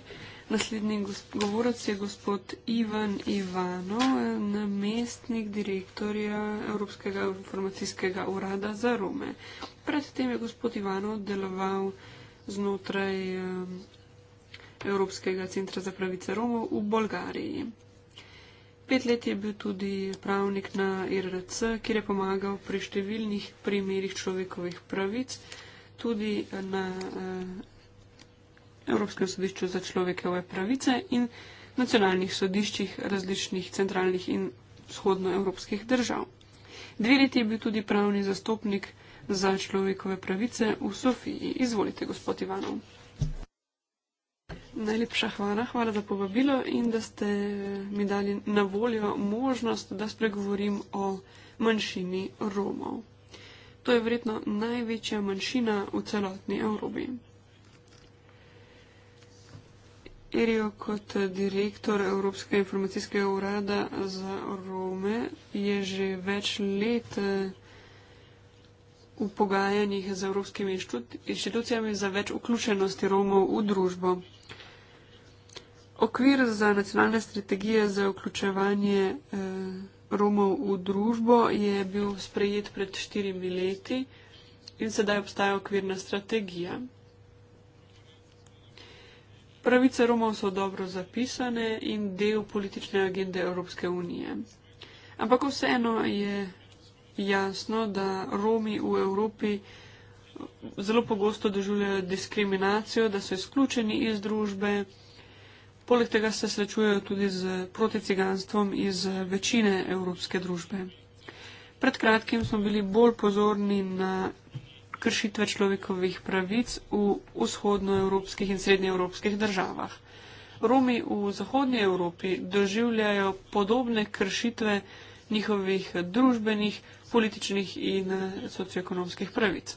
Naslednji govorac je gospod Ivan Ivano, namestnik direktorja Evropskega informacijskega urada za Rome. Predtem je gospod Ivano deloval znotraj eh, Evropskega centra za pravice Romov v Bolgariji. Pet let je bil tudi pravnik na RRC, kjer je pomagal pri številnih primerih človekovih pravic, tudi na eh, Evropskem sodišču za človekove pravice in nacionalnih sodiščih različnih centralnih in vzhodnoevropskih držav. Dve leti je bil tudi pravni zastopnik za človekove pravice v Sofiji. Izvolite, gospod Ivanov. Najlepša hvala, hvala za povabilo in da ste mi dali na voljo možnost, da spregovorim o manjšini Romov. To je verjetno največja manjšina v celotni Evropi. Erijo kot direktor Evropske informacijske urada za Rome je že več let v pogajanjih z evropskimi inštitucijami za več vključenosti Romov v družbo okvir za nacionalne strategije za vključevanje eh, Romov v družbo je bil sprejet pred štirimi leti in sedaj obstaja okvirna strategija. Pravice Romov so dobro zapisane in del politične agende Evropske unije. Ampak vseeno je jasno, da Romi v Evropi zelo pogosto doživljajo diskriminacijo, da so izključeni iz družbe. Poleg tega se srečujejo tudi z proticiganstvom iz večine evropske družbe. Pred kratkim smo bili bolj pozorni na kršitve človekovih pravic v vzhodnoevropskih in srednjeevropskih državah. Romi v Zahodnji Evropi doživljajo podobne kršitve njihovih družbenih, političnih in socioekonomskih pravic.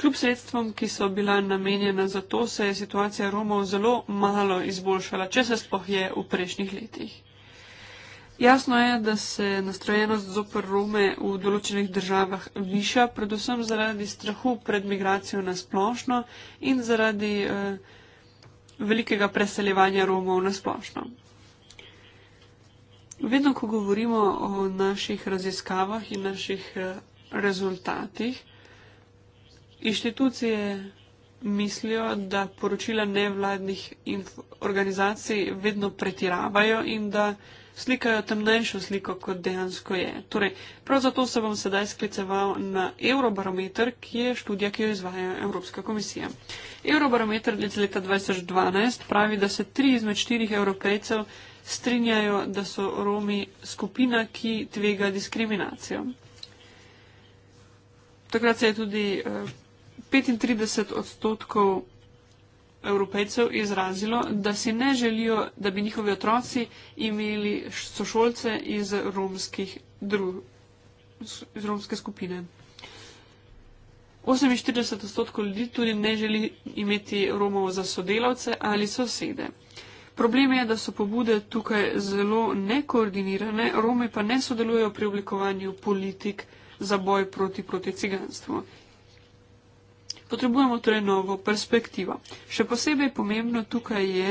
Kljub sredstvom, ki so bila namenjena za to, se je situacija Romov zelo malo izboljšala, če se sploh je v prejšnjih letih. Jasno je, da se nastrojenost zoper Rome v določenih državah viša, predvsem zaradi strahu pred migracijo na splošno in zaradi eh, velikega preseljevanja Romov na splošno. Vedno, ko govorimo o naših raziskavah in naših eh, rezultatih, Inštitucije mislijo, da poročila nevladnih organizacij vedno pretiravajo in da slikajo temnejšo sliko, kot dejansko je. Torej, prav zato se bom sedaj skliceval na Eurobarometer, ki je študija, ki jo izvaja Evropska komisija. Eurobarometer iz leta 2012 pravi, da se tri izmed štirih evropejcev strinjajo, da so Romi skupina, ki tvega diskriminacijo. Takrat se je tudi eh, 35 odstotkov evropejcev izrazilo, da si ne želijo, da bi njihovi otroci imeli sošolce iz, dru, iz romske skupine. 48 odstotkov ljudi tudi ne želi imeti Romov za sodelavce ali sosede. Problem je, da so pobude tukaj zelo nekoordinirane, Romi pa ne sodelujo pri oblikovanju politik za boj proti proti ciganstvu. Potrebujemo torej novo perspektivo. Še posebej pomembno tukaj je,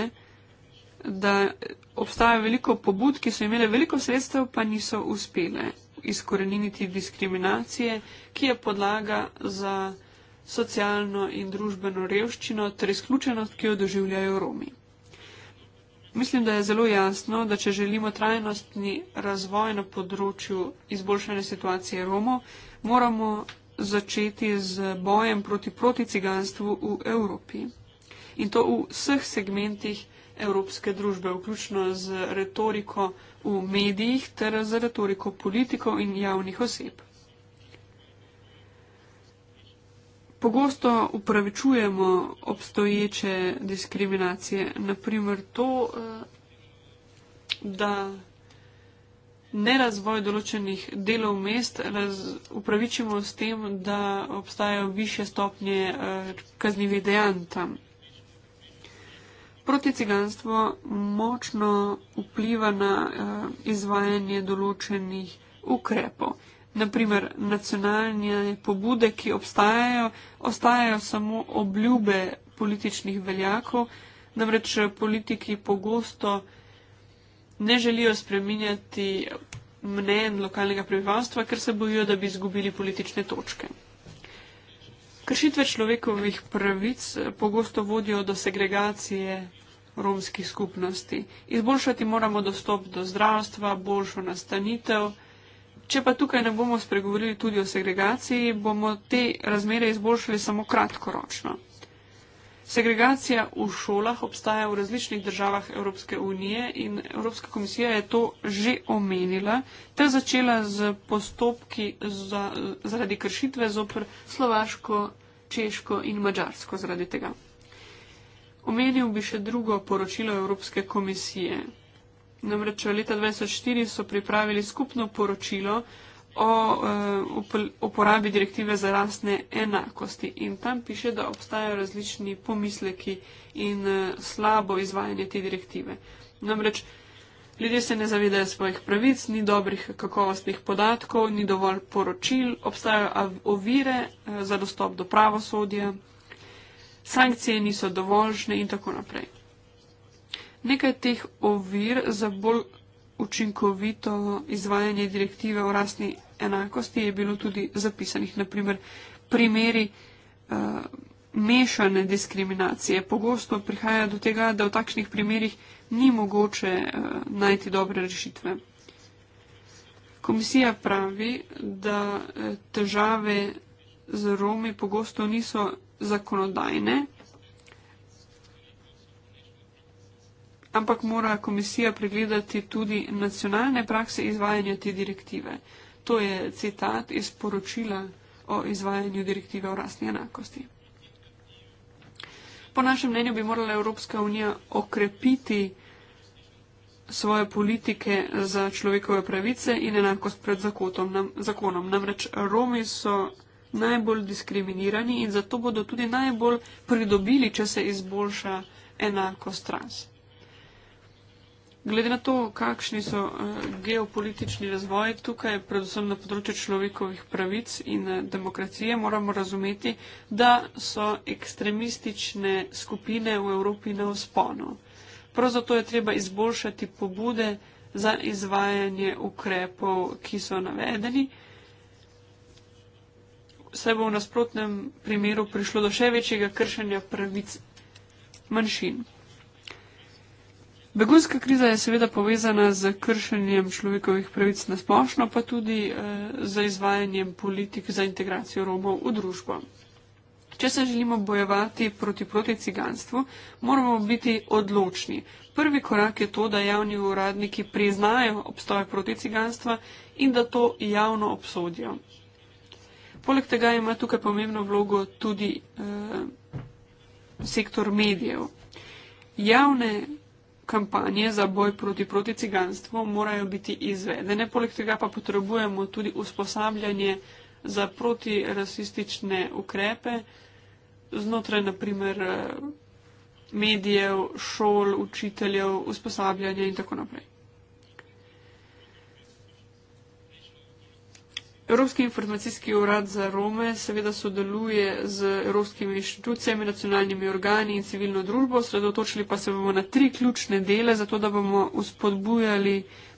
da obstaja veliko pobud, ki so imele veliko sredstev, pa niso uspele izkoreniniti diskriminacije, ki je podlaga za socialno in družbeno revščino ter izključenost, ki jo doživljajo Romi. Mislim, da je zelo jasno, da če želimo trajnostni razvoj na področju izboljšanja situacije Romov, moramo začeti z bojem proti proticiganstvu v Evropi. In to v vseh segmentih evropske družbe, vključno z retoriko v medijih ter z retoriko politikov in javnih oseb. Pogosto upravičujemo obstoječe diskriminacije, naprimer to, eh, da nerazvoj določenih delov mest raz, upravičimo s tem, da obstajajo više stopnje eh, kaznjivih dejanj tam. Proticiganstvo močno vpliva na eh, izvajanje določenih ukrepov. Naprimer, nacionalne pobude, ki obstajajo, ostajajo samo obljube političnih veljakov, namreč politiki pogosto ne želijo spreminjati mnen lokalnega prebivalstva, ker se bojijo, da bi izgubili politične točke. Kršitve človekovih pravic eh, pogosto vodijo do segregacije romskih skupnosti. Izboljšati moramo dostop do zdravstva, boljšo nastanitev. Če pa tukaj ne bomo spregovorili tudi o segregaciji, bomo te razmere izboljšali samo kratkoročno. Segregacija v šolah obstaja v različnih državah Evropske unije in Evropska komisija je to že omenila ter začela z postopki za, zaradi kršitve zopr Slovaško, Češko in Mačarsko zaradi tega. Omenil bi še drugo poročilo Evropske komisije. Namreč leta 2004 so pripravili skupno poročilo o eh, uporabi direktive za rasne enakosti in tam piše, da obstajajo različni pomisleki in eh, slabo izvajanje te direktive. Namreč ljudje se ne zavedajo svojih pravic, ni dobrih kakovostnih podatkov, ni dovolj poročil, obstajajo ovire eh, za dostop do pravosodja, sankcije niso dovoljšne in tako naprej. Nekaj teh ovir za bolj učinkovito izvajanje direktive o rasni enakosti enakosti je bilo tudi zapisanih, naprimer, primeri uh, mešane diskriminacije. Pogosto prihaja do tega, da v takšnih primerih ni mogoče uh, najti dobre rešitve. Komisija pravi, da eh, težave z Romi pogosto niso zakonodajne, ampak mora komisija pregledati tudi nacionalne prakse izvajanja te direktive. To je citat iz poročila o izvajanju direktive o rasni enakosti. Po našem mnenju bi morala Evropska unija okrepiti svoje politike za človekove pravice in enakost pred zakotom, nam, zakonom. Namreč Romi so najbolj diskriminirani in zato bodo tudi najbolj pridobili, če se izboljša enakost trans. Glede na to, kakšni so eh, geopolitični razvoji tukaj, predvsem na področju človekovih pravic in eh, demokracije, moramo razumeti, da so ekstremistične skupine v Evropi na vzponu. Prav zato je treba izboljšati pobude za izvajanje ukrepov, ki so navedeni. Vse bo v nasprotnem primeru prišlo do še večjega kršenja pravic manjšin. Begunska kriza je seveda povezana z kršenjem človekovih pravic na splošno, pa tudi eh, z izvajanjem politik za integracijo Romov v družbo. Če se želimo bojevati proti proti ciganstvu, moramo biti odločni. Prvi korak je to, da javni uradniki priznajo obstoj proti ciganstva in da to javno obsodijo. Poleg tega ima tukaj pomembno vlogo tudi eh, sektor medijev. Javne kampanje za boj proti proti ciganstvu morajo biti izvedene, poleg tega pa potrebujemo tudi usposabljanje za protirasistične ukrepe znotraj naprimer eh, medijev, šol, učiteljev, usposabljanje in tako naprej. Evropski informacijski urad za Rome seveda sodeluje z evropskimi inštitucijami, nacionalnimi organi in civilno družbo. Sredotočili pa se bomo na tri ključne dele, zato da bomo uspodbujali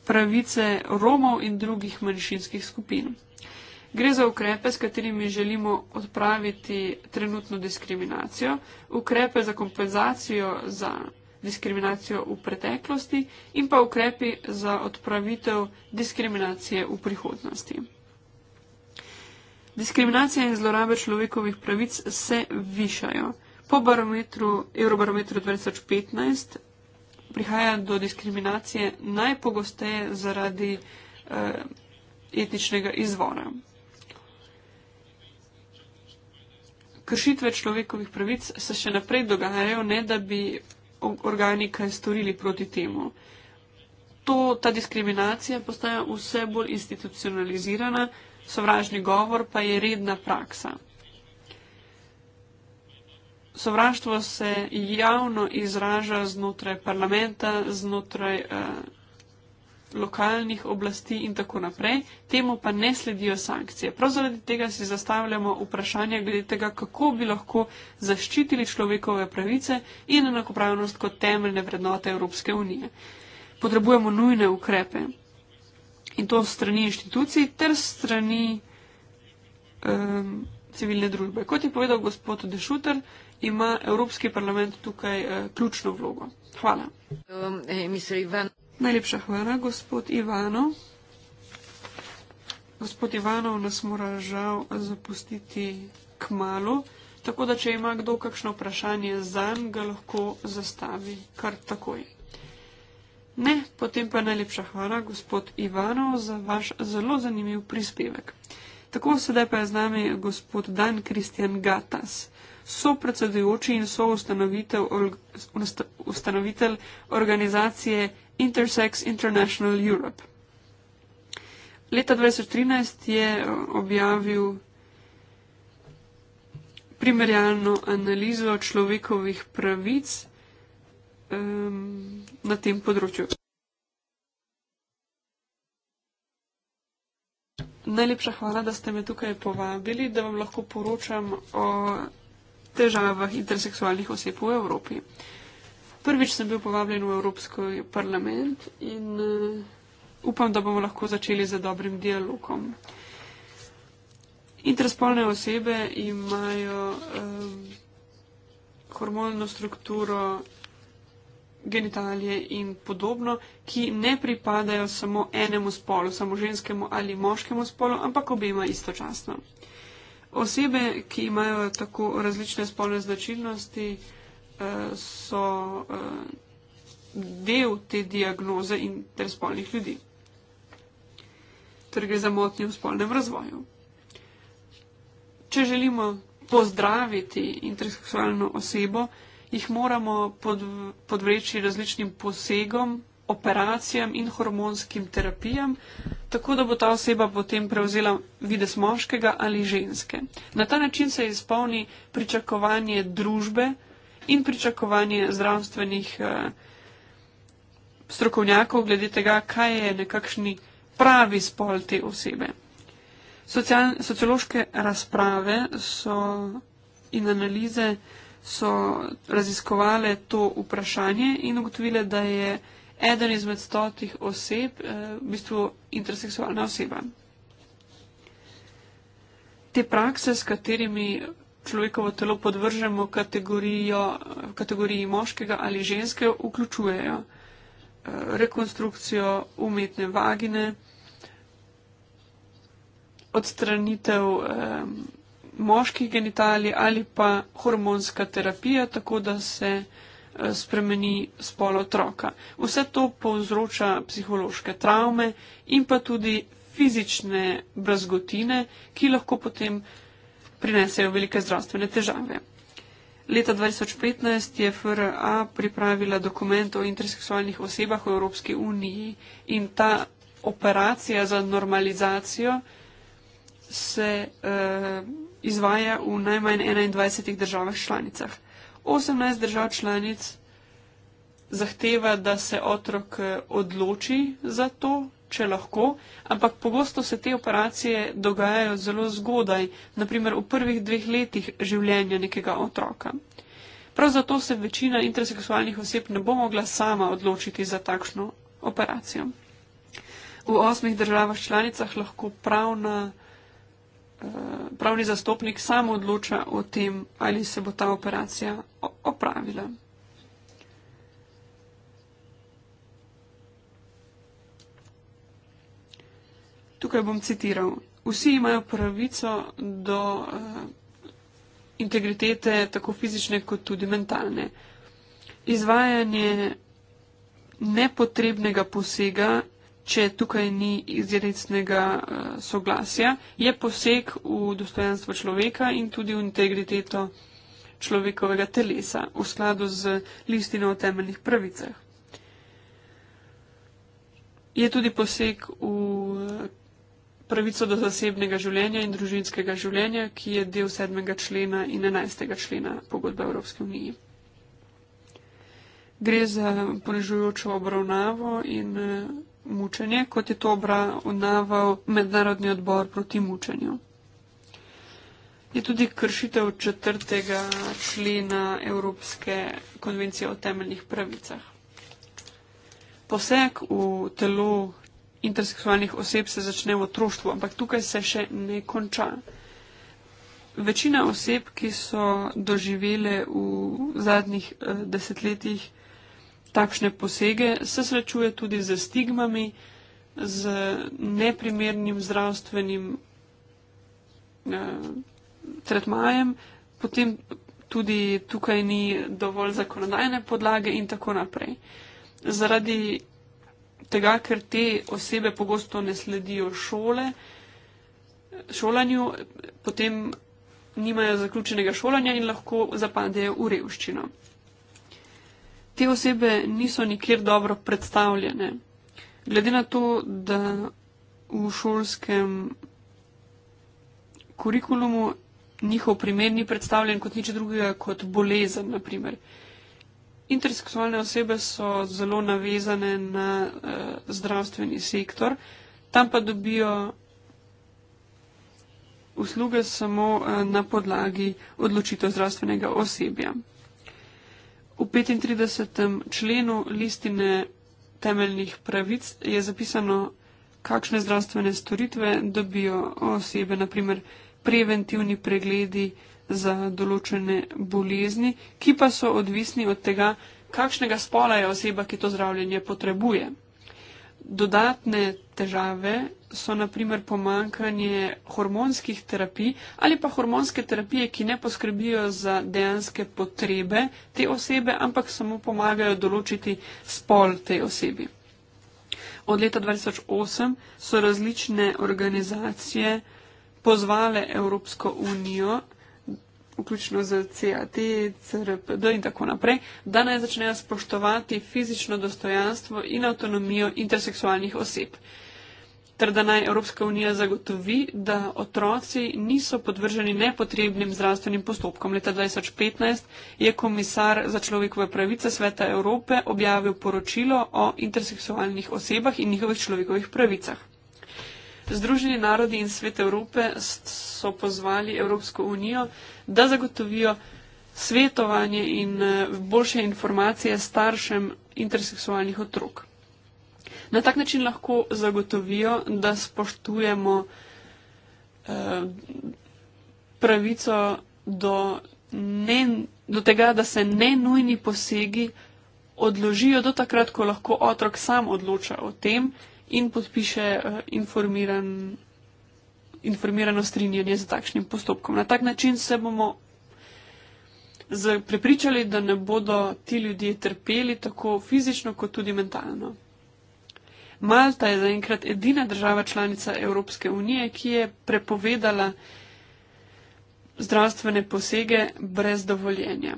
pravice Romov in drugih manjšinskih skupin. Gre za ukrepe, s katerimi želimo odpraviti trenutno diskriminacijo, ukrepe za kompenzacijo za diskriminacijo v preteklosti in pa ukrepi za odpravitev diskriminacije v prihodnosti. Diskriminacija in zlorabe človekovih pravic se višajo. Po barometru, eurobarometru 2015 prihaja do diskriminacije najpogosteje zaradi eh, etničnega izvora. Kršitve človekovih pravic se še naprej dogajajo, ne da bi organi kaj storili proti temu. To, ta diskriminacija postaja vse bolj institucionalizirana, sovražni govor pa je redna praksa. Sovraštvo se javno izraža znotraj parlamenta, znotraj uh, lokalnih oblasti in tako naprej, temu pa ne sledijo sankcije. Prav zaradi tega si zastavljamo vprašanje glede tega, kako bi lahko zaščitili človekove pravice in enakopravnost kot temeljne vrednote Evropske unije. Potrebujemo nujne ukrepe in to strani inštitucij ter strani um, civilne družbe. Kot je povedal gospod Dešuter, ima Evropski parlament tukaj uh, ključno vlogo. Hvala. Um, hey, eh, Najlepša hvala, gospod Ivano. Gospod Ivanov nas mora žal zapustiti k malu, tako da če ima kdo kakšno vprašanje za njega, ga lahko zastavi kar takoj. Ne, potem pa najlepša hvala, gospod Ivanov, za vaš zelo zanimiv prispevek. Tako sedaj pa je z nami gospod Dan Kristjan Gatas, sopredsedujoči in soustanovitelj ustanovitel organizacije Intersex International Europe. Leta 2013 je eh, objavil primerjalno analizo človekovih pravic um, na tem področju. Najlepša hvala, da ste me tukaj povabili, da vam lahko poročam o težavah interseksualnih oseb v Evropi. Prvič sem bil povabljen v Evropski parlament in uh, upam, da bomo lahko začeli z dobrim dialogom. Interspolne osebe imajo um, hormonalno strukturo genitalije in podobno, ki ne pripadajo samo enemu spolu, samo ženskemu ali moškemu spolu, ampak obema istočasno. Osebe, ki imajo tako različne spolne značilnosti, eh, so eh, del te diagnoze in ter spolnih ljudi. Torej gre za motnje v spolnem razvoju. Če želimo pozdraviti interseksualno osebo, jih moramo podvreči različnim posegom, operacijam in hormonskim terapijam, tako da bo ta oseba potem prevzela vides moškega ali ženske. Na ta način se izpolni pričakovanje družbe in pričakovanje zdravstvenih eh, strokovnjakov glede tega, kaj je nekakšni pravi spol te osebe. Socialne, sociološke razprave so in analize so raziskovale to vprašanje in ugotovile, da je eden izmed stotih oseb eh, v bistvu interseksualna oseba. Te prakse, s katerimi človekovo telo podvržemo kategoriji moškega ali ženske, vključujejo eh, rekonstrukcijo umetne vagine, odstranitev eh, moških genitalij ali pa hormonska terapija, tako da se eh, spremeni spol otroka. Vse to povzroča psihološke travme in pa tudi fizične brazgotine, ki lahko potem prinesejo velike zdravstvene težave. Leta 2015 je FRA pripravila dokument o interseksualnih osebah v Evropski uniji in ta operacija za normalizacijo se eh, izvaja v najmanj 21 državah članicah. 18 držav članic zahteva, da se otrok eh, odloči za to, če lahko, ampak pogosto se te operacije dogajajo zelo zgodaj, naprimer v prvih dveh letih življenja nekega otroka. Prav zato se večina interseksualnih oseb ne bo mogla sama odločiti za takšno operacijo. V osmih državah članicah lahko pravna pravni zastopnik sam odloča o tem, ali se bo ta operacija opravila. Tukaj bom citiral. Vsi imajo pravico do uh, integritete, tako fizične kot tudi mentalne. Izvajanje nepotrebnega posega če tukaj ni izrecnega uh, eh, soglasja, je poseg v dostojanstvo človeka in tudi v integriteto človekovega telesa v skladu z listino o temeljnih pravicah. Je tudi poseg v eh, pravico do zasebnega življenja in družinskega življenja, ki je del 7. člena in 11. člena pogodbe Evropske unije. Gre za ponižujočo obravnavo in eh, mučenje, kot je to obravnaval Mednarodni odbor proti mučenju. Je tudi kršitev četrtega člena Evropske konvencije o temeljnih pravicah. Poseg v telo interseksualnih oseb se začne v otroštvu, ampak tukaj se še ne konča. Večina oseb, ki so doživele v zadnjih eh, desetletjih takšne posege, se srečuje tudi z stigmami, z neprimernim zdravstvenim eh, tretmajem, potem tudi tukaj ni dovolj zakonodajne podlage in tako naprej. Zaradi tega, ker te osebe pogosto ne sledijo šole, šolanju, potem nimajo zaključenega šolanja in lahko zapadejo v revščino te osebe niso nikjer dobro predstavljene. Glede na to, da v šolskem kurikulumu njihov primer ni predstavljen kot nič drugega kot bolezen, naprimer. Interseksualne osebe so zelo navezane na uh, zdravstveni sektor, tam pa dobijo usluge samo uh, na podlagi odločitev zdravstvenega osebja. V 35. členu listine temeljnih pravic je zapisano, kakšne zdravstvene storitve dobijo osebe, naprimer preventivni pregledi za določene bolezni, ki pa so odvisni od tega, kakšnega spola je oseba, ki to zdravljenje potrebuje. Dodatne težave so naprimer pomankanje hormonskih terapij ali pa hormonske terapije, ki ne poskrbijo za dejanske potrebe te osebe, ampak samo pomagajo določiti spol te osebi. Od leta 2008 so različne organizacije pozvale Evropsko unijo, vključno z CAT, CRPD in tako naprej, da naj začnejo spoštovati fizično dostojanstvo in avtonomijo interseksualnih oseb. Ter da naj Evropska unija zagotovi, da otroci niso podvrženi nepotrebnim zdravstvenim postopkom. Leta 2015 je komisar za človekove pravice Sveta Evrope objavil poročilo o interseksualnih osebah in njihovih človekovih pravicah. Združeni narodi in svet Evrope so pozvali Evropsko unijo, da zagotovijo svetovanje in eh, boljše informacije staršem interseksualnih otrok. Na tak način lahko zagotovijo, da spoštujemo eh, pravico do, ne, do tega, da se ne nujni posegi odložijo do takrat, ko lahko otrok sam odloča o tem, in podpiše eh, informiran, informirano strinjanje za takšnim postopkom. Na tak način se bomo prepričali, da ne bodo ti ljudje trpeli tako fizično kot tudi mentalno. Malta je zaenkrat edina država članica Evropske unije, ki je prepovedala zdravstvene posege brez dovoljenja.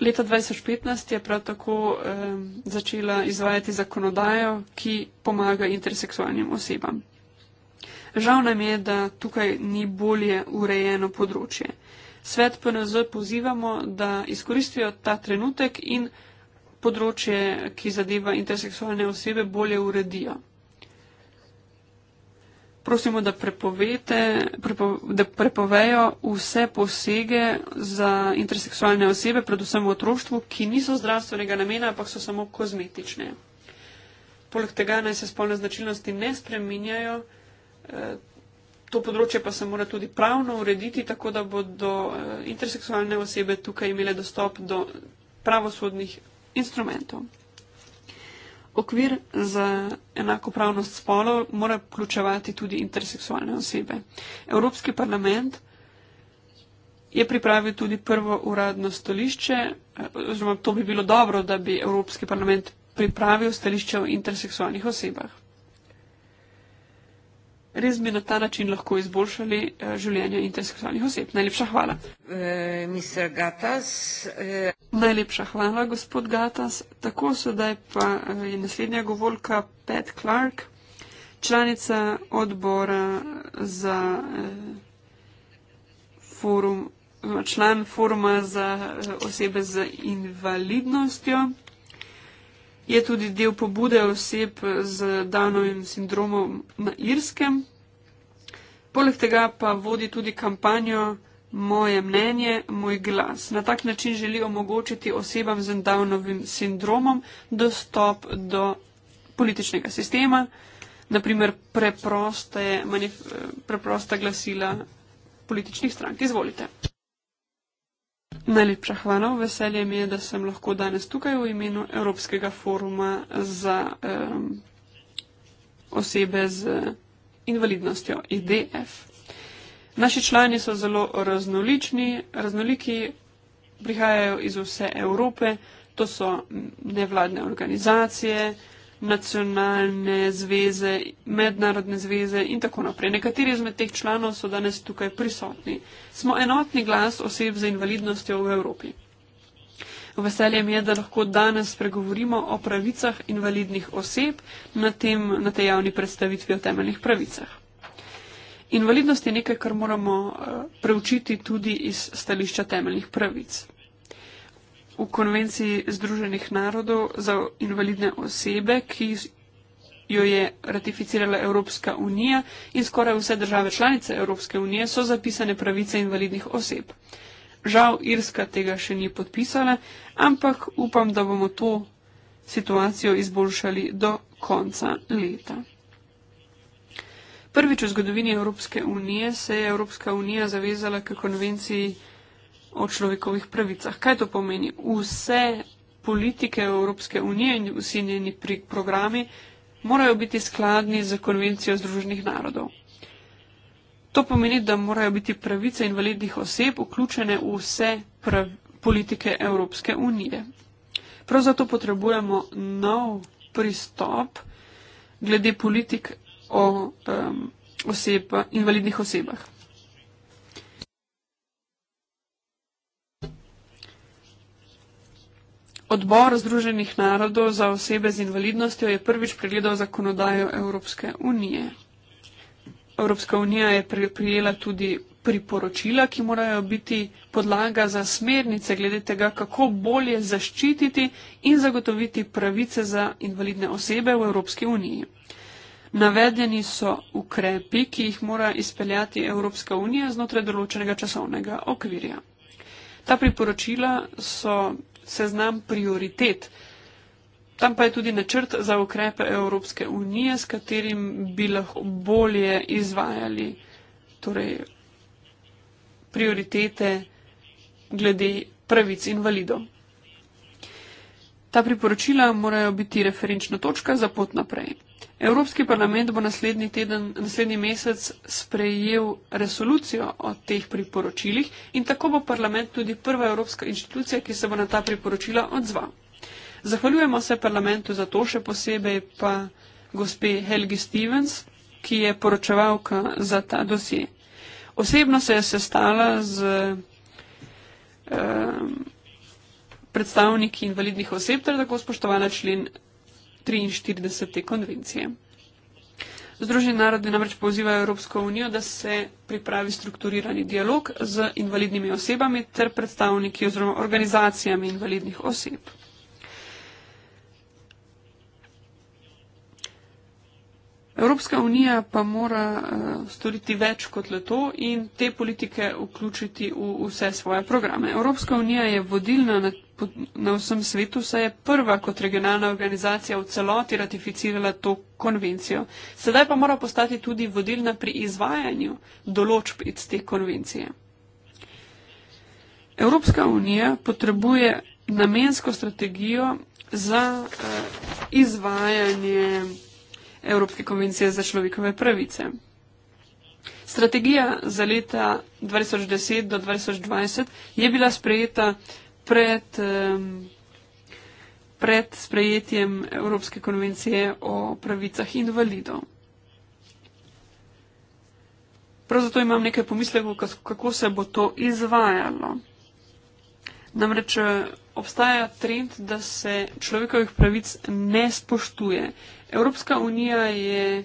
Leta 2015 je prav tako um, začela izvajati zakonodajo, ki pomaga interseksualnim osebam. Žal nam je, da tukaj ni bolje urejeno področje. Svet PNZ pozivamo, da izkoristijo ta trenutek in področje, ki zadeva interseksualne osebe, bolje uredijo prosimo, da, prepo, da prepovejo vse posege za interseksualne osebe, predvsem v otroštvu, ki niso zdravstvenega namena, ampak so samo kozmetične. Poleg tega naj se spolne značilnosti ne spreminjajo, eh, to področje pa se mora tudi pravno urediti, tako da bodo eh, interseksualne osebe tukaj imele dostop do pravosodnih instrumentov. Okvir za enakopravnost spolov mora vključevati tudi interseksualne osebe. Evropski parlament je pripravil tudi prvo uradno stališče, eh, oziroma to bi bilo dobro, da bi Evropski parlament pripravil stališče o interseksualnih osebah res bi na ta način lahko izboljšali eh, življenje interseksualnih oseb. Najlepša hvala. E, Gatas, e... Najlepša hvala, gospod Gatas. Tako sedaj pa je naslednja govorka Pat Clark, članica odbora za eh, forum, član foruma za eh, osebe z invalidnostjo je tudi del pobude oseb z Danovim sindromom na Irskem. Poleg tega pa vodi tudi kampanjo Moje mnenje, moj glas. Na tak način želi omogočiti osebam z Danovim sindromom dostop do političnega sistema, naprimer preproste, preprosta glasila političnih strank. Izvolite. Najlepša hvala. Veselje mi je, da sem lahko danes tukaj v imenu Evropskega foruma za um, osebe z invalidnostjo IDF. Naši člani so zelo raznolični, raznoliki prihajajo iz vse Evrope, to so nevladne organizacije, nacionalne zveze, mednarodne zveze in tako naprej. Nekateri izmed teh članov so danes tukaj prisotni. Smo enotni glas oseb za invalidnostjo v Evropi. Veseljem je, da lahko danes spregovorimo o pravicah invalidnih oseb na, tem, na tej javni predstavitvi o temeljnih pravicah. Invalidnost je nekaj, kar moramo eh, preučiti tudi iz stališča temeljnih pravic v konvenciji Združenih narodov za invalidne osebe, ki jo je ratificirala Evropska unija in skoraj vse države članice Evropske unije so zapisane pravice invalidnih oseb. Žal Irska tega še ni podpisala, ampak upam, da bomo to situacijo izboljšali do konca leta. Prvič v zgodovini Evropske unije se je Evropska unija zavezala k konvenciji o človekovih pravicah. Kaj to pomeni? Vse politike Evropske unije in vsi njeni programi morajo biti skladni z konvencijo Združenih narodov. To pomeni, da morajo biti pravice invalidnih oseb vključene v vse prav, politike Evropske unije. Prav zato potrebujemo nov pristop glede politik o um, oseba, invalidnih osebah. Odbor Združenih narodov za osebe z invalidnostjo je prvič pregledal zakonodajo Evropske unije. Evropska unija je prijela tudi priporočila, ki morajo biti podlaga za smernice glede tega, kako bolje zaščititi in zagotoviti pravice za invalidne osebe v Evropski uniji. Navedeni so ukrepi, ki jih mora izpeljati Evropska unija znotraj določenega časovnega okvirja. Ta priporočila so seznam prioritet. Tam pa je tudi načrt za ukrepe Evropske unije, s katerim bi lahko bolje izvajali torej, prioritete glede pravic invalidov. Ta priporočila morajo biti referenčna točka za pot naprej. Evropski parlament bo naslednji, teden, naslednji mesec sprejel resolucijo o teh priporočilih in tako bo parlament tudi prva evropska inštitucija, ki se bo na ta priporočila odzval. Zahvaljujemo se parlamentu za to, še posebej pa gospe Helgi Stevens, ki je poročevalka za ta dosje. Osebno se je sestala z. Um, predstavniki invalidnih oseb ter tako spoštovala člen 43. Te konvencije. Združeni narodi namreč pozivajo Evropsko unijo, da se pripravi strukturirani dialog z invalidnimi osebami ter predstavniki oziroma organizacijami invalidnih oseb. Evropska unija pa mora uh, storiti več kot le to in te politike vključiti v vse svoje programe. Evropska unija je vodilna na, na vsem svetu, saj je prva kot regionalna organizacija v celoti ratificirala to konvencijo. Sedaj pa mora postati tudi vodilna pri izvajanju določb iz te konvencije. Evropska unija potrebuje namensko strategijo za uh, izvajanje Evropske konvencije za človekove pravice. Strategija za leta 2010 do 2020 je bila sprejeta pred, pred sprejetjem Evropske konvencije o pravicah invalidov. Prav zato imam nekaj pomislekov, kako se bo to izvajalo. Namreč eh, obstaja trend, da se človekovih pravic ne spoštuje. Evropska unija je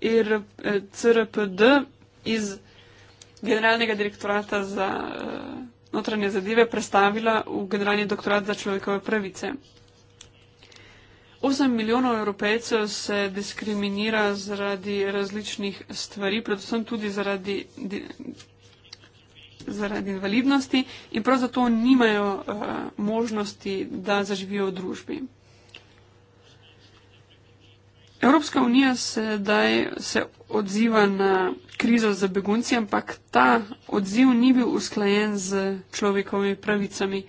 IR, eh, CRPD iz Generalnega direktorata za eh, notranje zadeve predstavila v Generalni doktorat za človekove pravice. 8 milijonov evropejcev se diskriminira zaradi različnih stvari, predvsem tudi zaradi, zaradi invalidnosti in prav zato nimajo uh, možnosti, da zaživijo v družbi. Evropska unija sedaj se odziva na krizo za begunci, ampak ta odziv ni bil usklajen z človekovimi pravicami.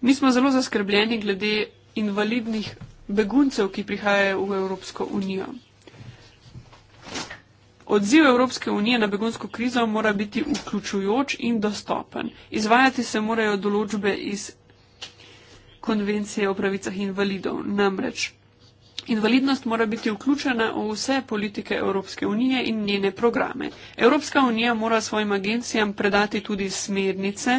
Mi smo zelo zaskrbljeni glede invalidnih beguncev, ki prihajajo v Evropsko unijo. Odziv Evropske unije na begunsko krizo mora biti vključujoč in dostopen. Izvajati se morajo določbe iz konvencije o pravicah invalidov. Namreč Invalidnost mora biti vključena v vse politike Evropske unije in njene programe. Evropska unija mora svojim agencijam predati tudi smernice,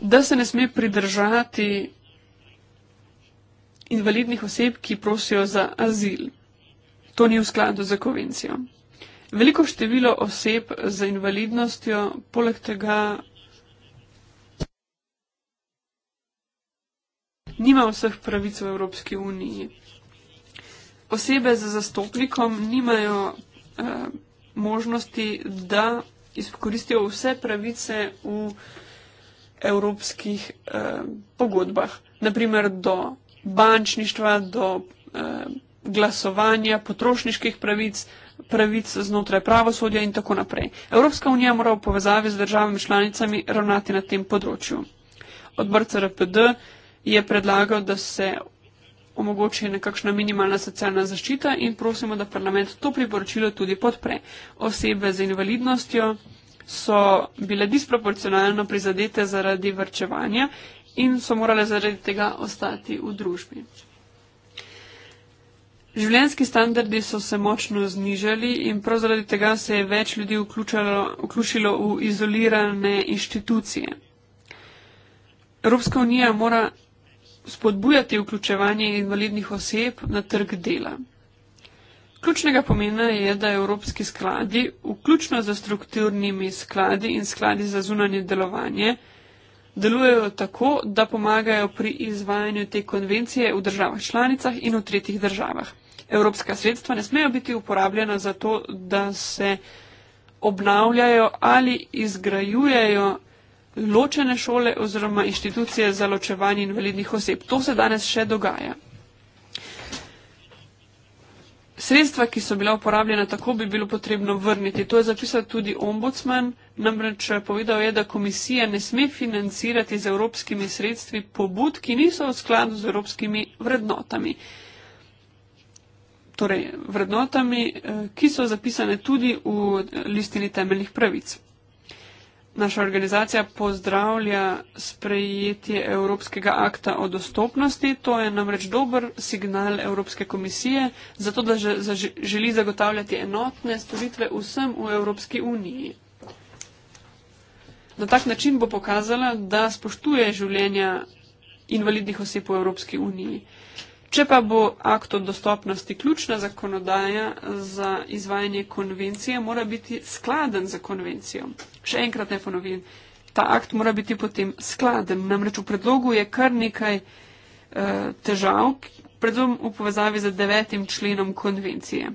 da se ne sme pridržati invalidnih oseb, ki prosijo za azil. To ni v skladu z konvencijo. Veliko število oseb z invalidnostjo, poleg tega nima vseh pravic v Evropski uniji. Osebe z zastopnikom nimajo eh, možnosti, da izkoristijo vse pravice v evropskih eh, pogodbah. Naprimer do bančništva, do eh, glasovanja, potrošniških pravic, pravic znotraj pravosodja in tako naprej. Evropska unija mora v povezavi z državami članicami ravnati na tem področju. Odbor CRPD eh, je predlagal, da se omogoči nekakšna minimalna socialna zaščita in prosimo, da parlament to priporočilo tudi podpre. Osebe z invalidnostjo so bile disproporcionalno prizadete zaradi vrčevanja in so morale zaradi tega ostati v družbi. Življenjski standardi so se močno znižali in prav zaradi tega se je več ljudi vključalo, vključilo v izolirane inštitucije. Evropska unija mora spodbujati vključevanje invalidnih oseb na trg dela. Ključnega pomena je, da evropski skladi, vključno za strukturnimi skladi in skladi za zunanje delovanje, delujejo tako, da pomagajo pri izvajanju te konvencije v državah članicah in v tretjih državah. Evropska sredstva ne smejo biti uporabljena za to, da se obnavljajo ali izgrajujejo ločene šole oziroma inštitucije za ločevanje invalidnih oseb. To se danes še dogaja. Sredstva, ki so bila uporabljena tako, bi bilo potrebno vrniti. To je zapisal tudi ombudsman, namreč eh, povedal je, da komisija ne sme financirati z evropskimi sredstvi pobud, ki niso v skladu z evropskimi vrednotami. Torej, vrednotami, eh, ki so zapisane tudi v eh, listini temeljnih pravic. Naša organizacija pozdravlja sprejetje Evropskega akta o dostopnosti. To je namreč dober signal Evropske komisije za to, da želi zagotavljati enotne storitve vsem v Evropski uniji. Na tak način bo pokazala, da spoštuje življenja invalidnih oseb v Evropski uniji. Če pa bo akt o dostopnosti ključna zakonodaja za izvajanje konvencije, mora biti skladen za konvencijo. Še enkrat ne ponovim, ta akt mora biti potem skladen. Namreč v predlogu je kar nekaj uh, težav, predvsem v povezavi z devetim členom konvencije.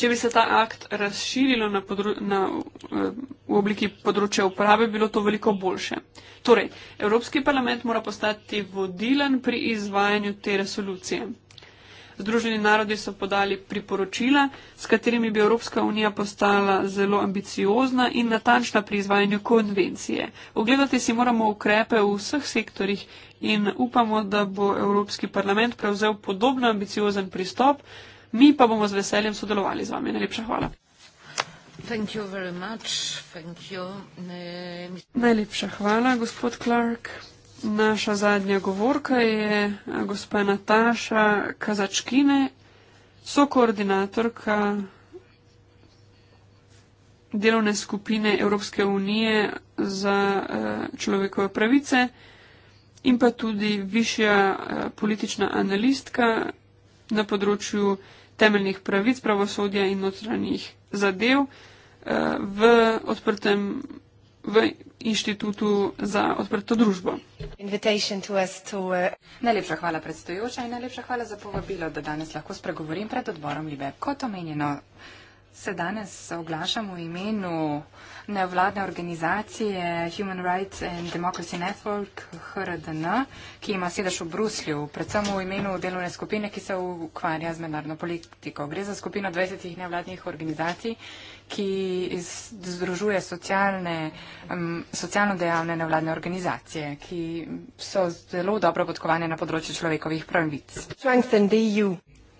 Če bi se ta akt razširilo na podru, na, eh, v obliki področja uprave, bilo to veliko boljše. Torej, Evropski parlament mora postati vodilen pri izvajanju te resolucije. Združeni narodi so podali priporočila, s katerimi bi Evropska unija postala zelo ambiciozna in natančna pri izvajanju konvencije. Ogledati si moramo ukrepe v vseh sektorjih in upamo, da bo Evropski parlament prevzel podobno ambiciozen pristop, mi pa bomo z veseljem sodelovali z vami. Najlepša hvala. Thank you very much. Thank you. Najlepša hvala, gospod Clark. Naša zadnja govorka je eh, gospa Nataša Kazačkine, sokoordinatorka delovne skupine Evropske unije za eh, človekove pravice in pa tudi višja eh, politična analistka na področju temeljnih pravic pravosodja in notranjih zadev eh, v, odprtem, v inštitutu za odprto družbo. To to, uh... Najlepša hvala predstojoča in najlepša hvala za povabilo, da danes lahko spregovorim pred odborom Libe. Kot omenjeno, Se danes oglašam v imenu nevladne organizacije Human Rights and Democracy Network, HRDN, ki ima sedež v Bruslju, predvsem v imenu delovne skupine, ki se ukvarja z mednarodno politiko. Gre za skupino 20 nevladnih organizacij, ki združuje socialne, um, socialno dejavne nevladne organizacije, ki so zelo dobro podkovane na področju človekovih pravic.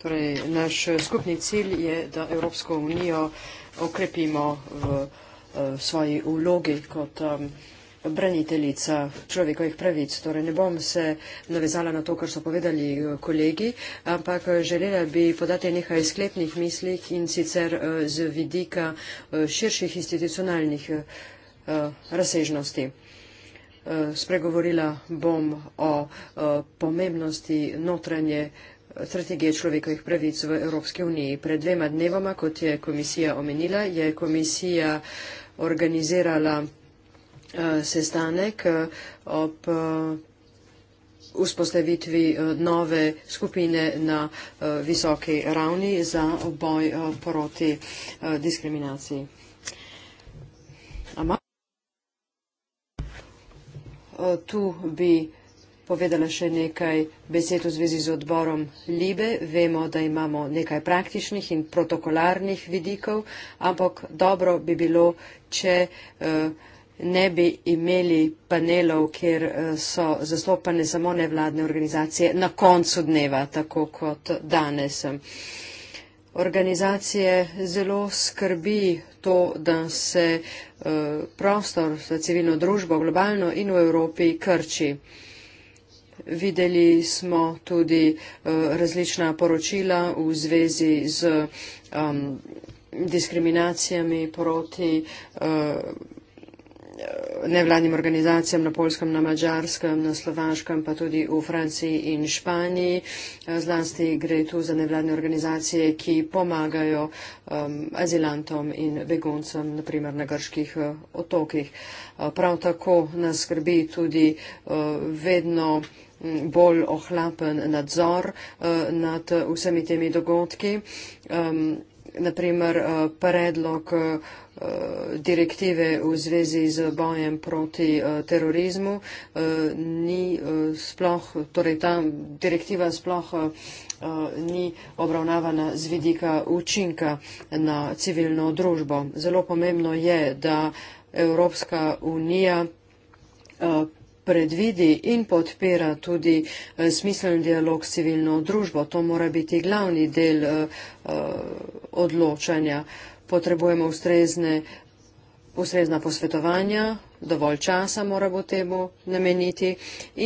Torej, naš eh, skupni cilj je, da Evropsko unijo okrepimo v, v eh, svoji vlogi kot um, braniteljica človekovih pravic. Torej, ne bom se navezala na to, kar so povedali eh, kolegi, ampak želela bi podati nekaj sklepnih mislih in sicer z vidika širših institucionalnih razsežnosti. Spregovorila bom o, o pomembnosti notranje strategije človekovih pravic v Evropski uniji. Pred dvema dnevoma, kot je komisija omenila, je komisija organizirala eh, sestanek eh, ob eh, vzpostavitvi nove skupine na visoki ravni za boj proti diskriminaciji. Tu bi povedala še nekaj besed v zvezi z odborom Libe. Vemo, da imamo nekaj praktičnih in protokolarnih vidikov, ampak dobro bi bilo, če eh, ne bi imeli panelov, kjer eh, so zastopane samo nevladne organizacije na koncu dneva, tako kot danes. Organizacije zelo skrbi to, da se eh, prostor za civilno družbo globalno in v Evropi krči videli smo tudi eh, različna poročila v zvezi z um, diskriminacijami proti eh, nevladnim organizacijam na Polskem, na Mačarskem, na Slovaškem, pa tudi v Franciji in Španiji. Eh, zlasti gre tu za nevladne organizacije, ki pomagajo um, azilantom in beguncem, naprimer na grških uh, otokih. Uh, prav tako nas skrbi tudi uh, vedno uh, bolj ohlapen nadzor eh, nad eh, vsemi temi dogodki. Naprimer, eh, predlog direktive v zvezi z bojem proti terorizmu ni sploh, torej ta direktiva sploh ni obravnavana z vidika učinka na civilno družbo. Zelo pomembno je, da Evropska unija predvidi in podpira tudi eh, smiseln dialog s civilno družbo. To mora biti glavni del eh, eh, odločanja. Potrebujemo ustrezne, ustrezna posvetovanja, dovolj časa mora bo temu nameniti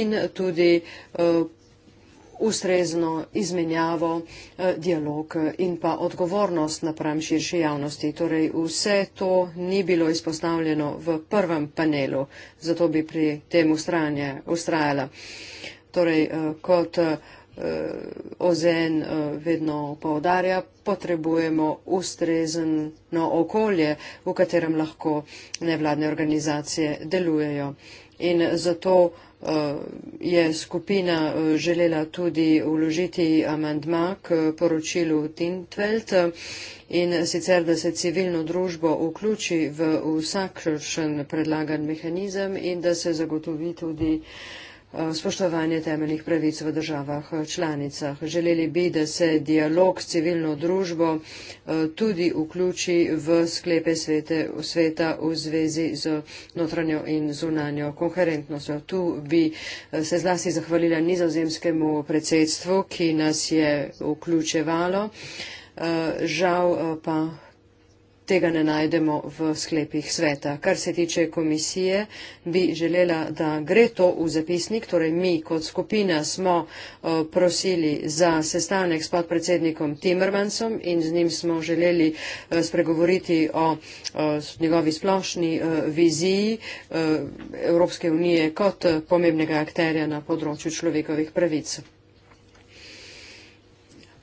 in tudi ustrezno izmenjavo, eh, dialog eh, in pa odgovornost napram širše javnosti. Torej, vse to ni bilo izpostavljeno v prvem panelu, zato bi pri tem ustranje ustrajala. Torej, eh, kot OZN vedno povdarja, potrebujemo ustrezno okolje, v katerem lahko nevladne organizacije delujejo. In zato uh, Eh, je skupina eh, želela tudi uložiti amandma k eh, poročilu Tintvelt in sicer, da se civilno družbo vključi v vsakršen predlagan mehanizem in da se zagotovi tudi uh, Eh, spoštovanje temeljnih pravic v državah eh, članicah. Želeli bi, da se dialog s civilno družbo eh, tudi vključi v sklepe svete, sveta v zvezi z notranjo in zunanjo koherentnostjo. Tu bi se zlasti zahvalila nizozemskemu predsedstvu, ki nas je vključevalo. Žal pa tega ne najdemo v sklepih sveta. Kar se tiče komisije, bi želela, da gre to v zapisnik. Torej, mi kot skupina smo uh, prosili za sestanek s podpredsednikom Timmermansom in z njim smo želeli uh, spregovoriti o uh, njegovi splošni uh, viziji uh, Evropske unije kot uh, pomembnega akterja na področju človekovih pravic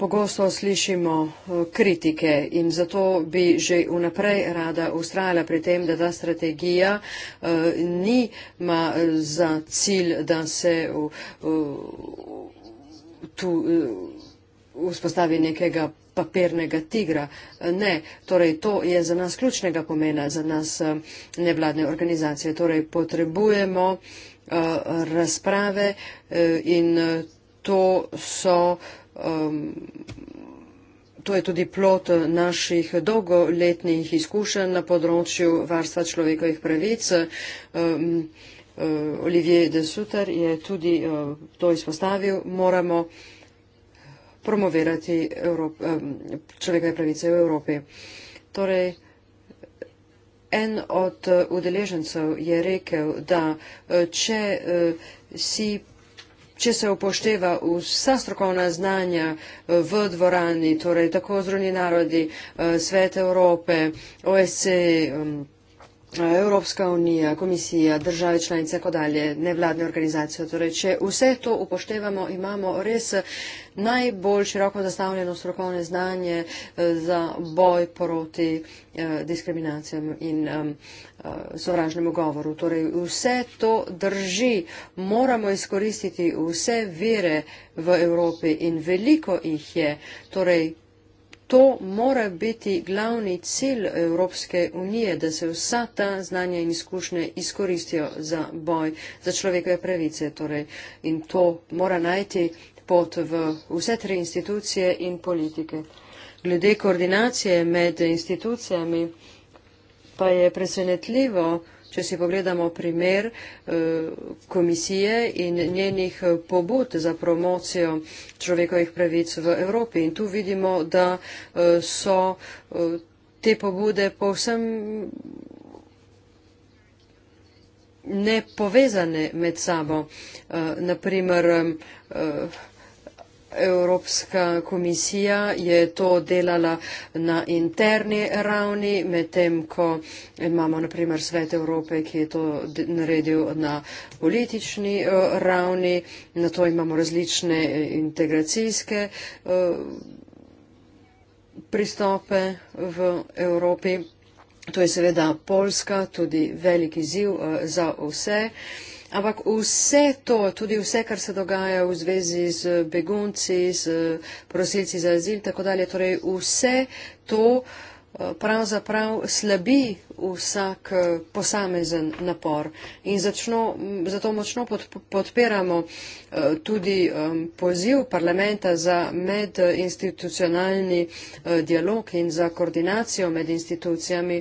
pogosto slišimo eh, kritike in zato bi že vnaprej rada ustrajala pri tem, da ta strategija eh, nima eh, za cilj, da se tu vzpostavi nekega papirnega tigra. Ne, torej to je za nas ključnega pomena, za nas nevladne organizacije. Torej potrebujemo razprave in to so um, to je tudi plot naših dolgoletnih izkušenj na področju varstva človekovih pravic. Um, Olivier de Suter je tudi eh, to izpostavil, moramo promovirati ehm, človekove pravice v Evropi. Torej, en od udeležencev je rekel, da eh, če si če se upošteva vsa strokovna znanja eh, v dvorani, torej tako zruni narodi, eh, Svet Evrope, OSCE, Evropska unija, komisija, države članice, kako dalje, nevladne organizacije. Torej, če vse to upoštevamo, imamo res najbolj široko zastavljeno strokovne znanje eh, za boj proti eh, diskriminacijam in eh, sovražnemu govoru. Torej, vse to drži, moramo izkoristiti vse vire v Evropi in veliko jih je. Torej, to mora biti glavni cilj Evropske unije, da se vsa ta znanja in izkušnje izkoristijo za boj za človekove pravice. Torej, in to mora najti pot v vse tri institucije in politike. Glede koordinacije med institucijami pa je presenetljivo, Če si pogledamo primer eh, komisije in njenih eh, pobud za promocijo človekovih pravic v Evropi in tu vidimo, da eh, so te pobude povsem nepovezane med sabo. Naprimer, Evropska komisija je to delala na interni ravni, medtem ko imamo naprimer Svet Evrope, ki je to naredil na politični eh, ravni, na to imamo različne eh, integracijske eh, pristope v Evropi. To je seveda Poljska, tudi veliki ziv za vse. Ampak vse to, tudi vse, kar se dogaja v zvezi z begunci, z prosilci za azil in tako dalje, torej vse to eh, pravzaprav slabi vsak eh, posamezen napor. In začno, zato močno podpiramo eh, tudi poziv parlamenta za medinstitucionalni dialog in za koordinacijo med institucijami,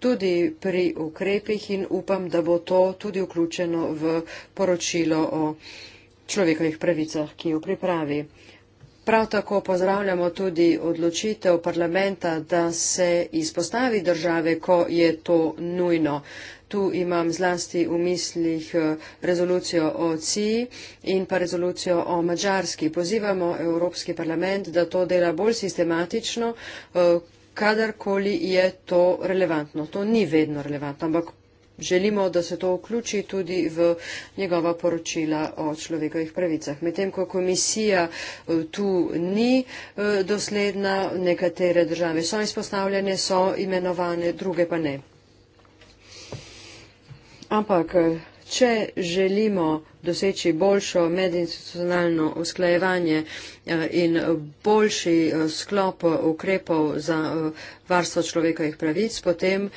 tudi pri ukrepih in upam, da bo to tudi vključeno v poročilo o človekovih pravicah, ki jo pripravi. Prav tako pozdravljamo tudi odločitev parlamenta, da se izpostavi države, ko je to nujno. Tu imam zlasti v mislih eh, rezolucijo o CI in pa rezolucijo o Mačarski. Pozivamo Evropski parlament, da to dela bolj sistematično, eh, kadarkoli je to relevantno. To ni vedno relevantno, ampak želimo, da se to vključi tudi v njegova poročila o človekovih pravicah. Medtem ko komisija eh, tu ni eh, dosledna, nekatere države so izpostavljene, so imenovane, druge pa ne. Ampak eh, če želimo doseči boljšo medinstitucionalno usklajevanje eh, in boljši eh, sklop ukrepov za eh, varstvo človekovih pravic, potem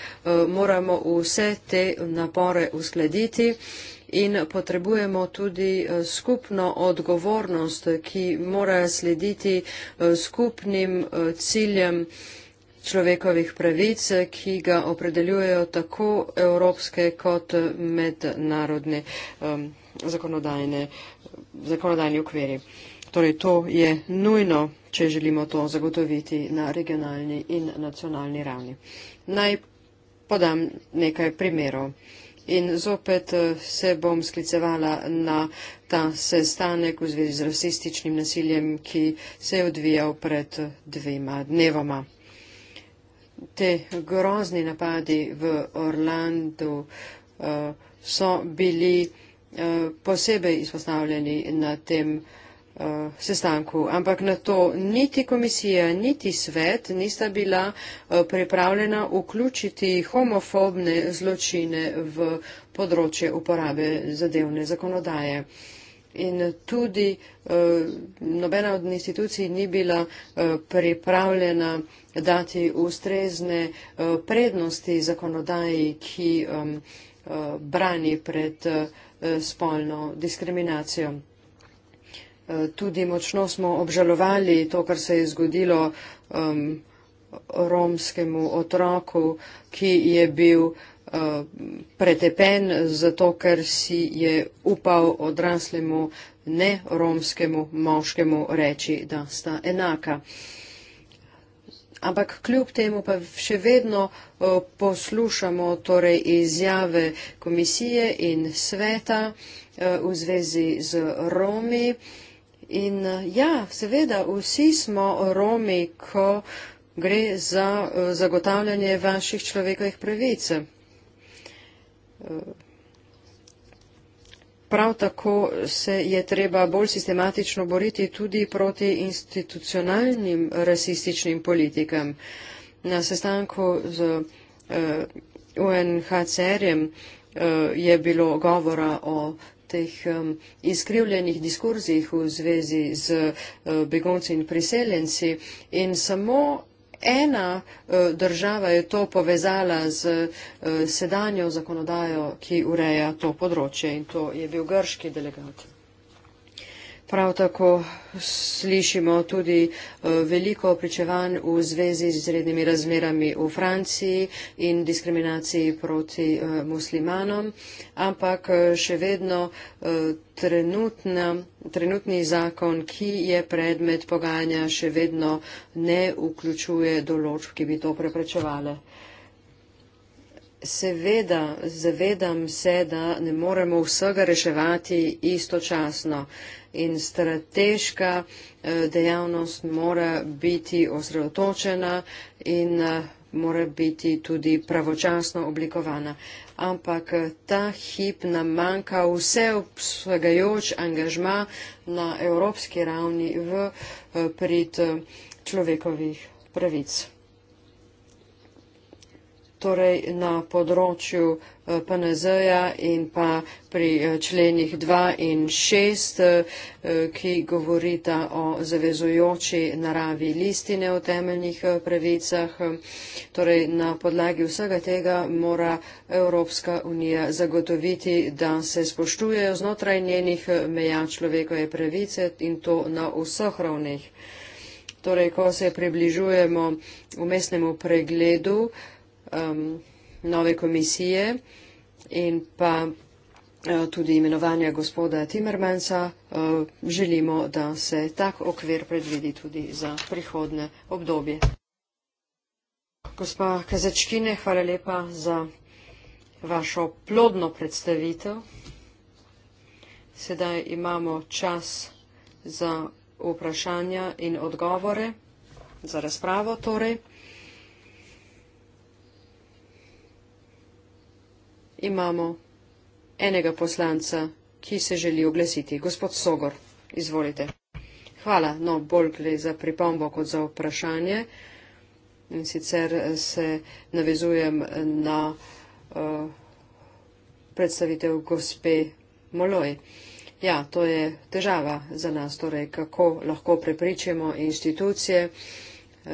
moramo vse te napore uskladiti. In potrebujemo tudi skupno odgovornost, ki mora slediti skupnim ciljem človekovih pravic, ki ga opredeljujejo tako evropske kot mednarodne um, zakonodajne okviri. Torej, to je nujno, če želimo to zagotoviti na regionalni in nacionalni ravni. Naj podam nekaj primerov. In zopet eh, se bom sklicevala na ta sestanek v zvezi z rasističnim nasiljem, ki se je odvijal pred dvema dnevoma te grozni napadi v Orlandu uh, so bili uh, posebej izpostavljeni na tem uh, sestanku. Ampak na to niti komisija, niti svet nista bila uh, pripravljena vključiti homofobne zločine v področje uporabe zadevne zakonodaje. Uh, in tudi eh, nobena od institucij ni bila eh, pripravljena dati ustrezne eh, prednosti zakonodaji, ki eh, eh, brani pred eh, spolno diskriminacijo. Eh, tudi močno smo obžalovali to, kar se je zgodilo eh, romskemu otroku, ki je bil eh, Eh, pretepen, zato ker si je upal odraslemu ne romskemu moškemu reči, da sta enaka. Ampak kljub temu pa še vedno eh, poslušamo torej izjave komisije in sveta eh, v zvezi z Romi. In ja, seveda, vsi smo Romi, ko gre za zagotavljanje vaših človekovih pravice. Prav tako se je treba bolj sistematično boriti tudi proti institucionalnim rasističnim politikam. Na sestanku z eh, UNHCR-jem eh, je bilo govora o teh izkrivljenih diskurzih v zvezi z eh, begunci in priseljenci in samo ena eh, država je to povezala z eh, sedanjo zakonodajo, ki ureja to področje in to je bil grški delegat. Prav tako slišimo tudi eh, veliko pričevanj v zvezi z izrednimi razmerami v Franciji in diskriminaciji proti eh, muslimanom, ampak eh, še vedno trenutna, trenutni zakon, ki je predmet pogajanja, še vedno ne vključuje določb, ki bi to preprečevale. Seveda, zavedam se, da ne moremo vsega reševati istočasno in strateška eh, dejavnost mora biti osredotočena in eh, mora biti tudi pravočasno oblikovana. Ampak eh, ta hip nam manjka vse obsegajoč angažma na evropski ravni v prid človekovih pravic torej na področju eh, PNZ-ja in pa pri eh, členih 2 in 6, eh, ki govorita o zavezujoči naravi listine o temeljnih pravicah. Torej, na podlagi vsega tega mora Evropska unija zagotoviti, da se spoštujejo znotraj njenih meja človekove pravice in to na vseh ravneh. Torej, ko se približujemo umestnemu pregledu, um, nove komisije in pa uh, tudi imenovanja gospoda Timmermansa, uh, želimo, da se tak okvir predvidi tudi za prihodne obdobje. Gospa Kazečkine, hvala lepa za vašo plodno predstavitev. Sedaj imamo čas za vprašanja in odgovore, za razpravo torej. imamo enega poslanca, ki se želi oglasiti. Gospod Sogor, izvolite. Hvala. No, bolj gre za pripombo kot za vprašanje. In sicer se navezujem na uh, predstavitev gospe Moloj. Ja, to je težava za nas, torej kako lahko prepričamo institucije uh,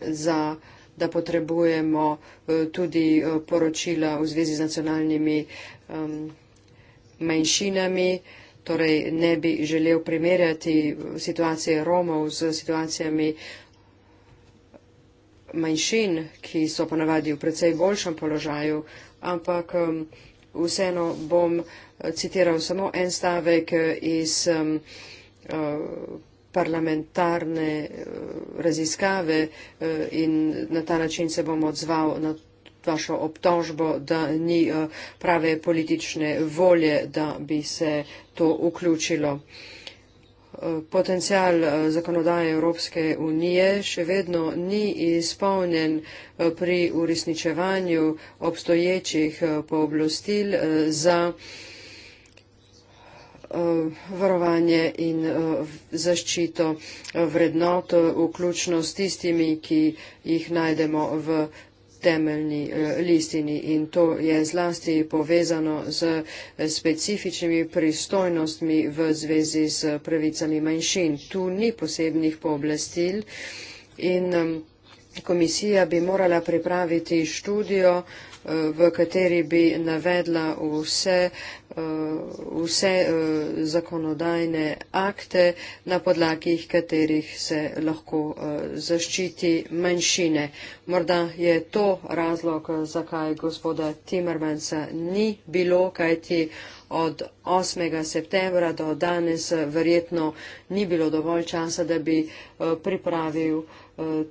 za da potrebujemo eh, tudi eh, poročila v zvezi z nacionalnimi manjšinami. Torej, ne bi želel primerjati eh, situacije Romov z situacijami manjšin, ki so ponavadi v precej boljšem položaju, ampak vseeno bom citiral samo en stavek iz parlamentarne eh, raziskave eh, in na ta način se bom odzval na vašo obtožbo, da ni eh, prave politične volje, da bi se to vključilo. Potencijal zakonodaje Evropske unije še vedno ni izpolnjen pri uresničevanju obstoječih pooblastil za Eh, varovanje in eh, zaščito eh, vrednot, vključno s tistimi, ki jih najdemo v temeljni listini in to je zlasti povezano z specifičnimi pristojnostmi v zvezi s pravicami manjšin. Tu ni posebnih pooblastil in komisija bi morala pripraviti študijo, v kateri bi navedla vse, eh, vse eh, zakonodajne akte, na podlagih katerih se lahko eh, zaščiti manjšine. Morda je to razlog, zakaj gospoda Timmermansa ni bilo, kajti od 8. septembra do danes verjetno ni bilo dovolj časa, da bi pripravil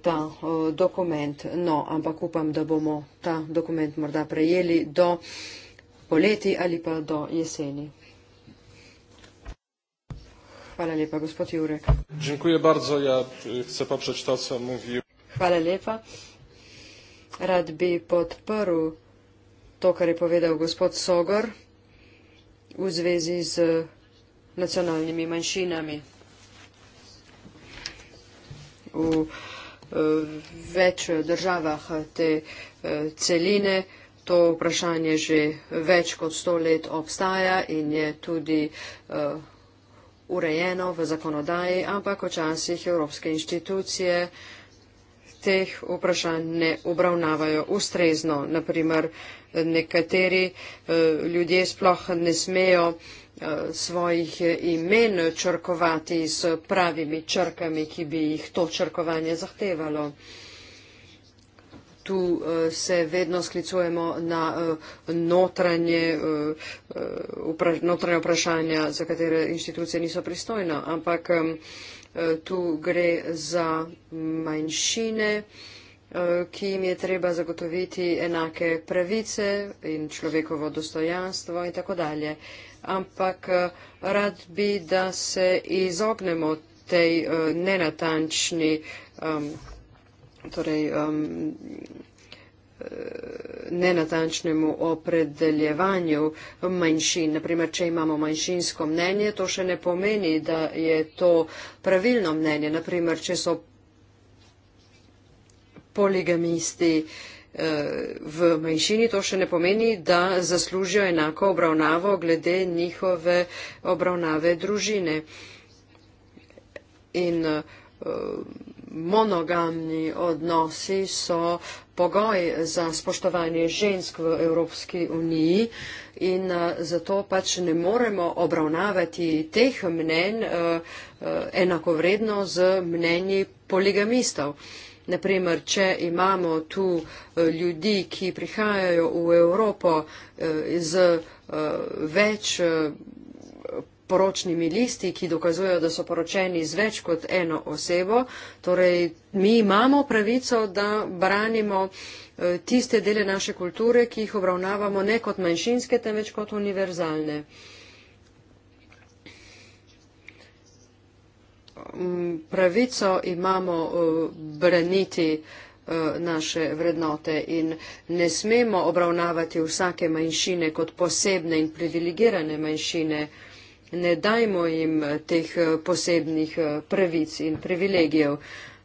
ta eh, dokument. No, ampak upam, da bomo ta dokument morda prejeli do poleti ali pa do jeseni. Hvala lepa, gospod Jurek. Dziękuję bardzo. Ja e, chcę poprzeć to, co mówił. Hvala lepa. Rad bi podprl to, kar je povedal gospod Sogor v zvezi z nacionalnimi manjšinami. V Eh, več državah te eh, celine. To vprašanje že več kot sto let obstaja in je tudi eh, urejeno v zakonodaji, ampak včasih evropske inštitucije teh vprašanj ne obravnavajo ustrezno. Naprimer, nekateri ljudje sploh ne smejo Eh, svojih eh, imen črkovati s pravimi črkami, ki bi jih to črkovanje zahtevalo. Tu eh, se vedno sklicujemo na notranje, notranje vprašanja, za katere inštitucije niso pristojne, ampak tu gre za manjšine, ki jim je treba zagotoviti enake pravice in človekovo dostojanstvo in tako dalje ampak eh, rad bi, da se izognemo tej eh, nenatančni, um, torej, um, nenatančnemu opredeljevanju manjšin. Naprimer, če imamo manjšinsko mnenje, to še ne pomeni, da je to pravilno mnenje. Naprimer, če so poligamisti uh, v manjšini, to še ne pomeni, da zaslužijo enako obravnavo glede njihove obravnave družine. In eh, monogamni odnosi so pogoj za spoštovanje žensk v Evropski uniji in eh, zato pač ne moremo obravnavati teh mnen eh, enakovredno z mnenji poligamistov. Naprimer, če imamo tu eh, ljudi, ki prihajajo v Evropo eh, z eh, več poročnimi listi, ki dokazujejo, da so poročeni z več kot eno osebo, torej mi imamo pravico, da branimo tiste dele naše kulture, ki jih obravnavamo ne kot manjšinske, temveč kot univerzalne. Mm, pravico imamo eh, braniti eh, naše vrednote in ne smemo obravnavati vsake manjšine kot posebne in privilegirane manjšine. Ne dajmo jim eh, teh posebnih pravic in privilegijev.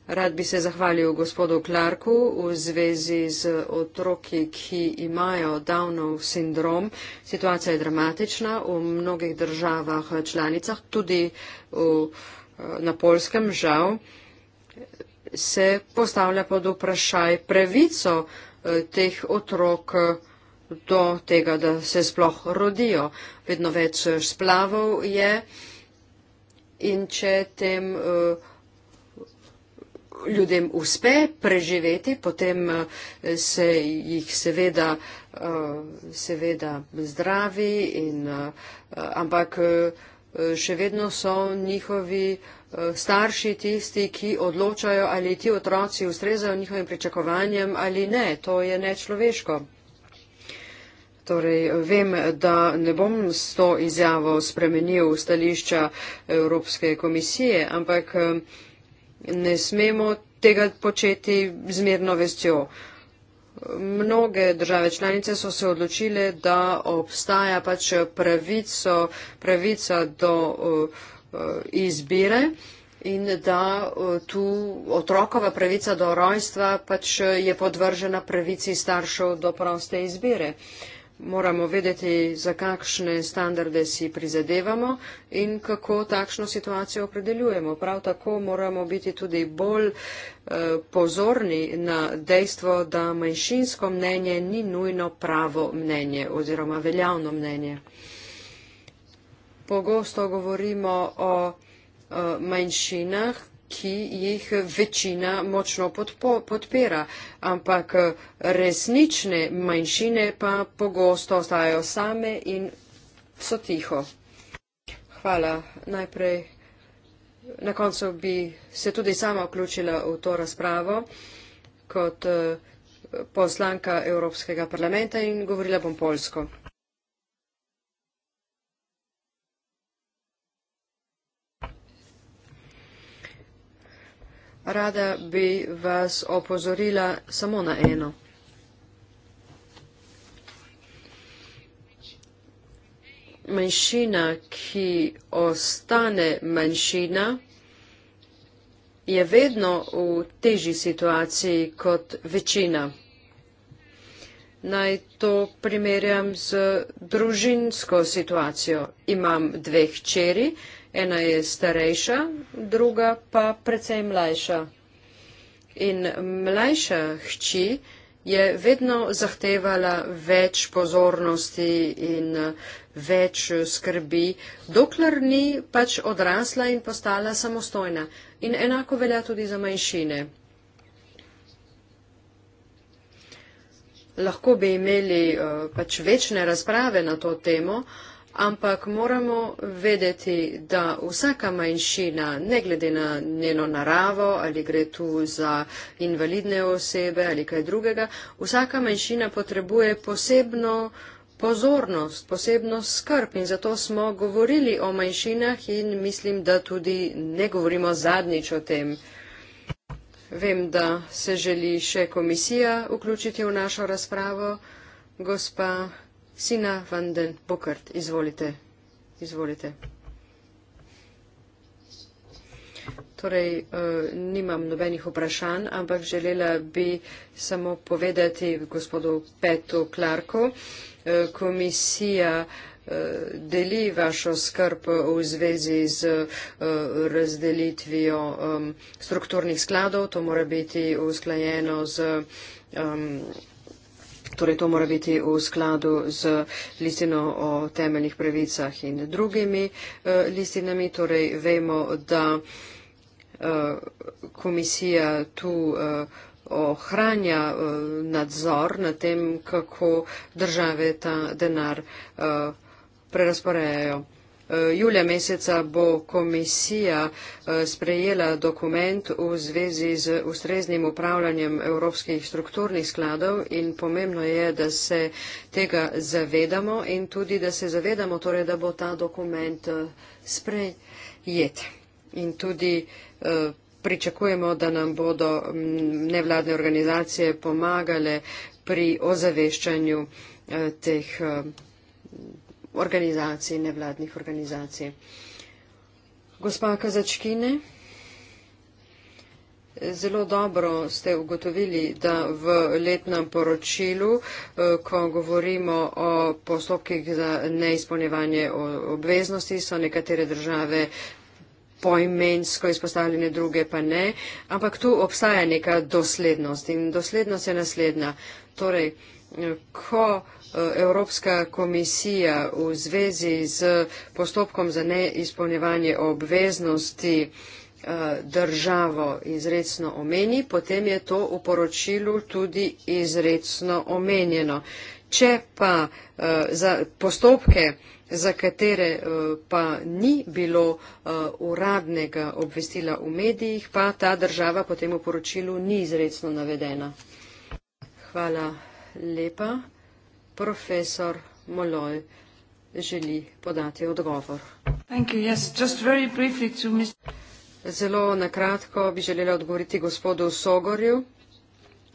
Rad bi se zahvalil gospodu Clarku v zvezi z otroki, ki imajo Downov sindrom. Situacija je dramatična v mnogih državah članicah, tudi v uh, na polskem žal se postavlja pod vprašaj pravico eh, teh otrok eh, do tega, da se sploh rodijo. Vedno več eh, splavov je in če tem ljudem uspe preživeti, potem se jih seveda, seveda zdravi, in, ampak še vedno so njihovi eh, starši tisti, ki odločajo, ali ti otroci ustrezajo njihovim pričakovanjem ali ne. To je nečloveško. Torej, vem, da ne bom s to izjavo spremenil stališča Evropske komisije, ampak eh, ne smemo tega početi zmerno vestjo. Uh, Mnoge države članice so se odločile, da obstaja pač pravico, pravica do eh, eh, izbire in da eh, tu otrokova pravica do rojstva pač je podvržena pravici staršev do proste izbire moramo vedeti, za kakšne standarde si prizadevamo in kako takšno situacijo opredeljujemo. Prav tako moramo biti tudi bolj eh, pozorni na dejstvo, da manjšinsko mnenje ni nujno pravo mnenje oziroma veljavno mnenje. Pogosto govorimo o eh, manjšinah, ki jih večina močno podpira, ampak resnične manjšine pa pogosto ostajajo same in so tiho. Hvala. Najprej, na koncu bi se tudi sama vključila v to razpravo kot poslanka Evropskega parlamenta in govorila bom polsko. Rada bi vas opozorila samo na eno. Manjšina, ki ostane manjšina, je vedno v težji situaciji kot večina. Naj to primerjam z družinsko situacijo. Imam dveh čeri, Ena je starejša, druga pa precej mlajša. In mlajša hči je vedno zahtevala več pozornosti in uh, več skrbi, dokler ni pač odrasla in postala samostojna. In enako velja tudi za manjšine. Lahko bi imeli uh, pač večne razprave na to temo, uh, ampak moramo vedeti, da vsaka manjšina, ne glede na njeno naravo, ali gre tu za invalidne osebe ali kaj drugega, vsaka manjšina potrebuje posebno pozornost, posebno skrb in zato smo govorili o manjšinah in mislim, da tudi ne govorimo zadnjič o tem. Vem, da se želi še komisija vključiti v našo razpravo. Gospa Sina van den Bokert. Izvolite. Izvolite. Torej, eh, nimam nobenih vprašanj, ampak želela bi samo povedati gospodu Petu Klarku. Eh, komisija eh, deli vašo skrb v zvezi z razdelitvijo strukturnih skladov. To mora biti usklajeno z Torej, to mora biti v skladu z listino o temeljnih pravicah in drugimi eh, listinami. Torej, vemo, da eh, komisija tu eh, ohranja nadzor nad tem, kako države ta denar prerasporejajo. Eh, julija meseca bo komisija eh, sprejela dokument v zvezi z ustreznim upravljanjem evropskih strukturnih skladov in pomembno je, da se tega zavedamo in tudi, da se zavedamo, torej, da bo ta dokument eh, sprejet. In tudi pričakujemo, da nam bodo mm, nevladne organizacije pomagale pri ozaveščanju teh organizacij, nevladnih organizacij. Gospa Kazačkine, zelo dobro ste ugotovili, da v letnem poročilu, eh, ko govorimo o postopkih za neizpolnjevanje obveznosti, so nekatere države poimensko izpostavljene, druge pa ne, ampak tu obstaja neka doslednost in doslednost je naslednja. Torej, eh, ko Eh, Evropska komisija v zvezi z postopkom za neizpolnjevanje obveznosti eh, državo izredno omeni, potem je to v poročilu tudi izredno omenjeno. Če pa eh, za postopke, za katere pa ni bilo uradnega obvestila v medijih, pa ta država potem v poročilu ni izredno navedena. Hvala lepa profesor Moloj želi podati odgovor. Zelo nakratko bi želela odgovoriti gospodu Sogorju.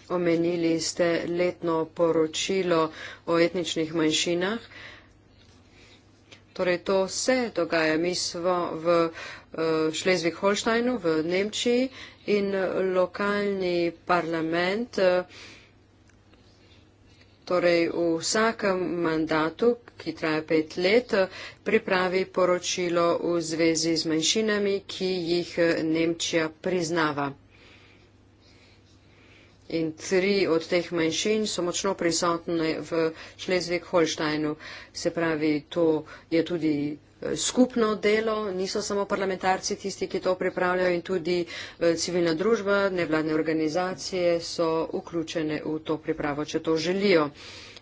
Omenili ste letno poročilo o etničnih manjšinah. Torej, to se dogaja. Mi smo v eh, Šlezvik-Holštajnu v Nemčiji in eh, lokalni parlament eh, torej v vsakem mandatu, ki traja pet let, pripravi poročilo v zvezi z manjšinami, ki jih Nemčija priznava. In tri od teh manjšin so močno prisotne v Šlezvik-Holštajnu. Se pravi, to je tudi Eh, skupno delo, niso samo parlamentarci tisti, ki to pripravljajo in tudi eh, civilna družba, nevladne organizacije so vključene v to pripravo, če to želijo.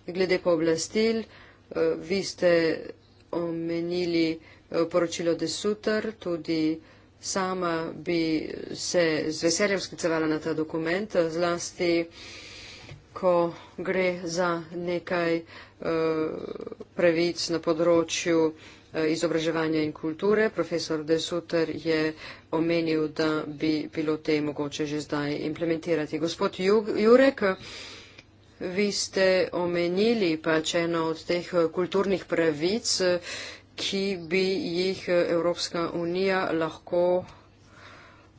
Glede pooblastil, eh, vi ste omenili poročilo de Sutr, tudi sama bi se z veseljem sklicevala na ta dokument, zlasti ko gre za nekaj pravic na področju Eh, izobraževanja in kulture. Profesor De Suter je omenil, da bi bilo te mogoče že zdaj implementirati. Gospod Jurek, vi ste omenili pač eno od teh eh, kulturnih pravic, eh, ki bi jih Evropska unija lahko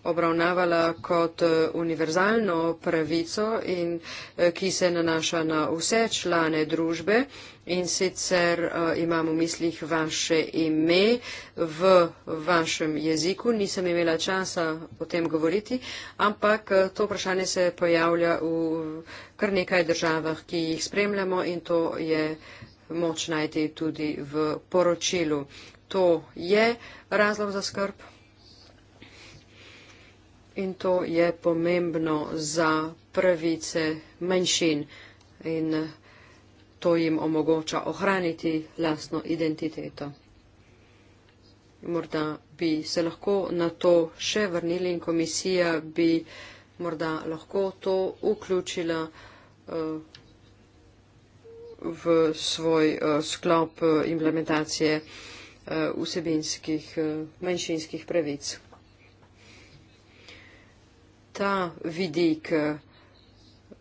obravnavala kot eh, univerzalno pravico in eh, ki se nanaša na vse člane družbe in sicer eh, imam v mislih vaše ime v vašem jeziku. Nisem imela časa o tem govoriti, ampak to vprašanje se pojavlja v kar nekaj državah, ki jih spremljamo in to je moč najti tudi v poročilu. To je razlog za skrb in to je pomembno za pravice manjšin in eh, to jim omogoča ohraniti lastno identiteto. Morda bi se lahko na to še vrnili in komisija bi morda lahko to vključila eh, v svoj eh, sklop implementacije vsebinskih manjšinskih pravic ta vidik eh,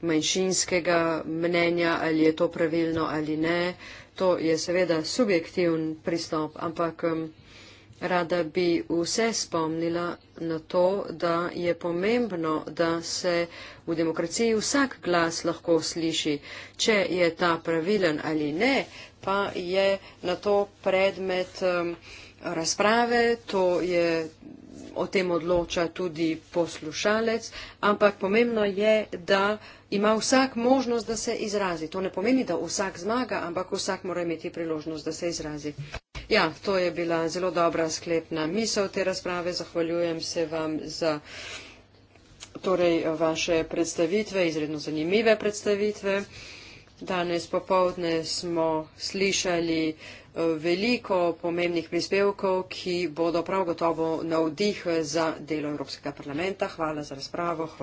manjšinskega mnenja, ali je to pravilno ali ne. To je seveda subjektivn pristop, ampak rada bi vse spomnila na to, da je pomembno, da se v demokraciji vsak glas lahko sliši, če je ta pravilen ali ne, pa je na to predmet razprave, to je o tem odloča tudi poslušalec, ampak pomembno je, da ima vsak možnost, da se izrazi. To ne pomeni, da vsak zmaga, ampak vsak mora imeti priložnost, da se izrazi. Ja, to je bila zelo dobra sklepna misel te razprave. Zahvaljujem se vam za torej, vaše predstavitve, izredno zanimive predstavitve. Danes popovdne smo slišali uh, veliko pomembnih prispevkov, ki bodo prav gotovo navdih za delo Evropskega parlamenta. Hvala za razpravo. Hvala